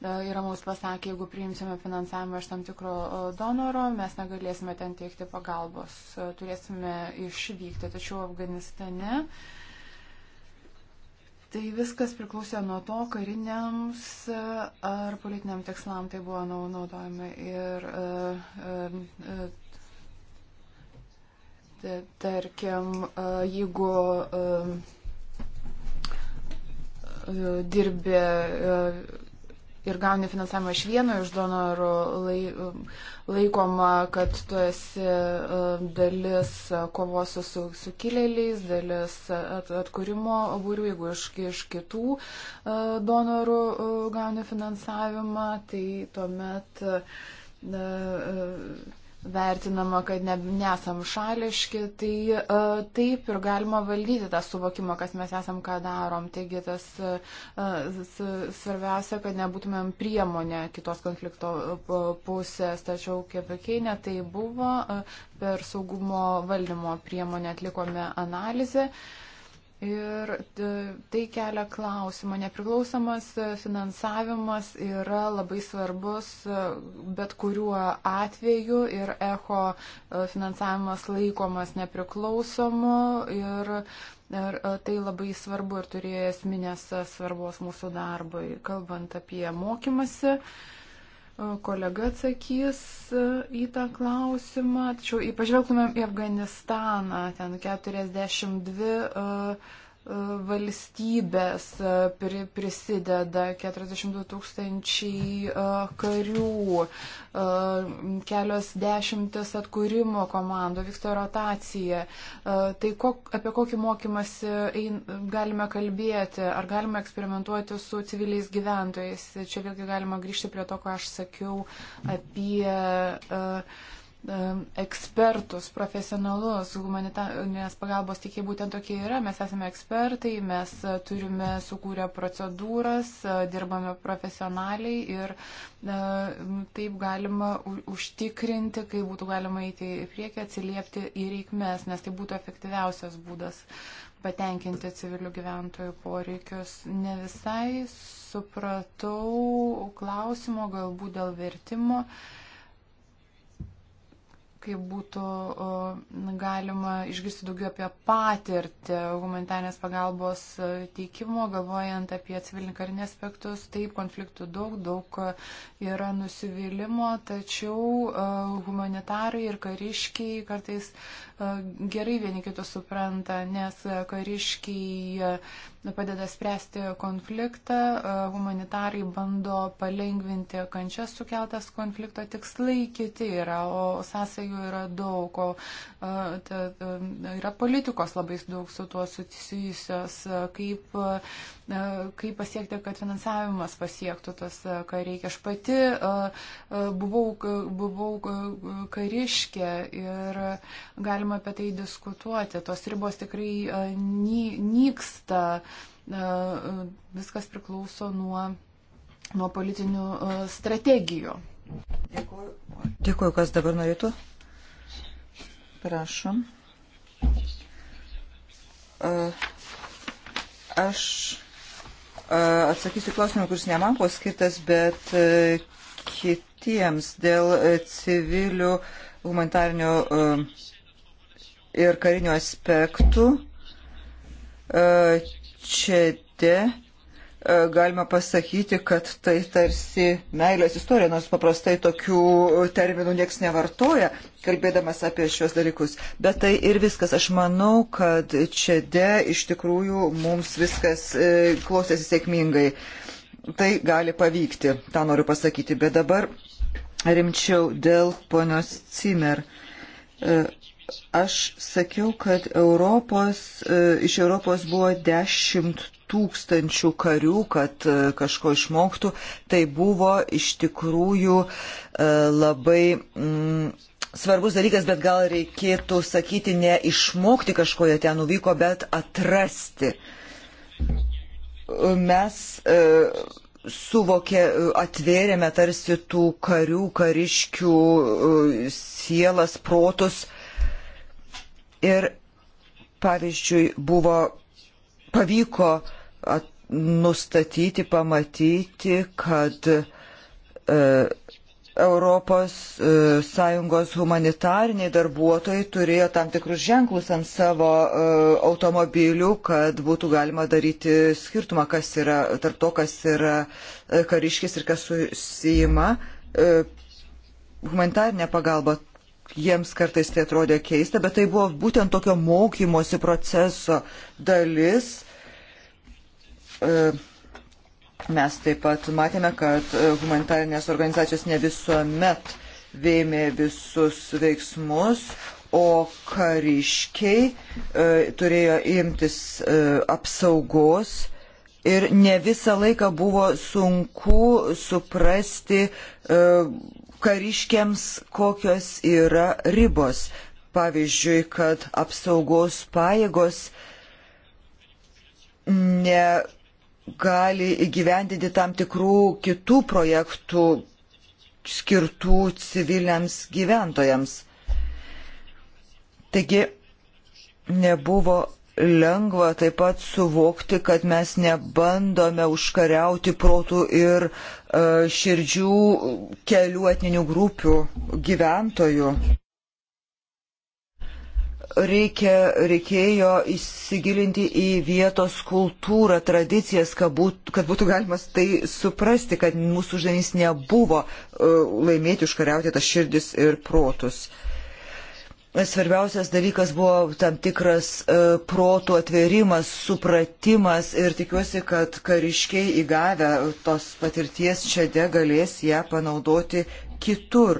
e, yra mums pasakė, jeigu priimsime finansavimą iš tam tikro e, donoro, mes negalėsime ten teikti pagalbos, turėsime išvykti. Tačiau Afganistane tai viskas priklausė nuo to, kariniams ar politiniam tikslam tai buvo naudojami. Ir, tarkim, jeigu E, dirbi e, ir gauni finansavimą iš vieno iš donorų, lai, laikoma, kad tu esi e, dalis kovos su sukilėliais, dalis at, atkūrimo būrių, jeigu iš, iš kitų donorų gauni finansavimą, tai tuomet. Na, vertinama, kad ne, nesam šališki, tai uh, taip ir galima valdyti tą suvokimą, kas mes esam, ką darom. Taigi tas uh, svarbiausia, kad nebūtumėm priemonė kitos konflikto e, pusės, tačiau kiepekeinė tai buvo, uh, per saugumo valdymo priemonę atlikome analizę. Uh, Ir e, tai kelia klausimą. Nepriklausomas e, finansavimas yra labai svarbus e, bet kuriuo atveju ir echo finansavimas laikomas nepriklausomu ir, ir tai labai svarbu ir turėjo esminės svarbos mūsų darbui, kalbant apie mokymasi. Uh, kolega atsakys į tą klausimą. Tačiau pažvelgtumėm į Afganistaną, ten 42 uh, valstybės e, pri, prisideda 42 tūkstančiai e, karių, e, kelios dešimtis atkūrimo komandų, vyksta rotacija. Tai kok, apie kokį mokymąsi ein, galime kalbėti, ar galime eksperimentuoti su civiliais gyventojais. Čia vėlgi galima grįžti prie to, ką aš sakiau apie. Uh, ekspertus, profesionalus, humanitarinės pagalbos tiekiai būtent tokie yra. Mes esame ekspertai, mes e, turime sukūrę procedūras, e, dirbame profesionaliai ir e, nu, taip galima užtikrinti, kai būtų galima eiti į priekį, atsiliepti į reikmes, nes tai būtų efektyviausias būdas patenkinti civilių gyventojų poreikius. Ne visai supratau klausimo, galbūt dėl vertimo. Uh, kaip būtų galima išgirsti daugiau apie patirtį humanitarnės pagalbos e, teikimo, galvojant apie civilinį karinį aspektus. Taip, konfliktų daug, daug e, yra nusivylimų, tačiau e, humanitarai ir kariškiai kartais gerai vieni kitus supranta, nes kariškiai padeda spręsti konfliktą, humanitarai bando palengvinti kančias sukeltas konflikto tikslai, kiti yra, o sąsajų jų yra daug, o ta, ta, yra politikos labai daug su tuo susijusios, kaip, kaip pasiekti, kad finansavimas pasiektų tas, ką reikia. Aš pati buvau, buvau kariškė ir galima apie tai diskutuoti. Tos ribos tikrai nyksta. Viskas priklauso nuo, nuo politinių strategijų. Dėkuoju. Dėkuoju, kas dabar norėtų Prašom. Aš atsakysiu klausimą, kuris ne man buvo skirtas, bet kitiems dėl civilių humanitarnių ir karinių aspektų. Čia te E, galima pasakyti, kad tai tarsi meilės istorija, nors paprastai tokių terminų nieks nevartoja, kalbėdamas apie šios dalykus. Bet tai ir viskas. Aš manau, kad čia de iš tikrųjų mums viskas e, klostėsi sėkmingai. Tai gali pavykti, tą noriu pasakyti. Bet dabar rimčiau dėl ponios Cimer. E, aš sakiau, kad Europos, iš Europos buvo 10 tūkstančių karių, kad e, kažko išmoktų, tai buvo iš tikrųjų e, labai mm, svarbus dalykas, bet gal reikėtų sakyti ne išmokti kažko jie ten nuvyko, bet atrasti. Mes e, suvokė, atvėrėme tarsi tų karių, kariškių e, sielas, protus. Ir pavyzdžiui, buvo pavyko at, nustatyti, pamatyti, kad e, Europos e, Sąjungos humanitariniai darbuotojai turėjo tam tikrus ženklus ant savo e, automobilių, kad būtų galima daryti skirtumą, kas yra tarp to, kas yra e, kariškis ir kas susijima e, humanitarinė pagalba jiems kartais tai atrodė keista, bet tai buvo būtent tokio mokymosi proceso dalis. E, mes taip pat matėme, kad e, humanitarinės organizacijos ne visuomet vėmė visus veiksmus, o kariškiai e, turėjo imtis e, apsaugos ir ne visą laiką buvo sunku suprasti e, kariškiams, kokios yra ribos. Pavyzdžiui, kad apsaugos pajėgos negali įgyvendinti tam tikrų kitų projektų skirtų civiliams gyventojams. Taigi nebuvo lengva taip pat suvokti, kad mes nebandome užkariauti protų ir e, širdžių kelių etninių grupių gyventojų reikia, reikėjo įsigilinti į vietos kultūrą, tradicijas, kad būtų, kad būtų galima tai suprasti, kad mūsų uždavinys nebuvo e, laimėti, užkariauti tas širdis ir protus. Uh, Svarbiausias dalykas buvo tam tikras e, protų atverimas, supratimas ir tikiuosi, kad kariškiai įgavę tos patirties čia de galės ją panaudoti kitur.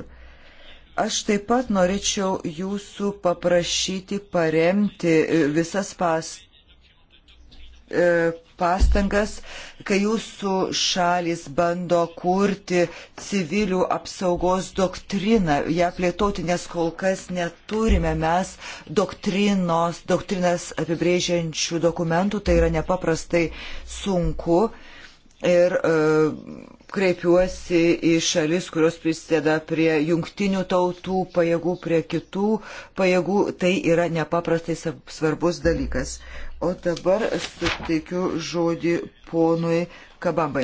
Aš taip pat norėčiau jūsų paprašyti paremti visas pastangas E, pastangas, kai jūsų šalis bando kurti civilių apsaugos doktriną, ją plėtoti, nes kol kas neturime mes doktrinos, doktrinas apibrėžiančių dokumentų, tai yra nepaprastai sunku. Ir e, kreipiuosi į šalis, kurios prisideda prie jungtinių tautų pajėgų, prie kitų pajėgų, tai yra nepaprastai svarbus dalykas. O dabar suteikiu žodį ponui Kabambai.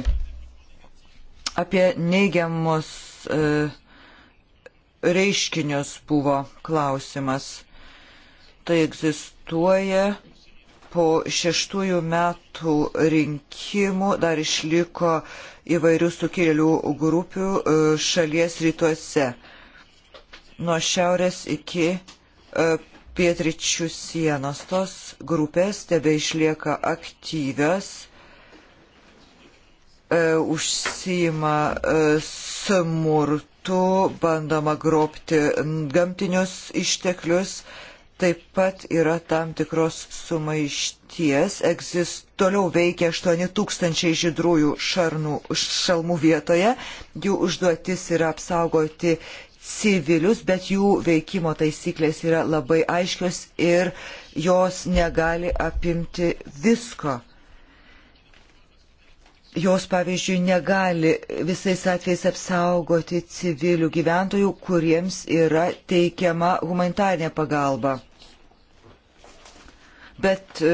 Apie neigiamus e, reiškinius buvo klausimas. Tai egzistuoja po šeštųjų metų rinkimų dar išliko įvairių sukėlių grupių e, šalies rytuose. Nuo šiaurės iki e, pietričių sienos. Tos grupės tebe išlieka aktyvios, e, užsima e, smurtu, bandoma grobti gamtinius išteklius, taip pat yra tam tikros sumaišties, egzist, toliau veikia 8000 žydrųjų šarnų, šalmų vietoje, jų užduotis yra apsaugoti civilius, bet jų veikimo taisyklės yra labai aiškios ir jos negali apimti visko. Jos, pavyzdžiui, negali visais atvejais apsaugoti civilių gyventojų, kuriems yra teikiama humanitarinė pagalba. Bet e,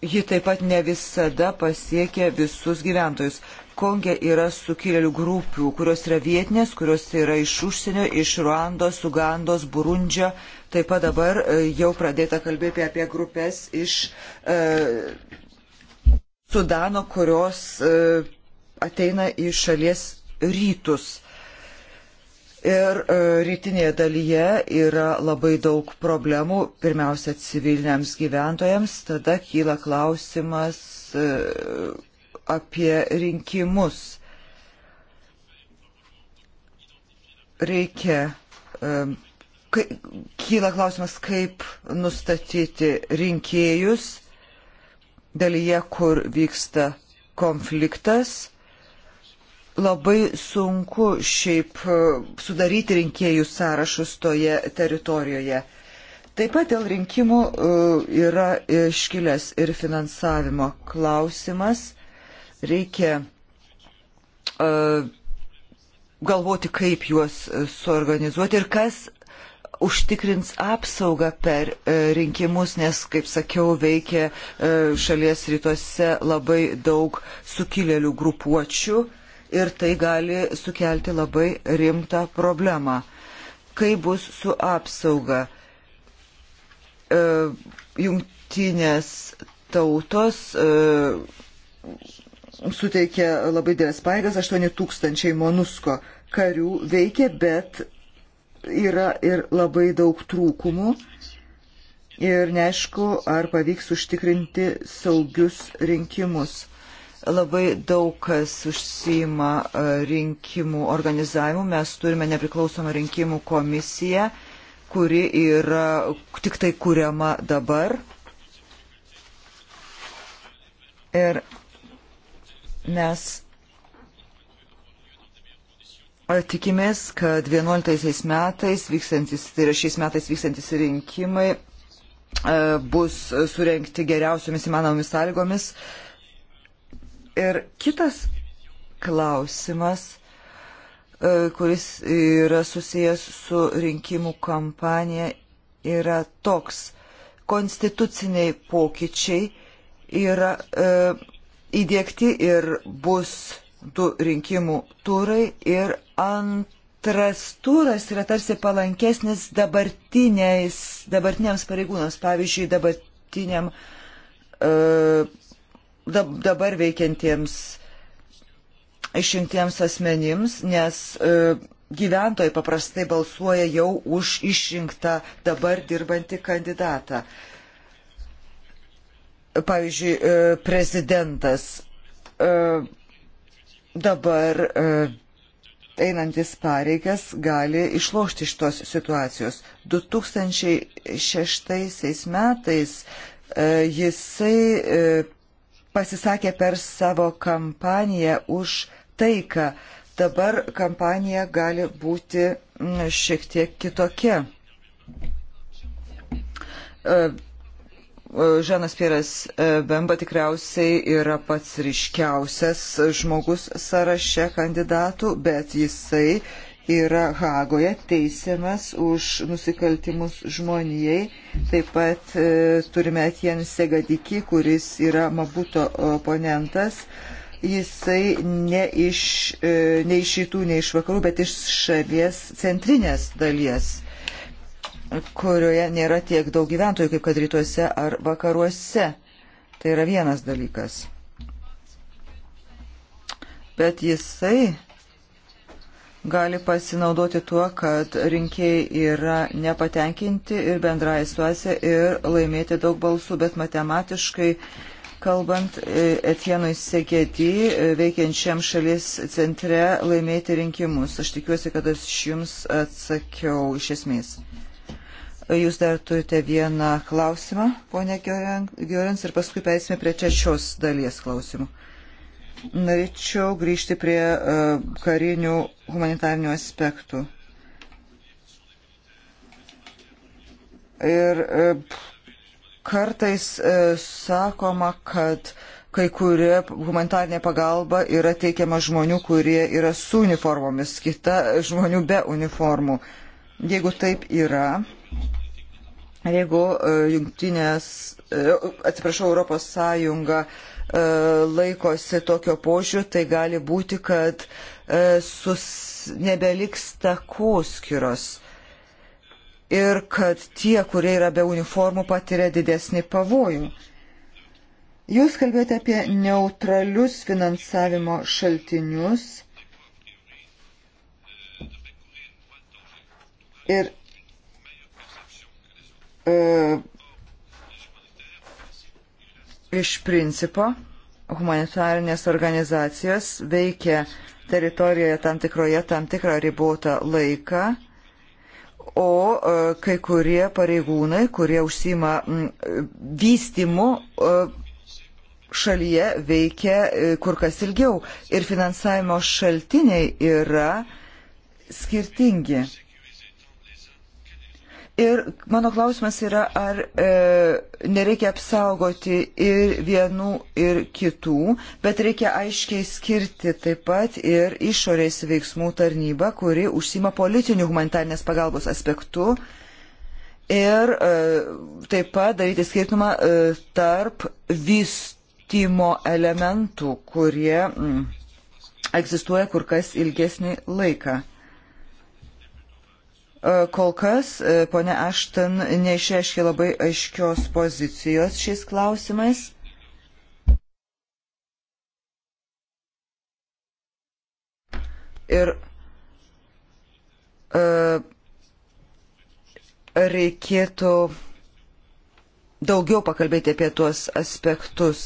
ji taip pat ne visada pasiekia visus gyventojus. Konge yra sukilėlių grupių, kurios yra vietinės, kurios yra iš užsienio, iš Ruandos, Ugandos, Burundžio. Taip pat dabar e, jau pradėta kalbėti apie grupės iš e, Sudano, kurios e, ateina į šalies rytus. Ir e, rytinėje dalyje yra labai daug problemų, pirmiausia, civiliniams gyventojams, tada kyla klausimas. E, apie rinkimus. Reikia. Kyla klausimas, kaip nustatyti rinkėjus dalyje, kur vyksta konfliktas. Labai sunku šiaip e, sudaryti rinkėjų sąrašus toje teritorijoje. Taip pat dėl rinkimų e, yra iškilęs ir finansavimo klausimas. Reikia uh, galvoti, kaip juos suorganizuoti ir kas užtikrins apsaugą per e, rinkimus, nes, kaip sakiau, veikia e, šalies rytuose labai daug sukilėlių grupuočių ir tai gali sukelti labai rimtą problemą. Kaip bus su apsauga? Jungtinės tautos suteikė labai dėlės paėgas, 8 tūkstančiai Monusko karių veikia, bet yra ir labai daug trūkumų ir neaišku, ar pavyks užtikrinti saugius rinkimus labai daug kas užsima e, rinkimų organizavimu. Mes turime nepriklausomą rinkimų komisiją, kuri yra tik tai kuriama dabar. Ir Mes tikimės, kad 11 metais vykstantis, tai yra šiais metais vykstantis rinkimai, bus surenkti geriausiomis įmanomomis sąlygomis. Ir kitas klausimas kuris yra susijęs su rinkimų kampanija, yra toks. Konstituciniai pokyčiai yra e, įdėkti ir bus du rinkimų turai ir antras turas yra tarsi palankesnis dabartiniams pareigūnams, pavyzdžiui, dabartiniam e, dabar veikiantiems išrinktiems asmenims, nes e, gyventojai paprastai balsuoja jau už išrinktą dabar dirbantį kandidatą. Pavyzdžiui, e, prezidentas e, dabar e, einantis pareigas gali išlošti iš tos situacijos. 2006 metais jisai pasisakė per savo kampaniją už taiką. Dabar kampanija gali būti šiek tiek kitokia. Žanas Pieras e, Bemba tikriausiai yra pats ryškiausias žmogus sąraše kandidatų, bet jisai yra Hagoje teisiamas už nusikaltimus žmonijai. Taip pat e, turime Tien Segadiki, kuris yra Mabuto oponentas. Jisai ne iš, e, ne iš šitų, ne iš vakarų, bet iš šalies centrinės dalies kurioje nėra tiek daug gyventojų, kaip kad rytuose ar vakaruose. Tai yra vienas dalykas. Bet jisai gali pasinaudoti tuo, kad rinkėjai yra nepatenkinti ir bendrai situacija ir laimėti daug balsų, bet matematiškai kalbant, e, Etienui Segedį e, veikiančiam šalies centre laimėti rinkimus. Aš tikiuosi, kad aš jums atsakiau iš esmės. Jūs dar turite vieną klausimą, ponė Giorens, ir paskui peisime prie trečios dalies klausimų. Norėčiau grįžti prie e, karinių humanitarnių aspektų. Ir e, kartais e, sakoma, kad kai kurie humanitarnė pagalba yra teikiama žmonių, kurie yra su uniformomis, kita žmonių be uniformų. Jeigu taip yra, jeigu e, jungtinės, e, atsiprašau, Europos Sąjunga e, laikosi tokio požiūrio, tai gali būti, kad sus, nebeliks takoskiros ir kad tie, kurie yra be uniformų, patiria didesnį pavojų. Jūs kalbėjote apie neutralius finansavimo šaltinius ir iš principo humanitarinės organizacijos veikia teritorijoje tam tikroje, tam tikrą ribotą laiką, o e, kai kurie pareigūnai, kurie užsima vystimu e, šalyje, veikia e, kur kas ilgiau ir finansavimo šaltiniai yra skirtingi. Ir mano klausimas yra, ar e, nereikia apsaugoti ir vienų, ir kitų, bet reikia aiškiai skirti taip pat ir išorės veiksmų tarnybą, kuri užsima politinių humanitarnės pagalbos aspektų ir e, taip pat daryti skirtumą e, tarp vystimo elementų, kurie mm, egzistuoja kur kas ilgesnį laiką. E, kol kas e, ponia Ašten neišreiškė labai aiškios pozicijos šiais klausimais. Ir uh, reikėtų daugiau pakalbėti apie tuos aspektus.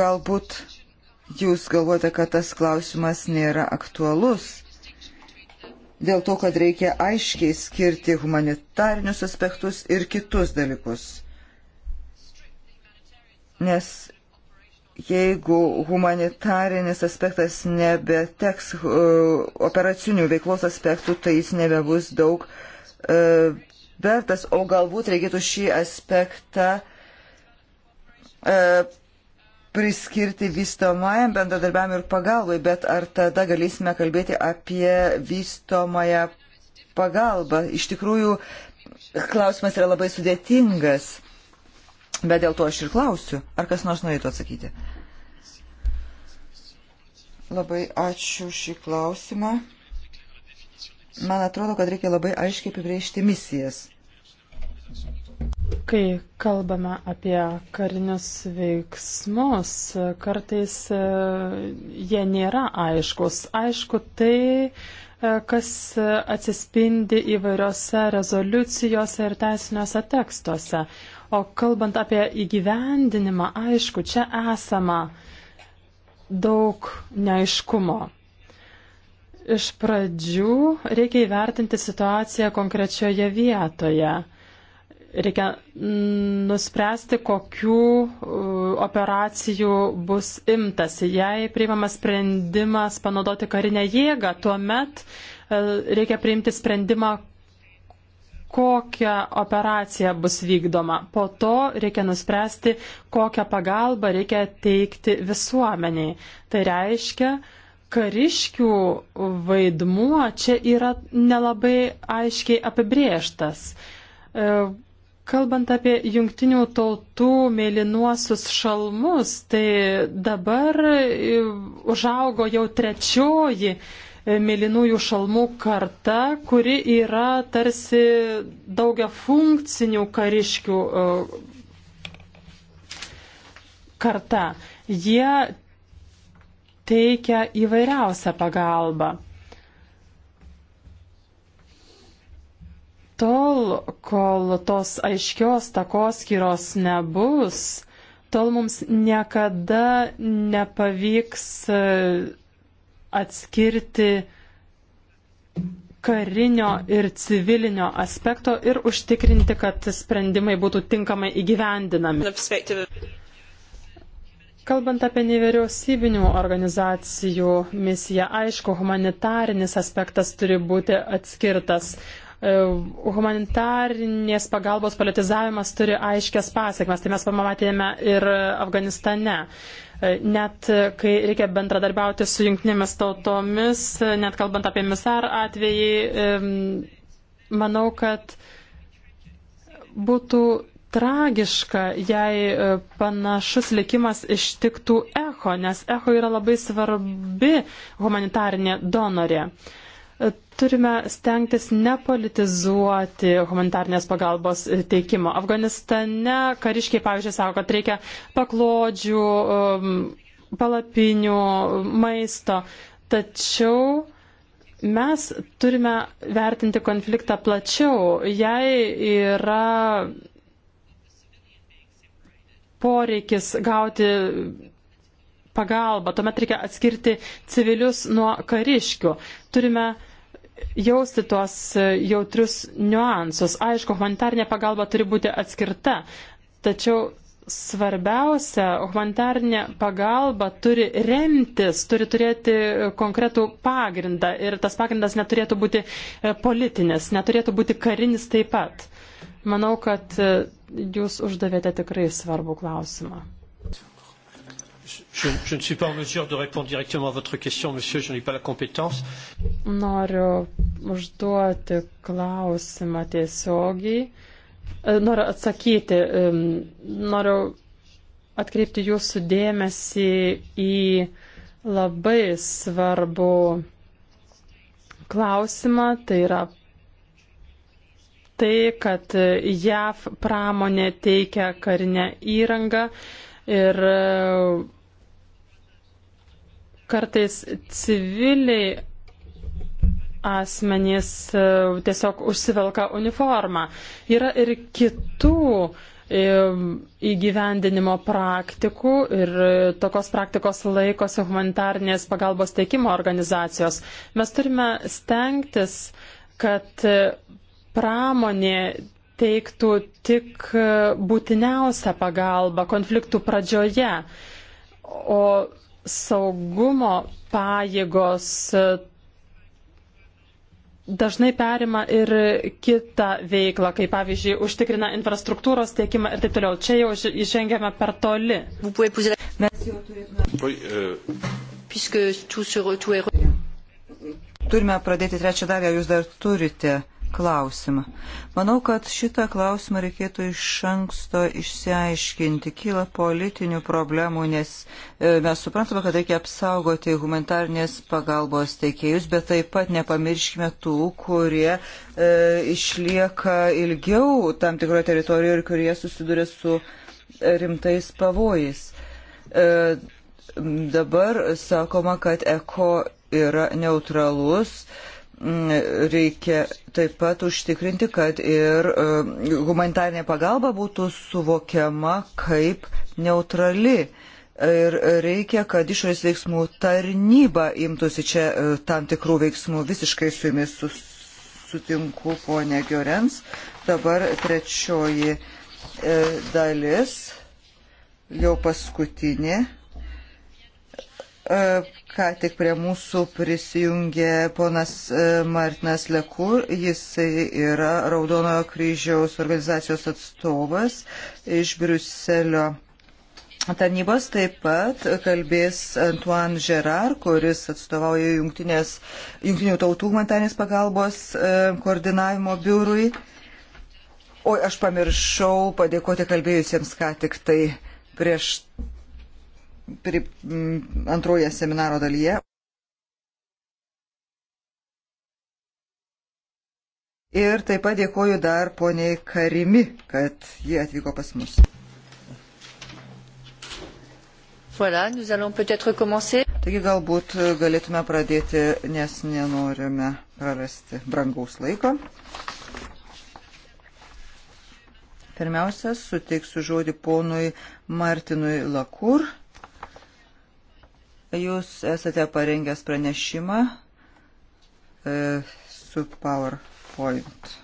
Galbūt jūs galvojate, kad tas klausimas nėra aktualus. Dėl to, kad reikia aiškiai skirti humanitarinius aspektus ir kitus dalykus. Nes jeigu humanitarinis aspektas nebeteks uh, operacinių veiklos aspektų, tai jis nebebus daug uh, vertas, o galbūt reikėtų šį aspektą uh, priskirti vystomajam bendradarbiam ir pagalbai, bet ar tada galėsime kalbėti apie vystomąją pagalbą? Iš tikrųjų, klausimas yra labai sudėtingas, bet dėl to aš ir klausiu. Ar kas nors norėtų atsakyti? Labai ačiū šį klausimą. Man atrodo, kad reikia labai aiškiai apibrėžti misijas. Kai kalbame apie karinius veiksmus, kartais e, jie nėra aiškus. Aišku, tai, e, kas atsispindi įvairiose rezoliucijose ir teisiniuose tekstuose. O kalbant apie įgyvendinimą, aišku, čia esama daug neaiškumo. Iš pradžių reikia įvertinti situaciją konkrečioje vietoje. Reikia nuspręsti, kokių uh, operacijų bus imtasi. Jei priimamas sprendimas panaudoti karinę jėgą, tuomet uh, reikia priimti sprendimą, kokia operacija bus vykdoma. Po to reikia nuspręsti, kokią pagalbą reikia teikti visuomeniai. Tai reiškia, kariškių vaidmuo čia yra nelabai aiškiai apibrieštas. Uh, Kalbant apie jungtinių tautų mėlynuosius šalmus, tai dabar e, užaugo jau trečioji e, mėlynųjų šalmų karta, kuri yra tarsi daugia funkcinių kariškių e, karta. Jie teikia įvairiausią pagalbą. Tol, kol tos aiškios takoskyros nebus, tol mums niekada nepavyks e, atskirti karinio ir civilinio aspekto ir užtikrinti, kad sprendimai būtų tinkamai įgyvendinami. Kalbant apie nevyriausybinių organizacijų misiją, aišku, humanitarinis aspektas turi būti atskirtas. E, humanitarnės pagalbos politizavimas turi aiškias pasiekmes, tai mes pamatėme ir Afganistane. E, net kai reikia bendradarbiauti su jungtinėmis tautomis, net kalbant apie misar atvejį, e, manau, kad būtų tragiška, jei panašus likimas ištiktų echo, nes echo yra labai svarbi humanitarinė donorė. Uh, turime stengtis nepolitizuoti humanitarnės pagalbos teikimo. Afganistane kariškiai, pavyzdžiui, sako, kad reikia paklodžių, um, palapinių, maisto. Tačiau mes turime vertinti konfliktą plačiau. Jei yra poreikis gauti pagalbą, tuomet reikia atskirti civilius nuo kariškių. Turime uh, jausti tuos e, jautrius niuansus. Aišku, humanitarinė pagalba turi būti atskirta, tačiau svarbiausia, humanitarinė pagalba turi remtis, turi turėti konkretų pagrindą ir tas pagrindas neturėtų būti e, politinis, neturėtų būti karinis taip pat. Manau, kad e, jūs uždavėte tikrai svarbų klausimą. Je, je ne suis pas en mesure de répondre directement à votre question, monsieur, je n'ai pas la compétence. Noriu užduoti klausimą tiesiogiai. E, noriu atsakyti, noriu atkreipti jūsų dėmesį į labai svarbu klausimą, tai yra tai, kad JAV pramonė teikia karinę įrangą ir Kartais civiliai asmenys e, tiesiog užsivelka uniformą. Yra ir kitų e, įgyvendinimo praktikų ir e, tokios praktikos laikosi humanitarnės pagalbos teikimo organizacijos. Mes turime stengtis, kad pramonė teiktų tik būtiniausią pagalbą konfliktų pradžioje, o saugumo pajėgos e, dažnai perima ir kitą veiklą, kaip pavyzdžiui, užtikrina infrastruktūros tiekimą ir taip toliau. Čia jau įžengėme per toli. Mes jau turėtume. Euh, Turime pradėti trečią dalį, ar jūs dar turite? klausimą. Manau, kad šitą klausimą reikėtų iš anksto išsiaiškinti. Kyla politinių problemų, nes e, mes suprantame, kad reikia apsaugoti humanitarnės pagalbos teikėjus, bet taip pat nepamirškime tų, kurie e, išlieka ilgiau tam tikroje teritorijoje ir kurie susiduria su e, rimtais pavojais. E, dabar sakoma, kad eko yra neutralus. E, reikia taip pat užtikrinti, kad ir e, humanitarinė pagalba būtų suvokiama kaip neutrali. Ir reikia, kad išorės veiksmų tarnyba imtųsi čia e, tam tikrų veiksmų. Visiškai su jumis sutinku, ponė Giorens. Dabar trečioji e, dalis, jau paskutinė Ką tik prie mūsų prisijungė ponas e, Martinas Lekur, jis yra Raudonojo kryžiaus organizacijos atstovas iš Briuselio. Tarnybos taip pat kalbės Antoine Gerard, kuris atstovauja jungtinės, jungtinių tautų humanitarės pagalbos e, koordinavimo biurui. Oi, aš pamiršau padėkoti kalbėjusiems ką tik tai prieš pri, antroje seminaro dalyje. Ir taip pat dėkoju dar poniai Karimi, kad ji atvyko pas mus. Voilà, nous allons peut-être commencer. Taigi galbūt galėtume pradėti, nes nenorime prarasti brangaus laiko. Pirmiausia, suteiksiu žodį ponui Martinui Lakur, Jūs esate parengęs pranešimą e, su PowerPoint.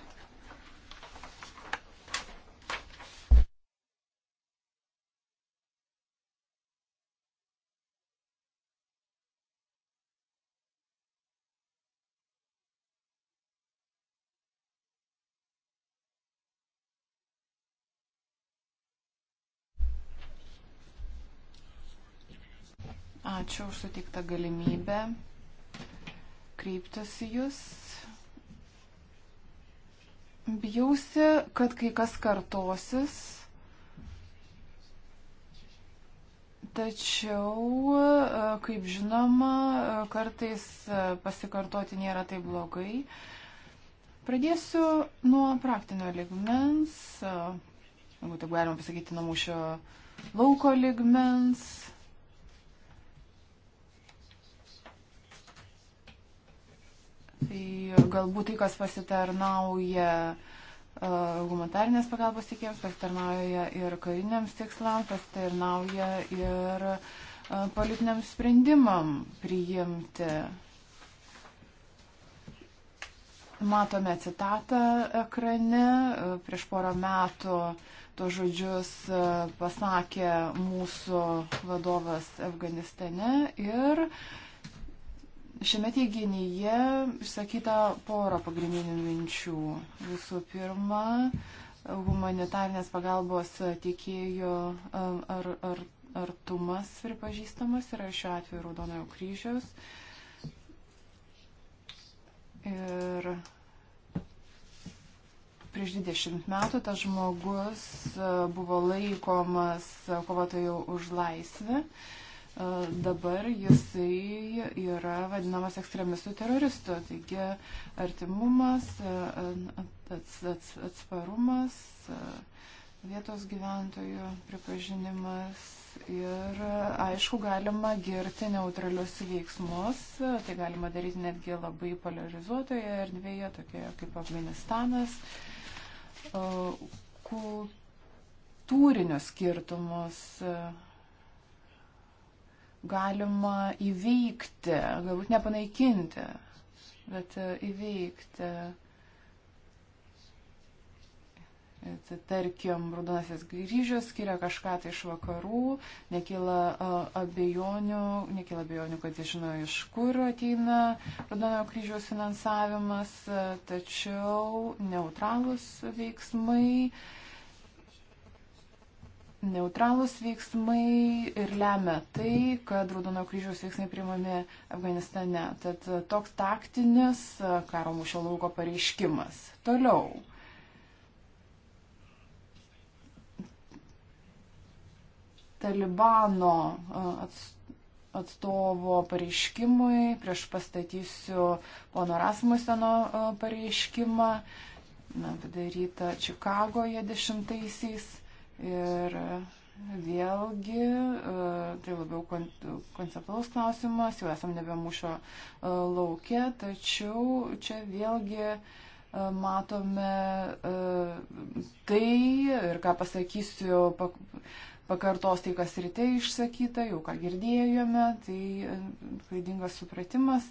Ačiū už suteiktą galimybę kreiptis į Jūs. Bijausi, kad kai kas kartosis, tačiau, kaip žinoma, kartais pasikartoti nėra taip blogai. Pradėsiu nuo praktinio ligmens, jeigu taip galima pasakyti, nuo mūšio lauko ligmens. Tai galbūt tai, kas pasitarnauja e, humanitarnės pagalbos tikėjams, pasitarnauja ir kariniams tikslams, pasitarnauja ir e, politiniam sprendimam priimti. Matome citatą ekrane. E, prieš porą metų to žodžius pasakė mūsų vadovas Afganistane ir uh, Šiame teiginyje išsakyta pora pagrindinių minčių. Visų pirma, humanitarnės pagalbos teikėjo um, ar, ar, artumas pripažįstamas yra šiuo atveju Raudonojo kryžiaus. Ir prieš 20 metų tas žmogus uh, buvo laikomas uh, kovotojų už laisvę. Uh, E, dabar jisai yra vadinamas ekstremistų teroristų. Taigi artimumas, e, ats, ats, atsparumas, e, vietos gyventojų pripažinimas ir aišku galima girti neutralius veiksmus, tai galima daryti netgi labai polarizuotoje erdvėje, tokioje kaip Afganistanas, kultūrinius skirtumus galima įveikti, galbūt nepanaikinti, bet e, įveikti. Tarkim, Rudonasis grįžęs skiria kažką tai iš vakarų, nekyla e, abejonių, nekyla abejonių, kad jis žino, iš kur ateina Rudonojo kryžiaus finansavimas, e, tačiau neutralus veiksmai uh, neutralūs veiksmai ir lemia tai, kad Raudono kryžiaus veiksmai priimami Afganistane. Tad e, toks taktinis e, karo mūšio lauko pareiškimas. Toliau. Talibano e, atstovo pareiškimui, prieš pastatysiu pono Rasmuseno pareiškimą, na, padarytą Čikagoje dešimtaisiais Ir e, vėlgi, e, tai labiau konceptualus klausimas, jau esam nebe mūšio e, laukia, tačiau čia vėlgi matome tai ir ką pasakysiu, pakartos tai, kas ryte išsakyta, jau ką girdėjome, tai klaidingas supratimas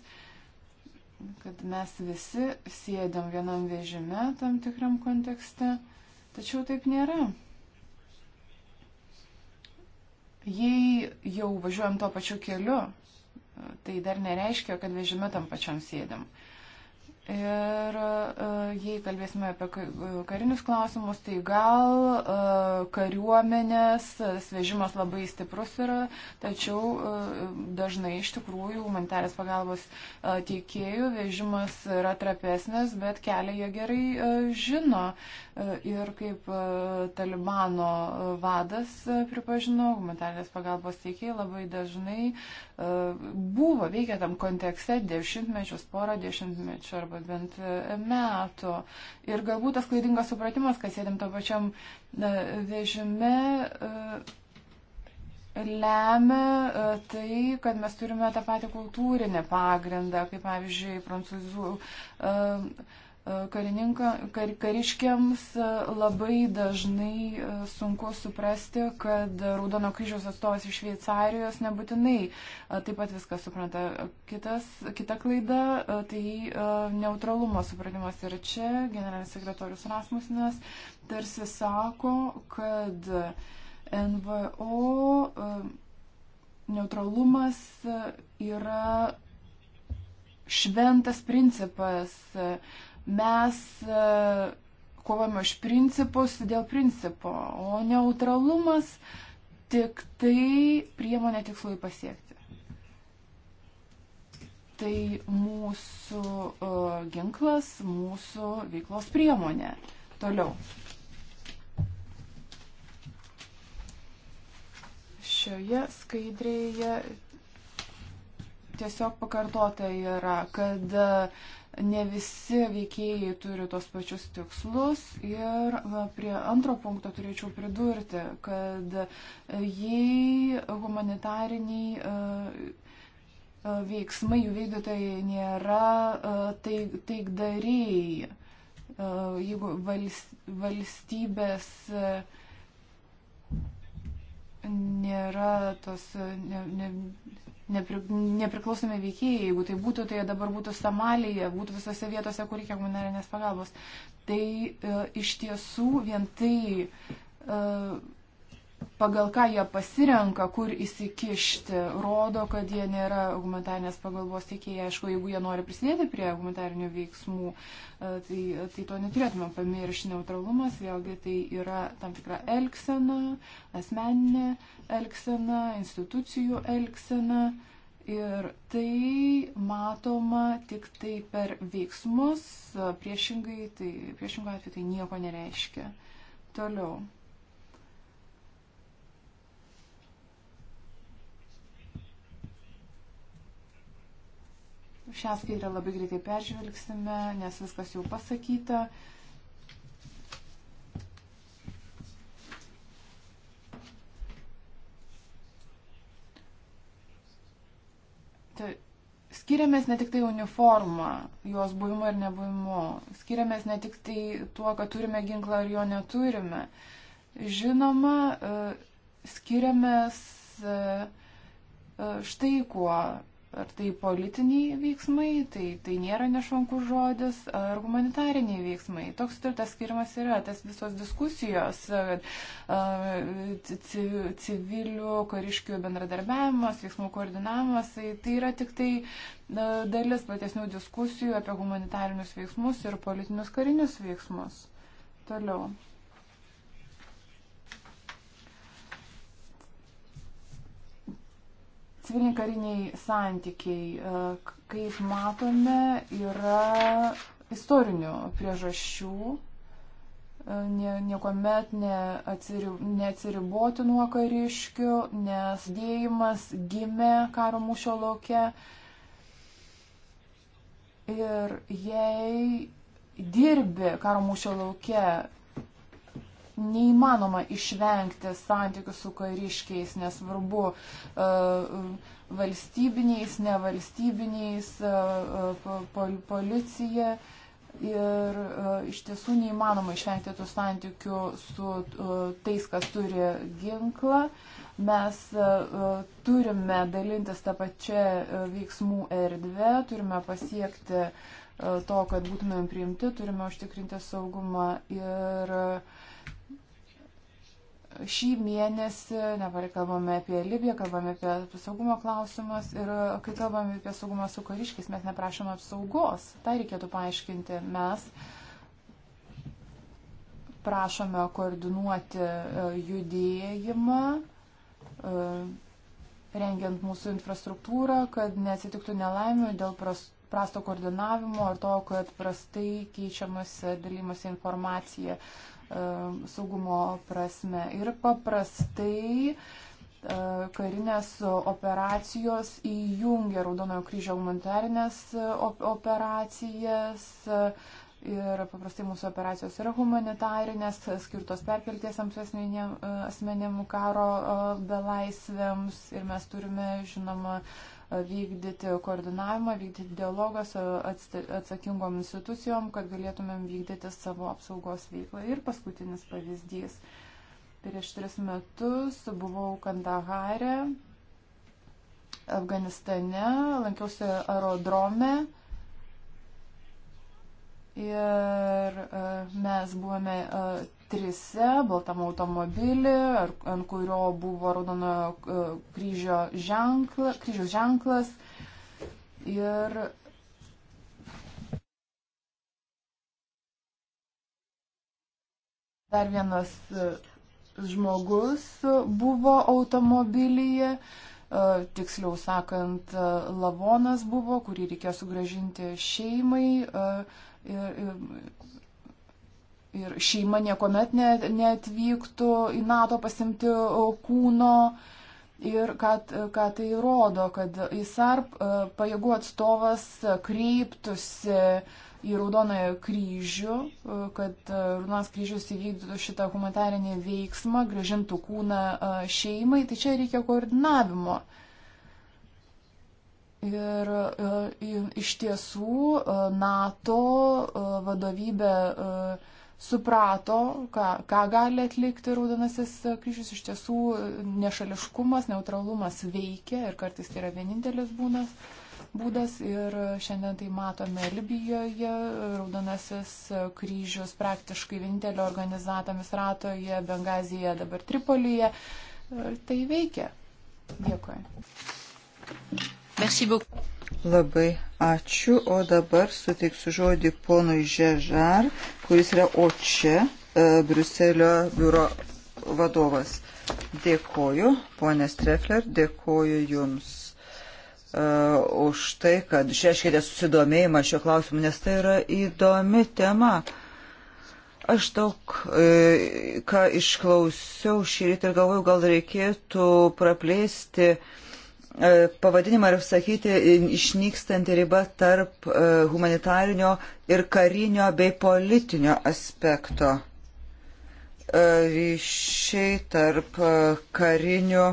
kad mes visi sėdėm vienam vežime tam tikram kontekste, tačiau taip nėra. Jei jau važiuojam tuo pačiu keliu, tai dar nereiškia, kad vežime tam pačiam sėdėm. Ir e, jei kalbėsime apie karinius klausimus, tai gal e, kariuomenės e, svežimas labai stiprus yra, tačiau dažnai iš tikrųjų humanitarės pagalbos teikėjų vežimas yra trapesnis, bet kelią jie gerai žino ir kaip e, Talibano vadas e, pripažino, humanitarės pagalbos teikiai labai dažnai e, buvo veikia tam kontekste dešimtmečius, porą dešimtmečių arba bent metų. Ir galbūt tas klaidingas supratimas, kad sėdėm to pačiam vežime lemia tai, kad mes turime tą patį kultūrinį pagrindą, kaip pavyzdžiui, prancūzų uh, kar, kariškiams e, labai dažnai e, sunku suprasti, kad Raudono kryžiaus atstovas iš Šveicarijos nebūtinai e, taip pat viską supranta. Kitas, kita klaida tai neutralumo supratimas. Ir čia generalinis sekretorius Rasmusnas tarsi sako, kad NVO neutralumas yra šventas principas Mes e, kovojame už principus dėl principo, o neutralumas tik tai priemonė tikslui pasiekti. Tai mūsų uh, ginklas, mūsų veiklos priemonė. Toliau. Šioje skaidrėje tiesiog pakartota yra, kad uh, ne visi veikėjai turi tos pačius tikslus. Ir prie antro punkto turėčiau pridurti, kad e, jei humanitariniai e, e, veiksmai, jų vykdytojai nėra taik, taikdariai, jeigu valstybės nėra tos. Ne, ne, nepri, nepriklausomi veikėjai. Jeigu tai būtų, tai dabar būtų Somalija, būtų visose vietose, kur reikia humanitarinės pagalbos. Tai e, iš tiesų vien tai e, pagal ką jie pasirenka, kur įsikišti, rodo, kad jie nėra humanitarnės pagalbos teikėjai. Aišku, jeigu jie nori prisidėti prie humanitarnių veiksmų, e, tai, tai to neturėtume pamiršti. Neutralumas vėlgi tai yra tam tikra elgsena, asmeninė elgsena, institucijų elgsena. Ir tai matoma tik tai per veiksmus, e, priešingai, tai priešingai atveju tai nieko nereiškia. Toliau. Šią skaitę labai greitai peržvelgsime, nes viskas jau pasakyta. Tai skiriamės ne tik tai uniformą, jos buvimu ir nebuvimu. Skiriamės ne tik tai tuo, kad turime ginklą ar jo neturime. Žinoma, e, skiriamės e, e, štai kuo ar tai politiniai veiksmai, tai, tai nėra nešvankus žodis, ar humanitariniai veiksmai. Toks tas skirimas yra, tas visos diskusijos, civilių, kariškių bendradarbiavimas, veiksmų koordinavimas, tai, tai yra tik tai dalis platesnių diskusijų apie humanitarinius veiksmus ir politinius karinius veiksmus. Toliau. Civiliniai kariniai santykiai, e, kaip matome, yra istorinių priežasčių, nie, niekuomet neatsiri, neatsiriboti nuo kariškių, nes dėjimas gimė karo mūšio laukia. Ir jei dirbi karo mūšio laukia neįmanoma išvengti santykių su kariškiais, nesvarbu e, valstybiniais, nevalstybiniais, e, e, policija. Ir iš tiesų neįmanoma išvengti tų santykių su tais, kas turi ginklą. Mes turime dalintis tą pačią veiksmų erdvę, turime pasiekti to, kad būtumėm priimti, turime užtikrinti saugumą ir uh, šį mėnesį, dabar kalbame apie Libiją, kalbame apie saugumo klausimus ir kai kalbame apie saugumą su kariškiais, mes neprašome apsaugos. Tai reikėtų paaiškinti. Mes prašome koordinuoti e, judėjimą, e, rengiant mūsų infrastruktūrą, kad neatsitiktų nelaimių dėl prasto koordinavimo ir to, kad prastai keičiamas dalymas informacija E, saugumo prasme. Ir paprastai e, karinės operacijos įjungia Raudonojo kryžio humanitarinės e, operacijas, ir paprastai mūsų operacijos yra humanitarinės, skirtos perkeltiesiams asmenėm, asmenėm karo belaisvėms ir mes turime, žinoma, vykdyti koordinavimą, vykdyti dialogą su atsakingom institucijom, kad galėtumėm vykdyti savo apsaugos veiklą. Ir paskutinis pavyzdys. Prieš tris metus buvau Kandahare, Afganistane, lankiausi aerodrome. Ir e, mes buvome e, trise, baltam automobilį, ant kurio buvo raudono e, kryžio ženkla, kryžiaus ženklas. Ir dar vienas e, žmogus buvo automobilyje, e, tiksliau sakant, lavonas buvo, kurį reikėjo sugražinti šeimai. Ir, ir, ir šeima niekuomet net, neatvyktų į NATO pasimti kūno. Ir kad, kad tai rodo, kad ISARP e, pajėgų atstovas kreiptųsi į Raudonąją kryžių, e, kad e, Raudonas kryžius įvykdytų šitą humanitarinį veiksmą, gražintų kūną šeimai, tai čia reikia koordinavimo. Ir iš tiesų NATO vadovybė suprato, ką, ką gali atlikti Raudonasis kryžius. Iš tiesų nešališkumas, neutralumas veikia ir kartais tai yra vienintelis būdas. būdas. Ir šiandien tai matome Libijoje. Raudonasis kryžius praktiškai vienintelio organizatomis ratoje, Bengazija, dabar Tripolyje. Tai veikia. Dėkui. Thank you. Merci beaucoup. Labai ačiū, o dabar suteiksiu žodį ponui Žežar, kuris yra OČE, Bruselio biuro vadovas. Dėkoju, ponė Strefler, dėkoju Jums uh, už tai, kad šeškite susidomėjimą šio klausimu, nes tai yra įdomi tema. Aš daug e, ką išklausiau šį rytą ir galvoju, gal reikėtų praplėsti uh, E, pavadinimą ir sakyti e, išnykstanti riba tarp e, humanitarinio ir karinio bei politinio aspekto. Ryšiai tarp karinių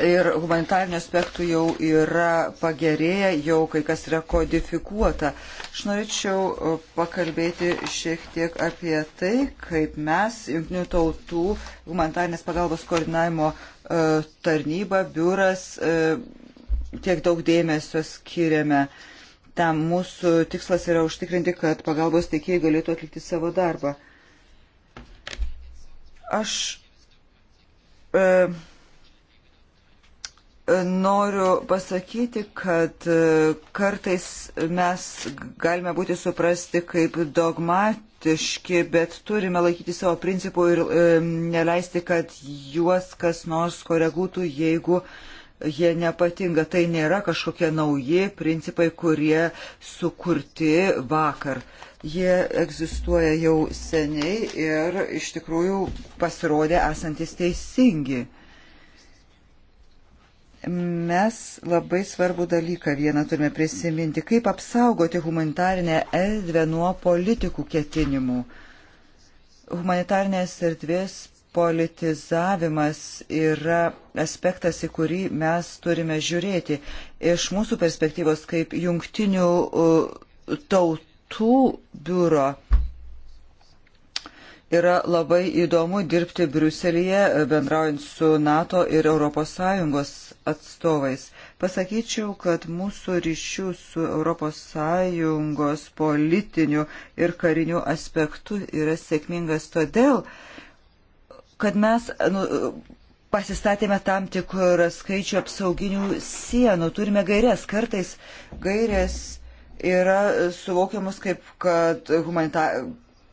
ir humanitarinių aspektų jau yra pagerėję, jau kai kas yra kodifikuota. Aš norėčiau pakalbėti šiek tiek apie tai, kaip mes, Junktinių tautų humanitarinės pagalbos koordinavimo e, tarnyba, biuras, e, tiek daug dėmesio skiriame. Tam mūsų tikslas yra užtikrinti, kad pagalbos teikėjai galėtų atlikti savo darbą. Aš e, Noriu pasakyti, kad e, kartais mes galime būti suprasti kaip dogmatiški, bet turime laikyti savo principų ir e, neleisti, kad juos kas nors koreguotų, jeigu jie nepatinka. Tai nėra kažkokie nauji principai, kurie sukurti vakar. Jie egzistuoja jau seniai ir iš tikrųjų pasirodė esantis teisingi mes labai svarbų dalyką vieną turime prisiminti, kaip apsaugoti humanitarinę erdvę nuo politikų ketinimų. Humanitarinės erdvės politizavimas yra aspektas, į kurį mes turime žiūrėti iš mūsų perspektyvos kaip jungtinių uh, tautų biuro. Yra labai įdomu dirbti Briuselėje, bendraujant su NATO ir ES atstovais. Pasakyčiau, kad mūsų ryšių su ES politiniu ir kariniu aspektu yra sėkmingas todėl, kad mes nu, pasistatėme tam tikrą skaičių apsauginių sienų, turime gairias. Kartais gairias yra suvokiamus kaip, kad humanita,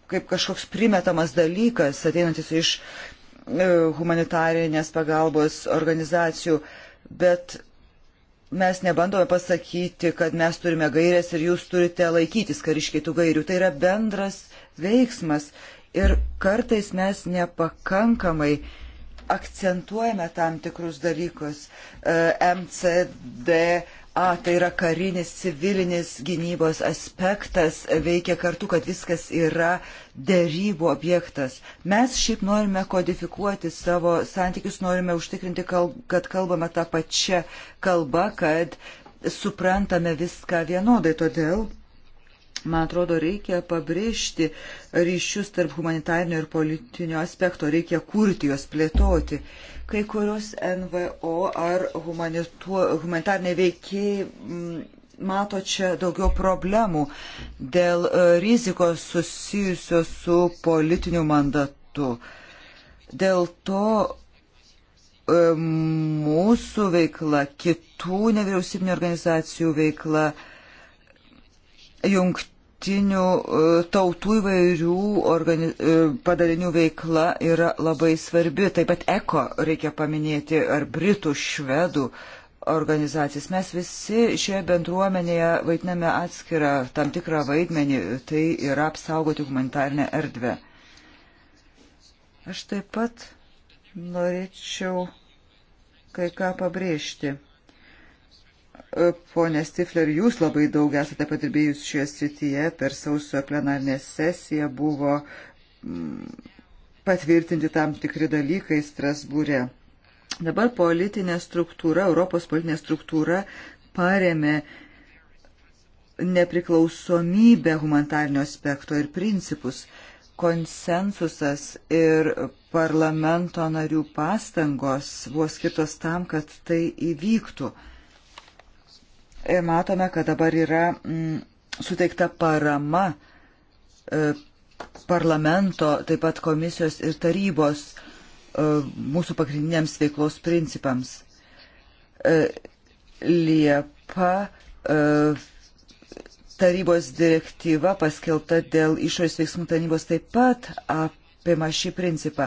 kaip kažkoks primetamas dalykas ateinantis iš e, humanitarinės pagalbos organizacijų. Uh, bet mes nebandome pasakyti, kad mes turime gairias ir jūs turite laikytis kariškiai tų gairių. Tai yra bendras veiksmas ir kartais mes nepakankamai akcentuojame tam tikrus dalykus. E, MCD A, tai yra karinis, civilinis gynybos aspektas, veikia kartu, kad viskas yra dėrybų objektas. Mes šiaip norime kodifikuoti savo santykius, norime užtikrinti, kad kalbame tą pačią kalbą, kad suprantame viską vienodai. Todėl Man atrodo, reikia pabrėžti ryšius tarp humanitarnio ir politinio aspekto, reikia kurti juos, plėtoti. Kai kurios NVO ar humanitarniai veikiai mm, mato čia daugiau problemų dėl e, rizikos susijusios su politiniu mandatu. Dėl to e, mūsų veikla, kitų nevyriausybinio organizacijų veikla, jungtinių e, tautų įvairių organi... E, padalinių veikla yra labai svarbi. Taip pat eko reikia paminėti ar britų, švedų organizacijas. Mes visi šioje bendruomenėje vaidiname atskirą tam tikrą vaidmenį, tai yra apsaugoti humanitarnę erdvę. Aš taip pat norėčiau kai ką pabrėžti. Pone Stifler, jūs labai daug esate padirbėjus šioje srityje. Per sausio plenarnę sesiją buvo mm, patvirtinti tam tikri dalykai Strasbūre. Dabar politinė struktūra, Europos politinė struktūra paremė nepriklausomybę humanitarnio aspekto ir principus. Konsensusas ir parlamento narių pastangos buvo skirtos tam, kad tai įvyktų. E, matome, kad dabar yra mm, suteikta parama e, parlamento, taip pat komisijos ir tarybos e, mūsų pagrindiniams veiklos principams. E, Liepa e, tarybos direktyva paskelbta dėl išorės veiksmų tarnybos taip pat ap pima šį principą.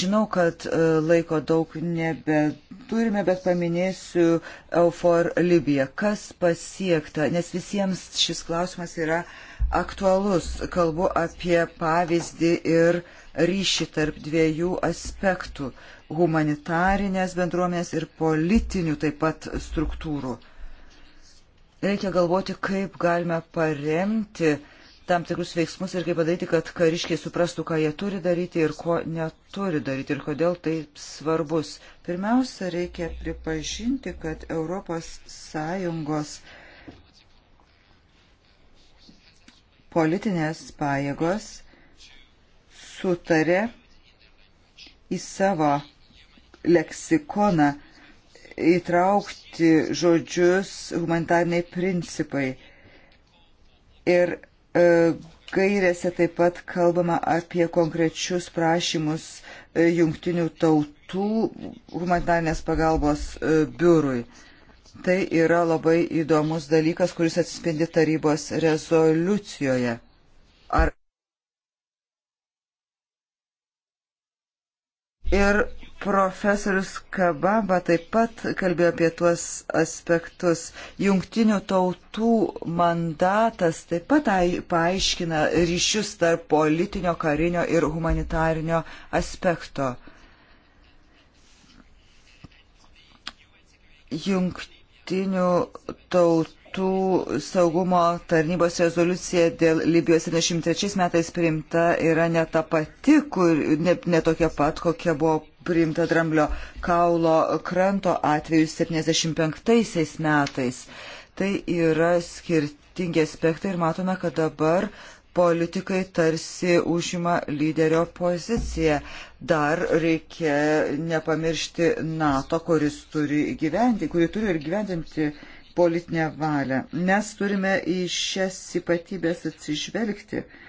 Žinau, kad e, laiko daug nebeturime, bet paminėsiu Eufor Libiją. Kas pasiekta, nes visiems šis klausimas yra aktualus. Kalbu apie pavyzdį ir ryšį tarp dviejų aspektų - humanitarinės bendruomenės ir politinių taip pat struktūrų. Reikia galvoti, kaip galime paremti uh, tam tikrus veiksmus ir kaip padaryti, kad kariškiai suprastų, ką jie turi daryti ir ko neturi daryti ir kodėl tai svarbus. Pirmiausia, reikia pripažinti, kad Europos Sąjungos politinės pajėgos sutarė į savo leksikoną įtraukti žodžius humanitariniai principai. Ir E, gairėse taip pat kalbama apie konkrečius prašymus e, jungtinių tautų humanitarnės pagalbos e, biurui. Tai yra labai įdomus dalykas, kuris atsispindi tarybos rezoliucijoje. Ar Ir Profesorius Kababa taip pat kalbėjo apie tuos aspektus. Jungtinių tautų mandatas taip pat paaiškina ryšius tarp politinio, karinio ir humanitarinio aspekto. Jungtinių tautų tautų saugumo tarnybos rezoliucija dėl Libijos 73 metais priimta yra ne ta pati, kur, ne, ne tokia pat, kokia buvo priimta dramblio kaulo kranto atveju 75 metais. Tai yra skirtingi aspektai ir matome, kad dabar politikai tarsi užima lyderio poziciją. Dar reikia nepamiršti NATO, kuris turi gyventi, kuri turi ir gyventinti politinę valią. Mes turime į šias ypatybės atsižvelgti. Uh,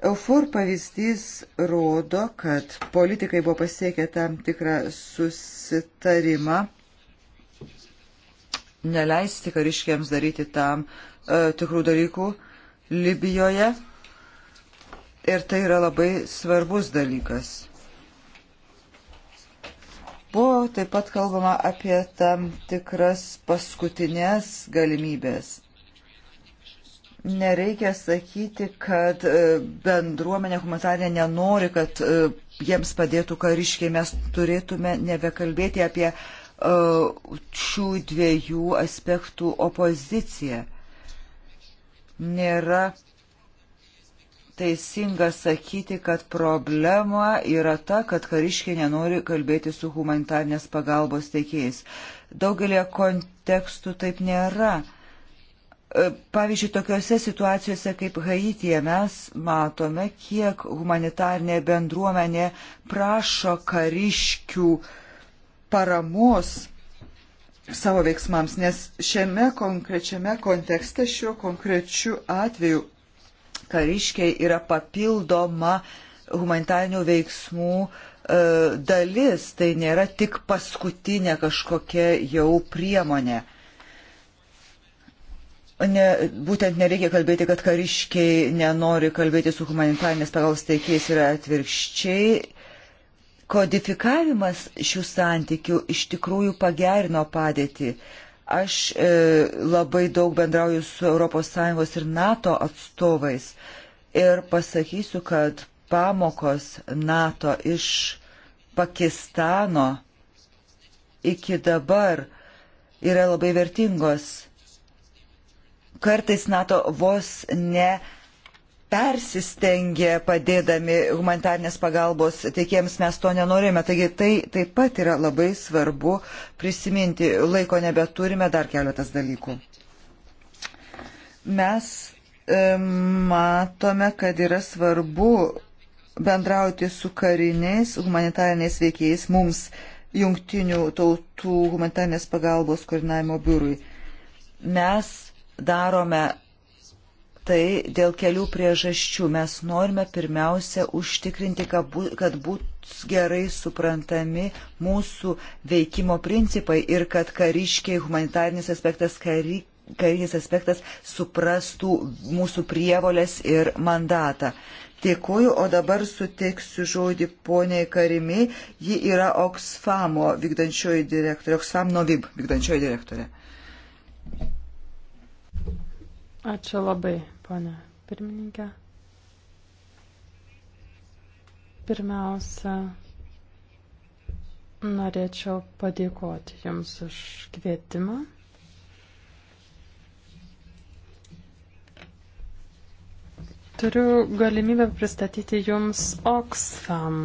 Eufor pavyzdys rodo, kad politikai buvo pasiekę tam tikrą susitarimą neleisti kariškiams daryti tam e, tikrų dalykų Libijoje. Ir tai yra labai svarbus dalykas. Buvo taip pat kalbama apie tam tikras paskutinės galimybės Nereikia sakyti, kad e, bendruomenė humanitarinė nenori, kad e, jiems padėtų kariškiai. Mes turėtume nebekalbėti apie e, šių dviejų aspektų opoziciją. Nėra teisinga sakyti, kad problema yra ta, kad kariškiai nenori kalbėti su humanitarnės pagalbos teikėjais. Daugelie kontekstų taip nėra. E, pavyzdžiui, tokiuose situacijose kaip Haityje mes matome, kiek humanitarnė bendruomenė prašo kariškių paramos savo veiksmams, nes šiame konkrečiame kontekste, šiuo konkrečiu atveju kariškiai yra papildoma humanitarnių veiksmų e, dalis, tai nėra tik paskutinė kažkokia jau priemonė. E, Ne, būtent nereikia kalbėti, kad kariškiai nenori kalbėti su humanitarnės pagalbos teikėjais ir atvirkščiai. Kodifikavimas šių santykių iš tikrųjų pagerino padėtį. Aš e, labai daug bendrauju su ES ir NATO atstovais ir pasakysiu, kad pamokos NATO iš Pakistano iki dabar yra labai vertingos kartais NATO vos ne persistengė padėdami humanitarnės pagalbos teikėjams, mes to nenorėjome. Taigi tai taip pat yra labai svarbu prisiminti. Laiko nebeturime, dar keletas dalykų. Mes e, matome, kad yra svarbu bendrauti su kariniais humanitariniais veikėjais mums jungtinių tautų humanitarnės pagalbos koordinavimo biurui. Mes darome tai dėl kelių priežasčių. Mes norime pirmiausia užtikrinti, kad būtų gerai suprantami mūsų veikimo principai ir kad kariškiai, humanitarnis aspektas, kari, karinis aspektas suprastų mūsų prievolės ir mandatą. Dėkuoju, o dabar suteiksiu žodį poniai Karimi. Ji yra Oxfamo vykdančioji direktorė, Oxfam Novib vykdančioji direktorė. Ačiū labai, ponė pirmininkė. Pirmiausia, norėčiau padėkoti Jums už kvietimą. Turiu galimybę pristatyti Jums Oxfam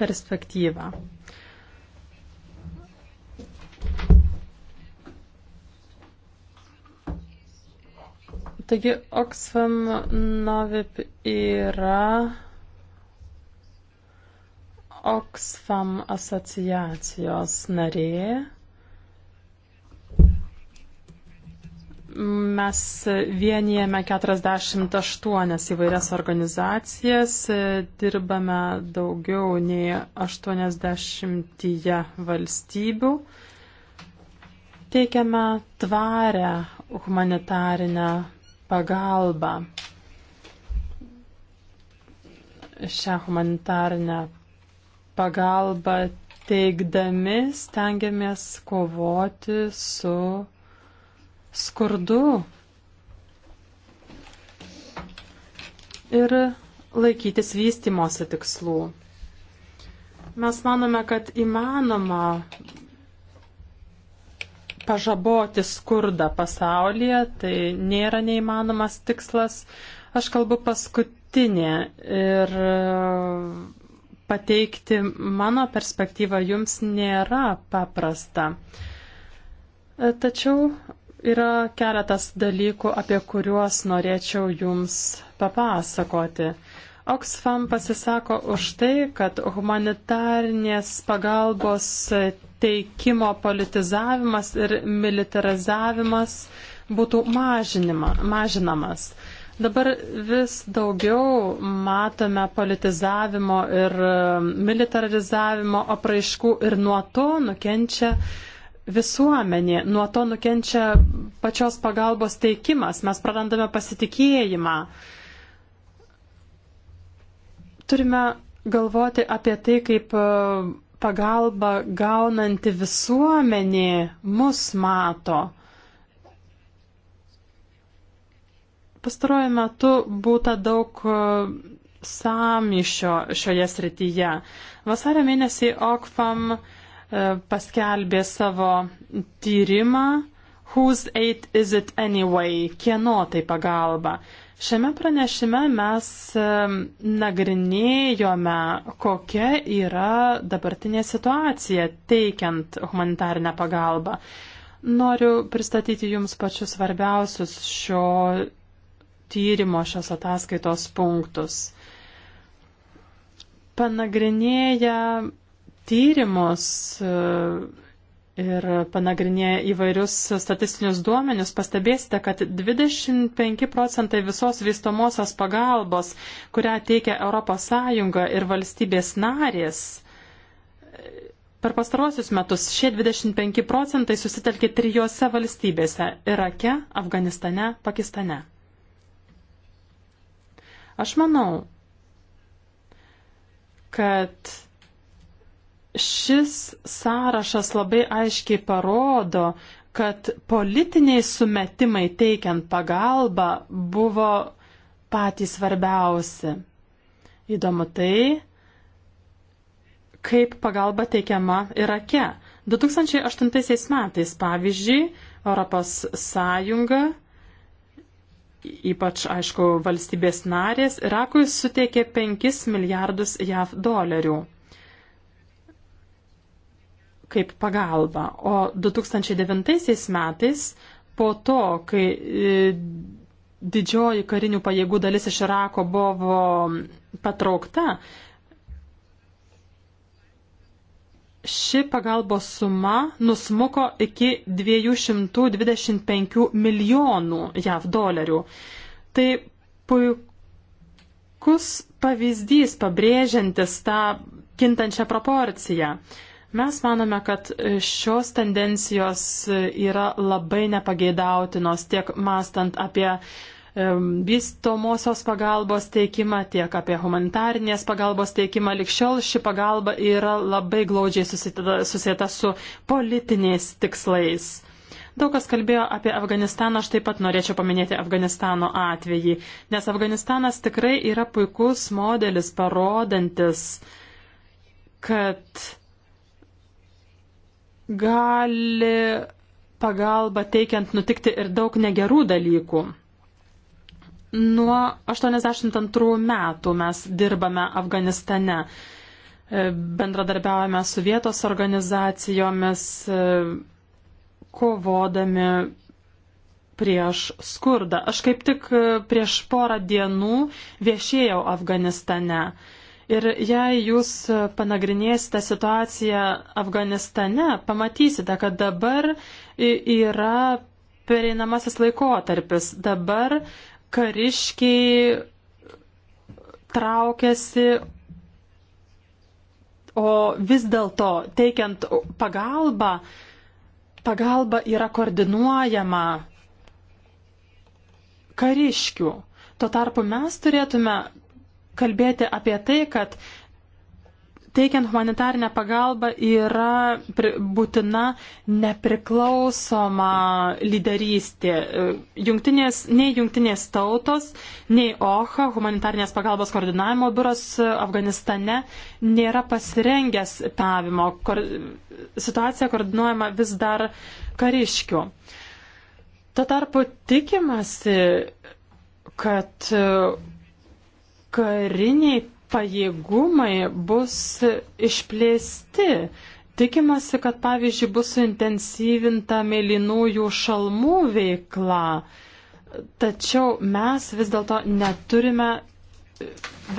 perspektyvą. Taigi Oxfam Novip yra Oxfam asociacijos narė. Mes vienijame 48 įvairias organizacijas, dirbame daugiau nei 80 valstybių, teikiame tvarę humanitarinę pagalbą šią humanitarnę pagalbą teikdami stengiamės kovoti su skurdu ir laikytis vystimosi tikslų. Mes manome, kad įmanoma pažaboti skurdą pasaulyje, tai nėra neįmanomas tikslas. Aš kalbu paskutinė ir e, pateikti mano perspektyvą jums nėra paprasta. E, tačiau yra keletas dalykų, apie kuriuos norėčiau jums papasakoti. Oxfam pasisako už tai, kad humanitarnės pagalbos teikimo politizavimas ir militarizavimas būtų mažinima, mažinamas. Dabar vis daugiau matome politizavimo ir um, militarizavimo apraiškų ir nuo to nukenčia visuomenė, nuo to nukenčia pačios pagalbos teikimas, mes prarandame pasitikėjimą. Uh, Turime galvoti apie tai, kaip e, pagalba gaunanti visuomenė mus mato. Pastaruoju metu būta daug e, samyšio šioje srityje. Vasario mėnesį Okfam e, paskelbė savo tyrimą Whose Aid Is It Anyway? Kieno tai pagalba? Šiame pranešime mes nagrinėjome, kokia yra dabartinė situacija teikiant humanitarinę pagalbą. Noriu pristatyti Jums pačius svarbiausius šio tyrimo šios ataskaitos punktus. Panagrinėję tyrimus ir panagrinėję įvairius statistinius duomenis, pastebėsite, kad 25 procentai visos vystomosios pagalbos, kurią teikia ES ir valstybės narės, per pastarosius metus šie 25 procentai susitelkė trijose valstybėse - Irake, Afganistane, Pakistane. Aš manau, kad Šis sąrašas labai aiškiai parodo, kad politiniai sumetimai teikiant pagalbą buvo patys svarbiausi. Įdomu tai, kaip pagalba teikiama Irake. 2008 metais, pavyzdžiui, Europos Sąjunga, ypač, aišku, valstybės narės, Irakui suteikė 5 milijardus JAV dolerių kaip pagalba. O 2009 metais, po to, kai e, didžioji karinių pajėgų dalis iš Irako buvo patraukta, ši pagalbos suma nusmuko iki 225 milijonų JAV dolerių. Tai puikus pavyzdys pabrėžiantis tą kintančią proporciją. Mes manome, kad šios tendencijos yra labai nepageidautinos tiek mastant apie vystomosios pagalbos teikimą, tiek apie humanitarnės pagalbos teikimą. Likščiol ši pagalba yra labai glaudžiai susijęta su politiniais tikslais. Daug kas kalbėjo apie Afganistaną, aš taip pat norėčiau paminėti Afganistano atvejį, nes Afganistanas tikrai yra puikus modelis parodantis, kad gali pagalba teikiant nutikti ir daug negerų dalykų. Nuo 82 metų mes dirbame Afganistane, e, bendradarbiaujame su vietos organizacijomis, e, kovodami prieš skurdą. Aš kaip tik e, prieš porą dienų viešėjau Afganistane. Ir jei jūs panagrinėsite situaciją Afganistane, pamatysite, kad dabar yra pereinamasis laikotarpis. Dabar kariškiai traukiasi, o vis dėlto teikiant pagalbą, pagalba yra koordinuojama kariškių. Tuo tarpu mes turėtume kalbėti apie tai, kad teikiant humanitarinę pagalbą yra būtina nepriklausoma lyderystė. Jungtinės, nei jungtinės tautos, nei OHA, humanitarinės pagalbos koordinavimo biuras Afganistane, nėra pasirengęs pavimo. Kor, situacija koordinuojama vis dar kariškių. Tuo tarpu tikimasi, kad kariniai pajėgumai bus išplėsti. Tikimasi, kad pavyzdžiui bus suintensyvinta mėlynųjų šalmų veikla. Tačiau mes vis dėlto neturime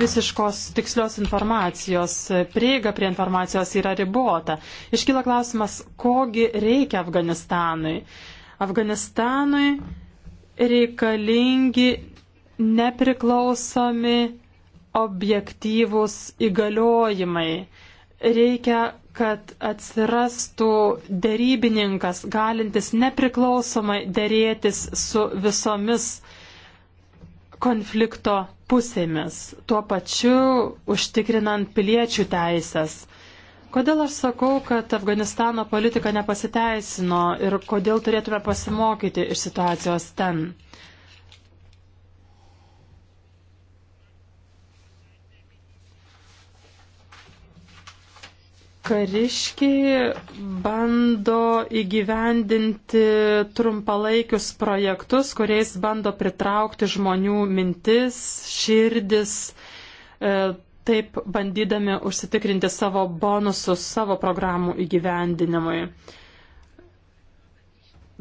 visiškos tikslios informacijos, prieiga prie informacijos yra ribota. Iškyla klausimas, kogi reikia Afganistanui. Afganistanui reikalingi nepriklausomi objektyvūs įgaliojimai. Reikia, kad atsirastų dėrybininkas, galintis nepriklausomai dėrėtis su visomis konflikto pusėmis, tuo pačiu užtikrinant piliečių teisės. Kodėl aš sakau, kad Afganistano politika nepasiteisino ir kodėl turėtume pasimokyti iš situacijos ten? kariškiai bando įgyvendinti trumpalaikius projektus, kuriais bando pritraukti žmonių mintis, širdis, e, taip bandydami užsitikrinti savo bonusus savo programų įgyvendinimui.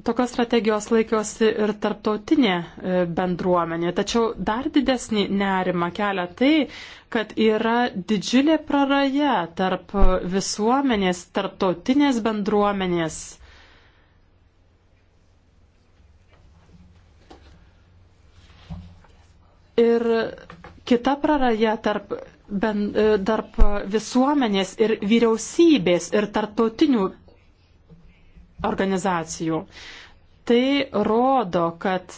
Tokios strategijos laikiosi ir tarptautinė e, bendruomenė, tačiau dar didesnį nerimą kelia tai, kad yra didžiulė praraja tarp visuomenės, tarptautinės bendruomenės. Ir kita praraja tarp, ben, e, tarp visuomenės ir vyriausybės ir tarptautinių organizacijų. Tai rodo, kad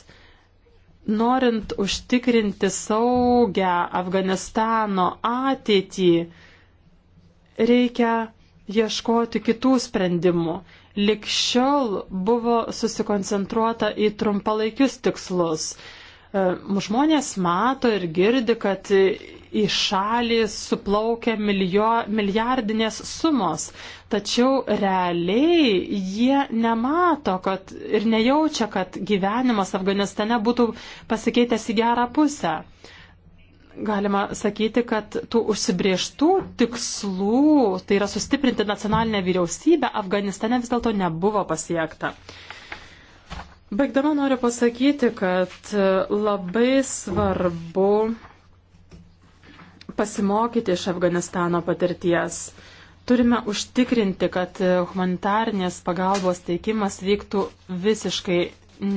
norint užtikrinti saugę Afganistano ateitį, reikia ieškoti kitų sprendimų. Likščiol buvo susikoncentruota į trumpalaikius tikslus Žmonės mato ir girdi, kad į šalį suplaukia milijo, milijardinės sumos, tačiau realiai jie nemato kad, ir nejaučia, kad gyvenimas Afganistane būtų pasikeitęs į gerą pusę. Galima sakyti, kad tų užsibrieštų tikslų, tai yra sustiprinti nacionalinę vyriausybę, Afganistane vis dėlto nebuvo pasiekta. Uh, Baigdama noriu pasakyti, kad e, labai svarbu pasimokyti iš Afganistano patirties. Turime užtikrinti, kad e, humanitarnės pagalbos teikimas vyktų visiškai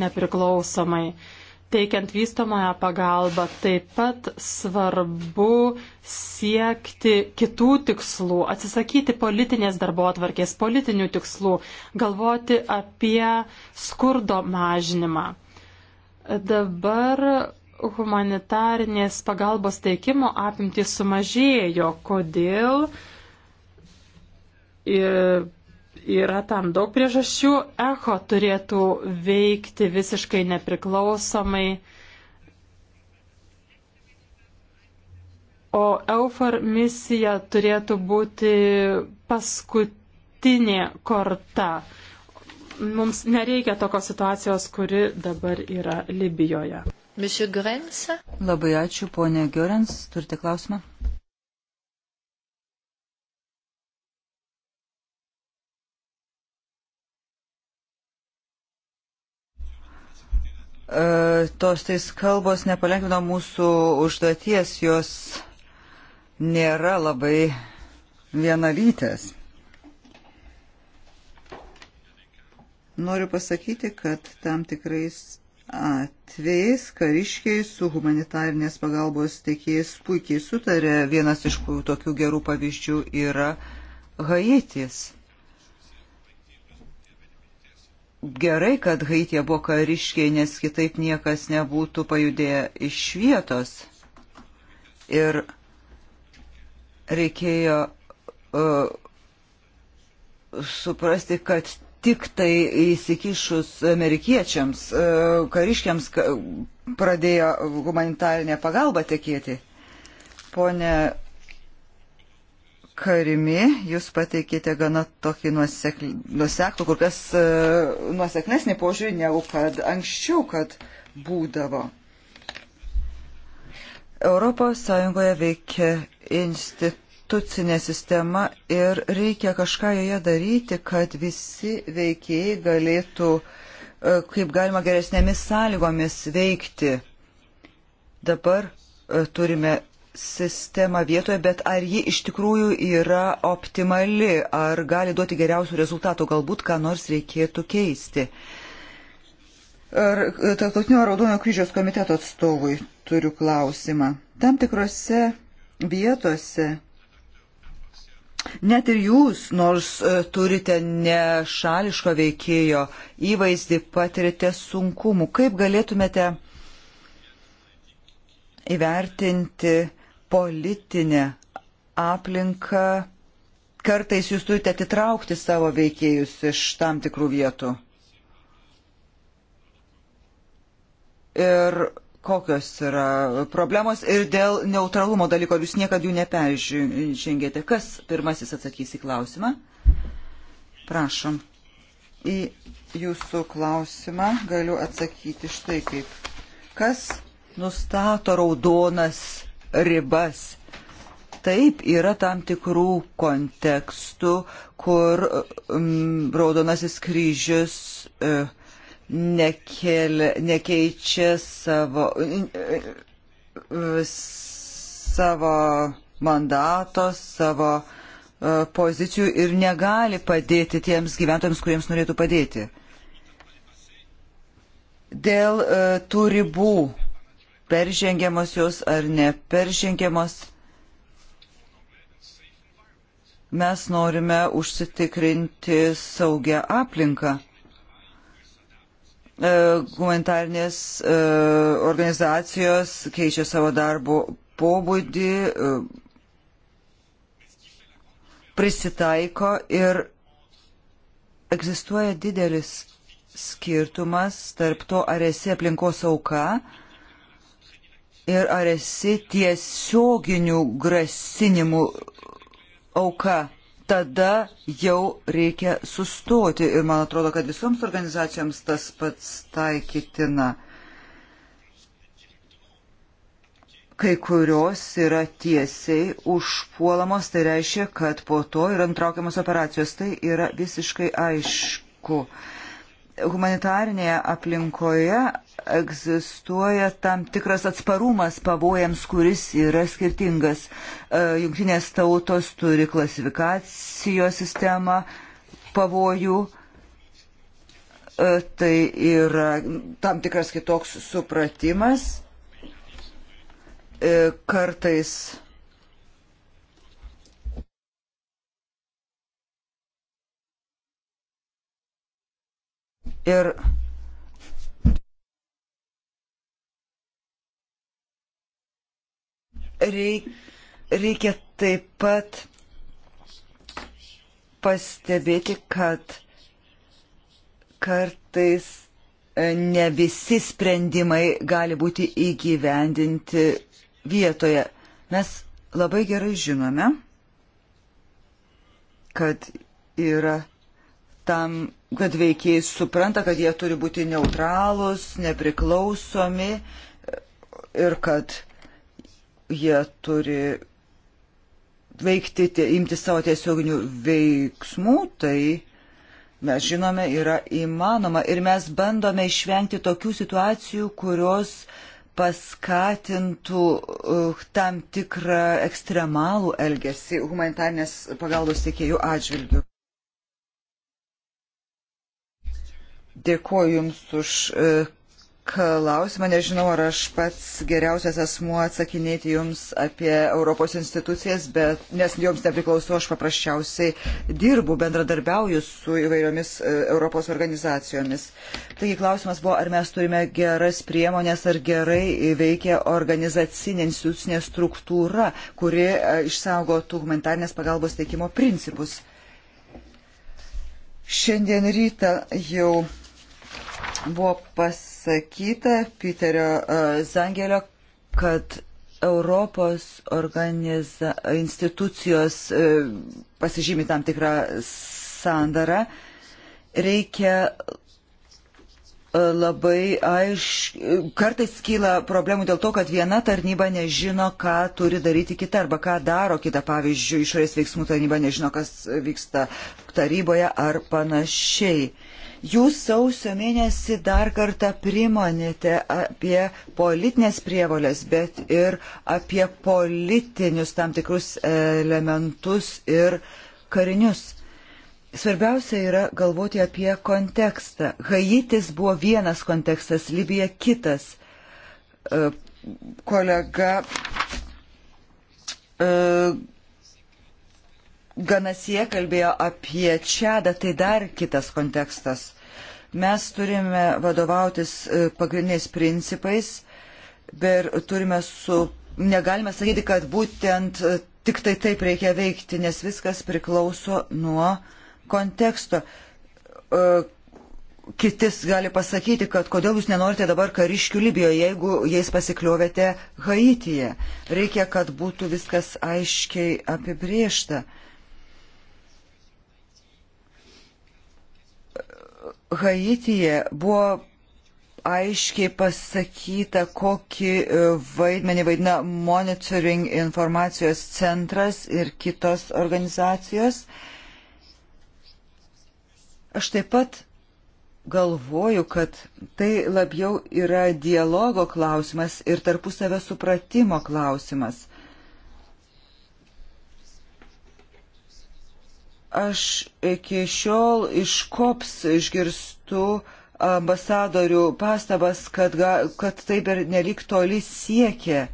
nepriklausomai teikiant vystomąją pagalbą, taip pat svarbu siekti kitų tikslų, atsisakyti politinės darbo atvarkės, politinių tikslų, galvoti apie skurdo mažinimą. Dabar humanitarinės pagalbos teikimo apimtys sumažėjo. Kodėl? Ir yra tam daug priežasčių. Echo turėtų veikti visiškai nepriklausomai. O Eufor misija turėtų būti paskutinė korta. Mums nereikia tokios situacijos, kuri dabar yra Libijoje. Labai ačiū, ponė Gerens. Turite klausimą? E, tos tais kalbos nepalengvino mūsų užduoties, jos nėra labai vienalytės. Noriu pasakyti, kad tam tikrais atvejais kariškiai su humanitarnės pagalbos teikėjais puikiai sutarė. Vienas iš tokių gerų pavyzdžių yra Haitis gerai, kad Haitė buvo kariškiai, nes kitaip niekas nebūtų pajudėję iš vietos. Ir reikėjo uh, suprasti, kad tik tai įsikišus amerikiečiams, uh, kariškiams pradėjo humanitarinė pagalba tekėti. Pone Karimi, jūs pateikėte gana tokį nuoseklų, kur kas e, nuoseklesnį požiūrį negu kad anksčiau, kad būdavo. Europos Sąjungoje veikia institucinė sistema ir reikia kažką joje daryti, kad visi veikėjai galėtų e, kaip galima geresnėmis sąlygomis veikti. Dabar e, turime sistemą vietoje, bet ar ji iš tikrųjų yra optimali, ar gali duoti geriausių rezultatų, galbūt ką nors reikėtų keisti. Ar e, Tartautinio Raudono kryžiaus komiteto atstovui turiu klausimą. Tam tikrose vietose net ir jūs, nors e, turite nešališko veikėjo įvaizdį, patirite sunkumų. Kaip galėtumėte įvertinti politinę aplinką, kartais jūs turite atitraukti savo veikėjus iš tam tikrų vietų. Ir kokios yra problemos ir dėl neutralumo dalyko, jūs niekada jų neperžengėte. Kas pirmasis atsakys į klausimą? Prašom. Į jūsų klausimą galiu atsakyti štai kaip. Kas nustato raudonas ribas. Taip yra tam tikrų kontekstų, kur mm, Raudonasis kryžius e, nekel, nekeičia savo, e, e, savo mandato, savo e, pozicijų ir negali padėti tiems gyventojams, kuriems norėtų padėti. Dėl e, tų ribų peržengiamos jos ar neperžengiamos. Mes norime užsitikrinti saugią aplinką e, humanitarnės e, organizacijos keičia savo darbo pobūdį, e, prisitaiko ir egzistuoja didelis skirtumas tarp to, ar esi aplinkos auka, ir ar esi tiesioginių grasinimų auka, tada jau reikia sustoti. Ir man atrodo, kad visoms organizacijoms tas pats taikytina. Kai kurios yra tiesiai užpuolamos, tai reiškia, kad po to yra antraukiamas operacijos. Tai yra visiškai aišku humanitarinėje aplinkoje egzistuoja tam tikras atsparumas pavojams, kuris yra skirtingas. E, Junktinės tautos turi klasifikacijos sistemą pavojų. E, tai yra tam tikras kitoks supratimas. E, kartais Ir reikia taip pat pastebėti, kad kartais e, ne visi sprendimai gali būti įgyvendinti vietoje. Mes labai gerai žinome, kad yra tam kad veikiai supranta, kad jie turi būti neutralūs, nepriklausomi ir kad jie turi veikti, imti savo tiesioginių veiksmų, tai mes žinome, yra įmanoma. Ir mes bandome išvengti tokių situacijų, kurios paskatintų uh, tam tikrą ekstremalų elgesį humanitarnės pagalbos teikėjų atžvilgių. Dėkuoju Jums už e, klausimą. Nežinau, ar aš pats geriausias asmuo atsakinėti Jums apie Europos institucijas, bet, nes Jums nepriklausau, aš paprasčiausiai dirbu, bendradarbiauju su įvairiomis e, Europos organizacijomis. Taigi klausimas buvo, ar mes turime geras priemonės, ar gerai veikia organizacinė institucinė struktūra, kuri e, išsaugotų humanitarnės pagalbos teikimo principus. Šiandien rytą jau buvo pasakyta Piterio e, Zangelio, kad Europos organiza, institucijos e, pasižymi tam tikrą sandarą, reikia e, labai aiškiai, kartais kyla problemų dėl to, kad viena tarnyba nežino, ką turi daryti kita arba ką daro kita. Pavyzdžiui, išorės veiksmų tarnyba nežino, kas vyksta taryboje ar panašiai. Uh, Jūs sausio mėnesį dar kartą primonėte apie politinės prievolės, bet ir apie politinius tam tikrus elementus ir karinius. Svarbiausia yra galvoti apie kontekstą. Haitis buvo vienas kontekstas, Libija kitas. E, kolega e, Ganasie kalbėjo apie Čadą, tai dar kitas kontekstas. Mes turime vadovautis e, pagrindiniais principais, bet turime su, negalime sakyti, kad būtent e, tik tai taip reikia veikti, nes viskas priklauso nuo konteksto. E, Kitis gali pasakyti, kad kodėl jūs nenorite dabar kariškių Libijoje, jeigu jais pasikliovėte Haityje. Reikia, kad būtų viskas aiškiai apibriešta. Uh, Haityje buvo aiškiai pasakyta, kokį e, vaidmenį vaidina monitoring informacijos centras ir kitos organizacijos. Aš taip pat galvoju, kad tai labiau yra dialogo klausimas ir tarpusavio supratimo klausimas. Aš iki šiol iš kops išgirstu ambasadorių pastabas, kad, ga, kad taip ir nelik toli siekia.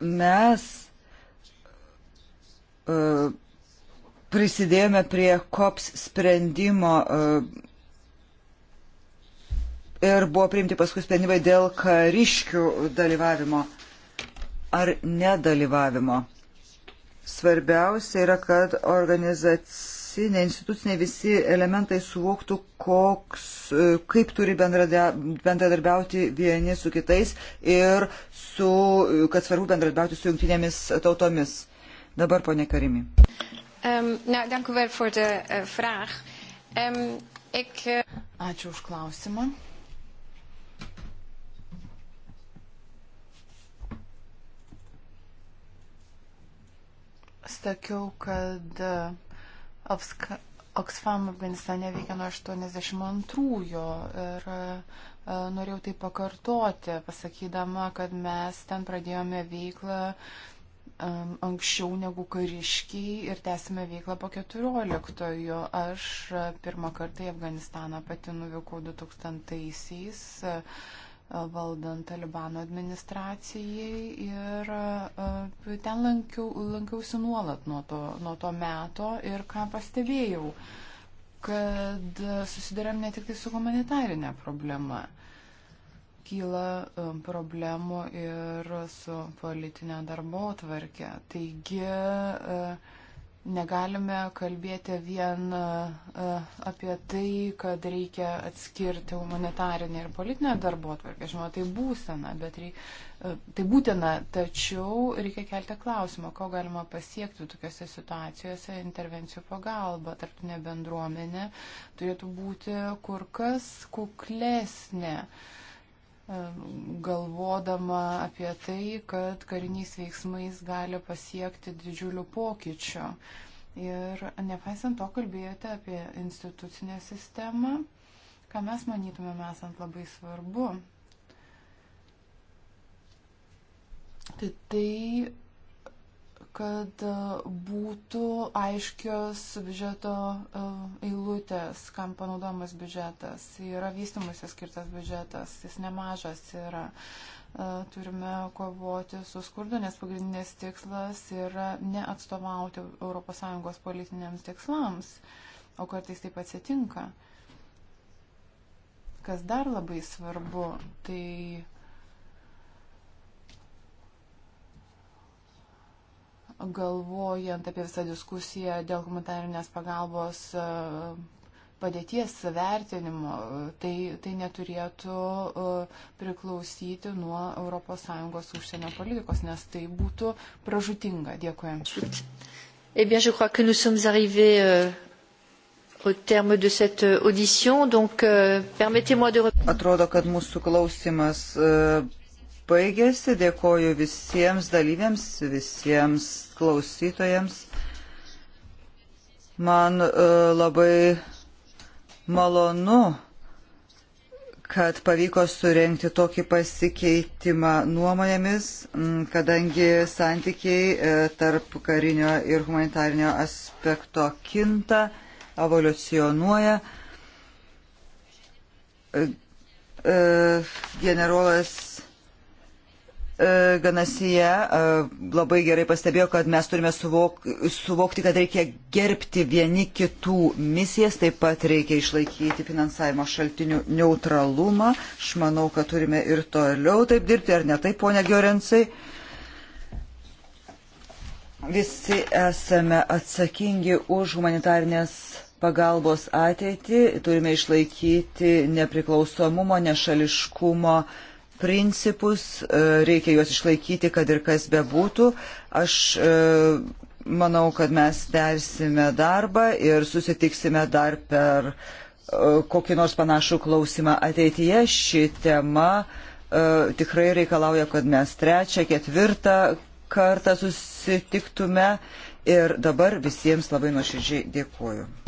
Mes uh, prisidėjome prie COPS sprendimo uh, ir buvo priimti paskui sprendimai dėl kariškių dalyvavimo ar nedalyvavimo. Svarbiausia yra, kad organizacinė, institucinė visi elementai suvoktų, koks, kaip turi bendradarbiauti vieni su kitais ir su, kad svarbu bendradarbiauti su jungtinėmis tautomis. Dabar, ponė Karimi. Um, ehm, nou, dank u wel voor de uh, vraag. Um, ik, uh... Ačiū už klausimą. sakiau, kad apska, uh, Oxfam Afganistane veikia nuo 82-ųjų ir uh, norėjau tai pakartoti, pasakydama, kad mes ten pradėjome veiklą um, anksčiau negu kariškiai ir tęsime veiklą po 14-ojo. Aš uh, pirmą kartą į Afganistaną pati nuvykau 2000-aisiais valdant Talibano administracijai ir ten lankiau, lankiausi nuolat nuo to, nuo to meto ir ką pastebėjau, kad susidurėm ne tik tai su humanitarinė problema, kyla problemų ir su politinė darbo tvarkė. Taigi, uh, Negalime kalbėti vien e, apie tai, kad reikia atskirti humanitarinę ir politinę darbo atvarkę. Žinoma, tai būsena, bet reik, e, tai būtina, tačiau reikia kelti klausimą, ko galima pasiekti tokiuose situacijose intervencijų pagalba. Tarptinė bendruomenė turėtų būti kur kas kuklesnė. Uh, galvodama apie tai, kad kariniais veiksmais gali pasiekti didžiulių pokyčių. Ir nepaisant to kalbėjote apie institucinę sistemą, ką mes manytume esant labai svarbu. Tai tai kad e, būtų aiškios biudžeto e, eilutės, kam panaudojamas biudžetas. Yra vystimusi skirtas biudžetas, jis nemažas yra. E, turime kovoti su skurdu, nes pagrindinės tikslas yra neatstovauti ES politiniams tikslams, o kartais taip atsitinka. Kas dar labai svarbu, tai galvojant apie visą diskusiją dėl humanitarinės pagalbos e, padėties vertinimo, tai, tai neturėtų e, priklausyti nuo ES užsienio politikos, nes tai būtų pražutinga. Dėkui. Eh bien, je crois que nous sommes arrivés euh, au terme de cette euh, audition, donc euh, permettez-moi de... Atrodo, kad mūsų klausimas euh, baigėsi. Dėkoju visiems dalyviams, visiems klausytojams. Man e, labai malonu, kad pavyko surenkti tokį pasikeitimą nuomonėmis, kadangi santykiai e, tarp karinio ir humanitarinio aspekto kinta, evoliucionuoja e, generolas E, Ganasija e, labai gerai pastebėjo, kad mes turime suvok, suvokti, kad reikia gerbti vieni kitų misijas, taip pat reikia išlaikyti finansavimo šaltinių neutralumą. Aš manau, kad turime ir toliau taip dirbti, ar ne taip, ponia Giorensai? Visi esame atsakingi už humanitarnės pagalbos ateitį, turime išlaikyti nepriklausomumo, nešališkumo. Uh, principus, e, reikia juos išlaikyti, kad ir kas bebūtų. Aš e, manau, kad mes tersime darbą ir susitiksime dar per e, kokį nors panašų klausimą ateityje. Ši tema tikrai reikalauja, kad mes trečią, ketvirtą kartą susitiktume. Ir dabar visiems labai nuoširdžiai dėkuoju.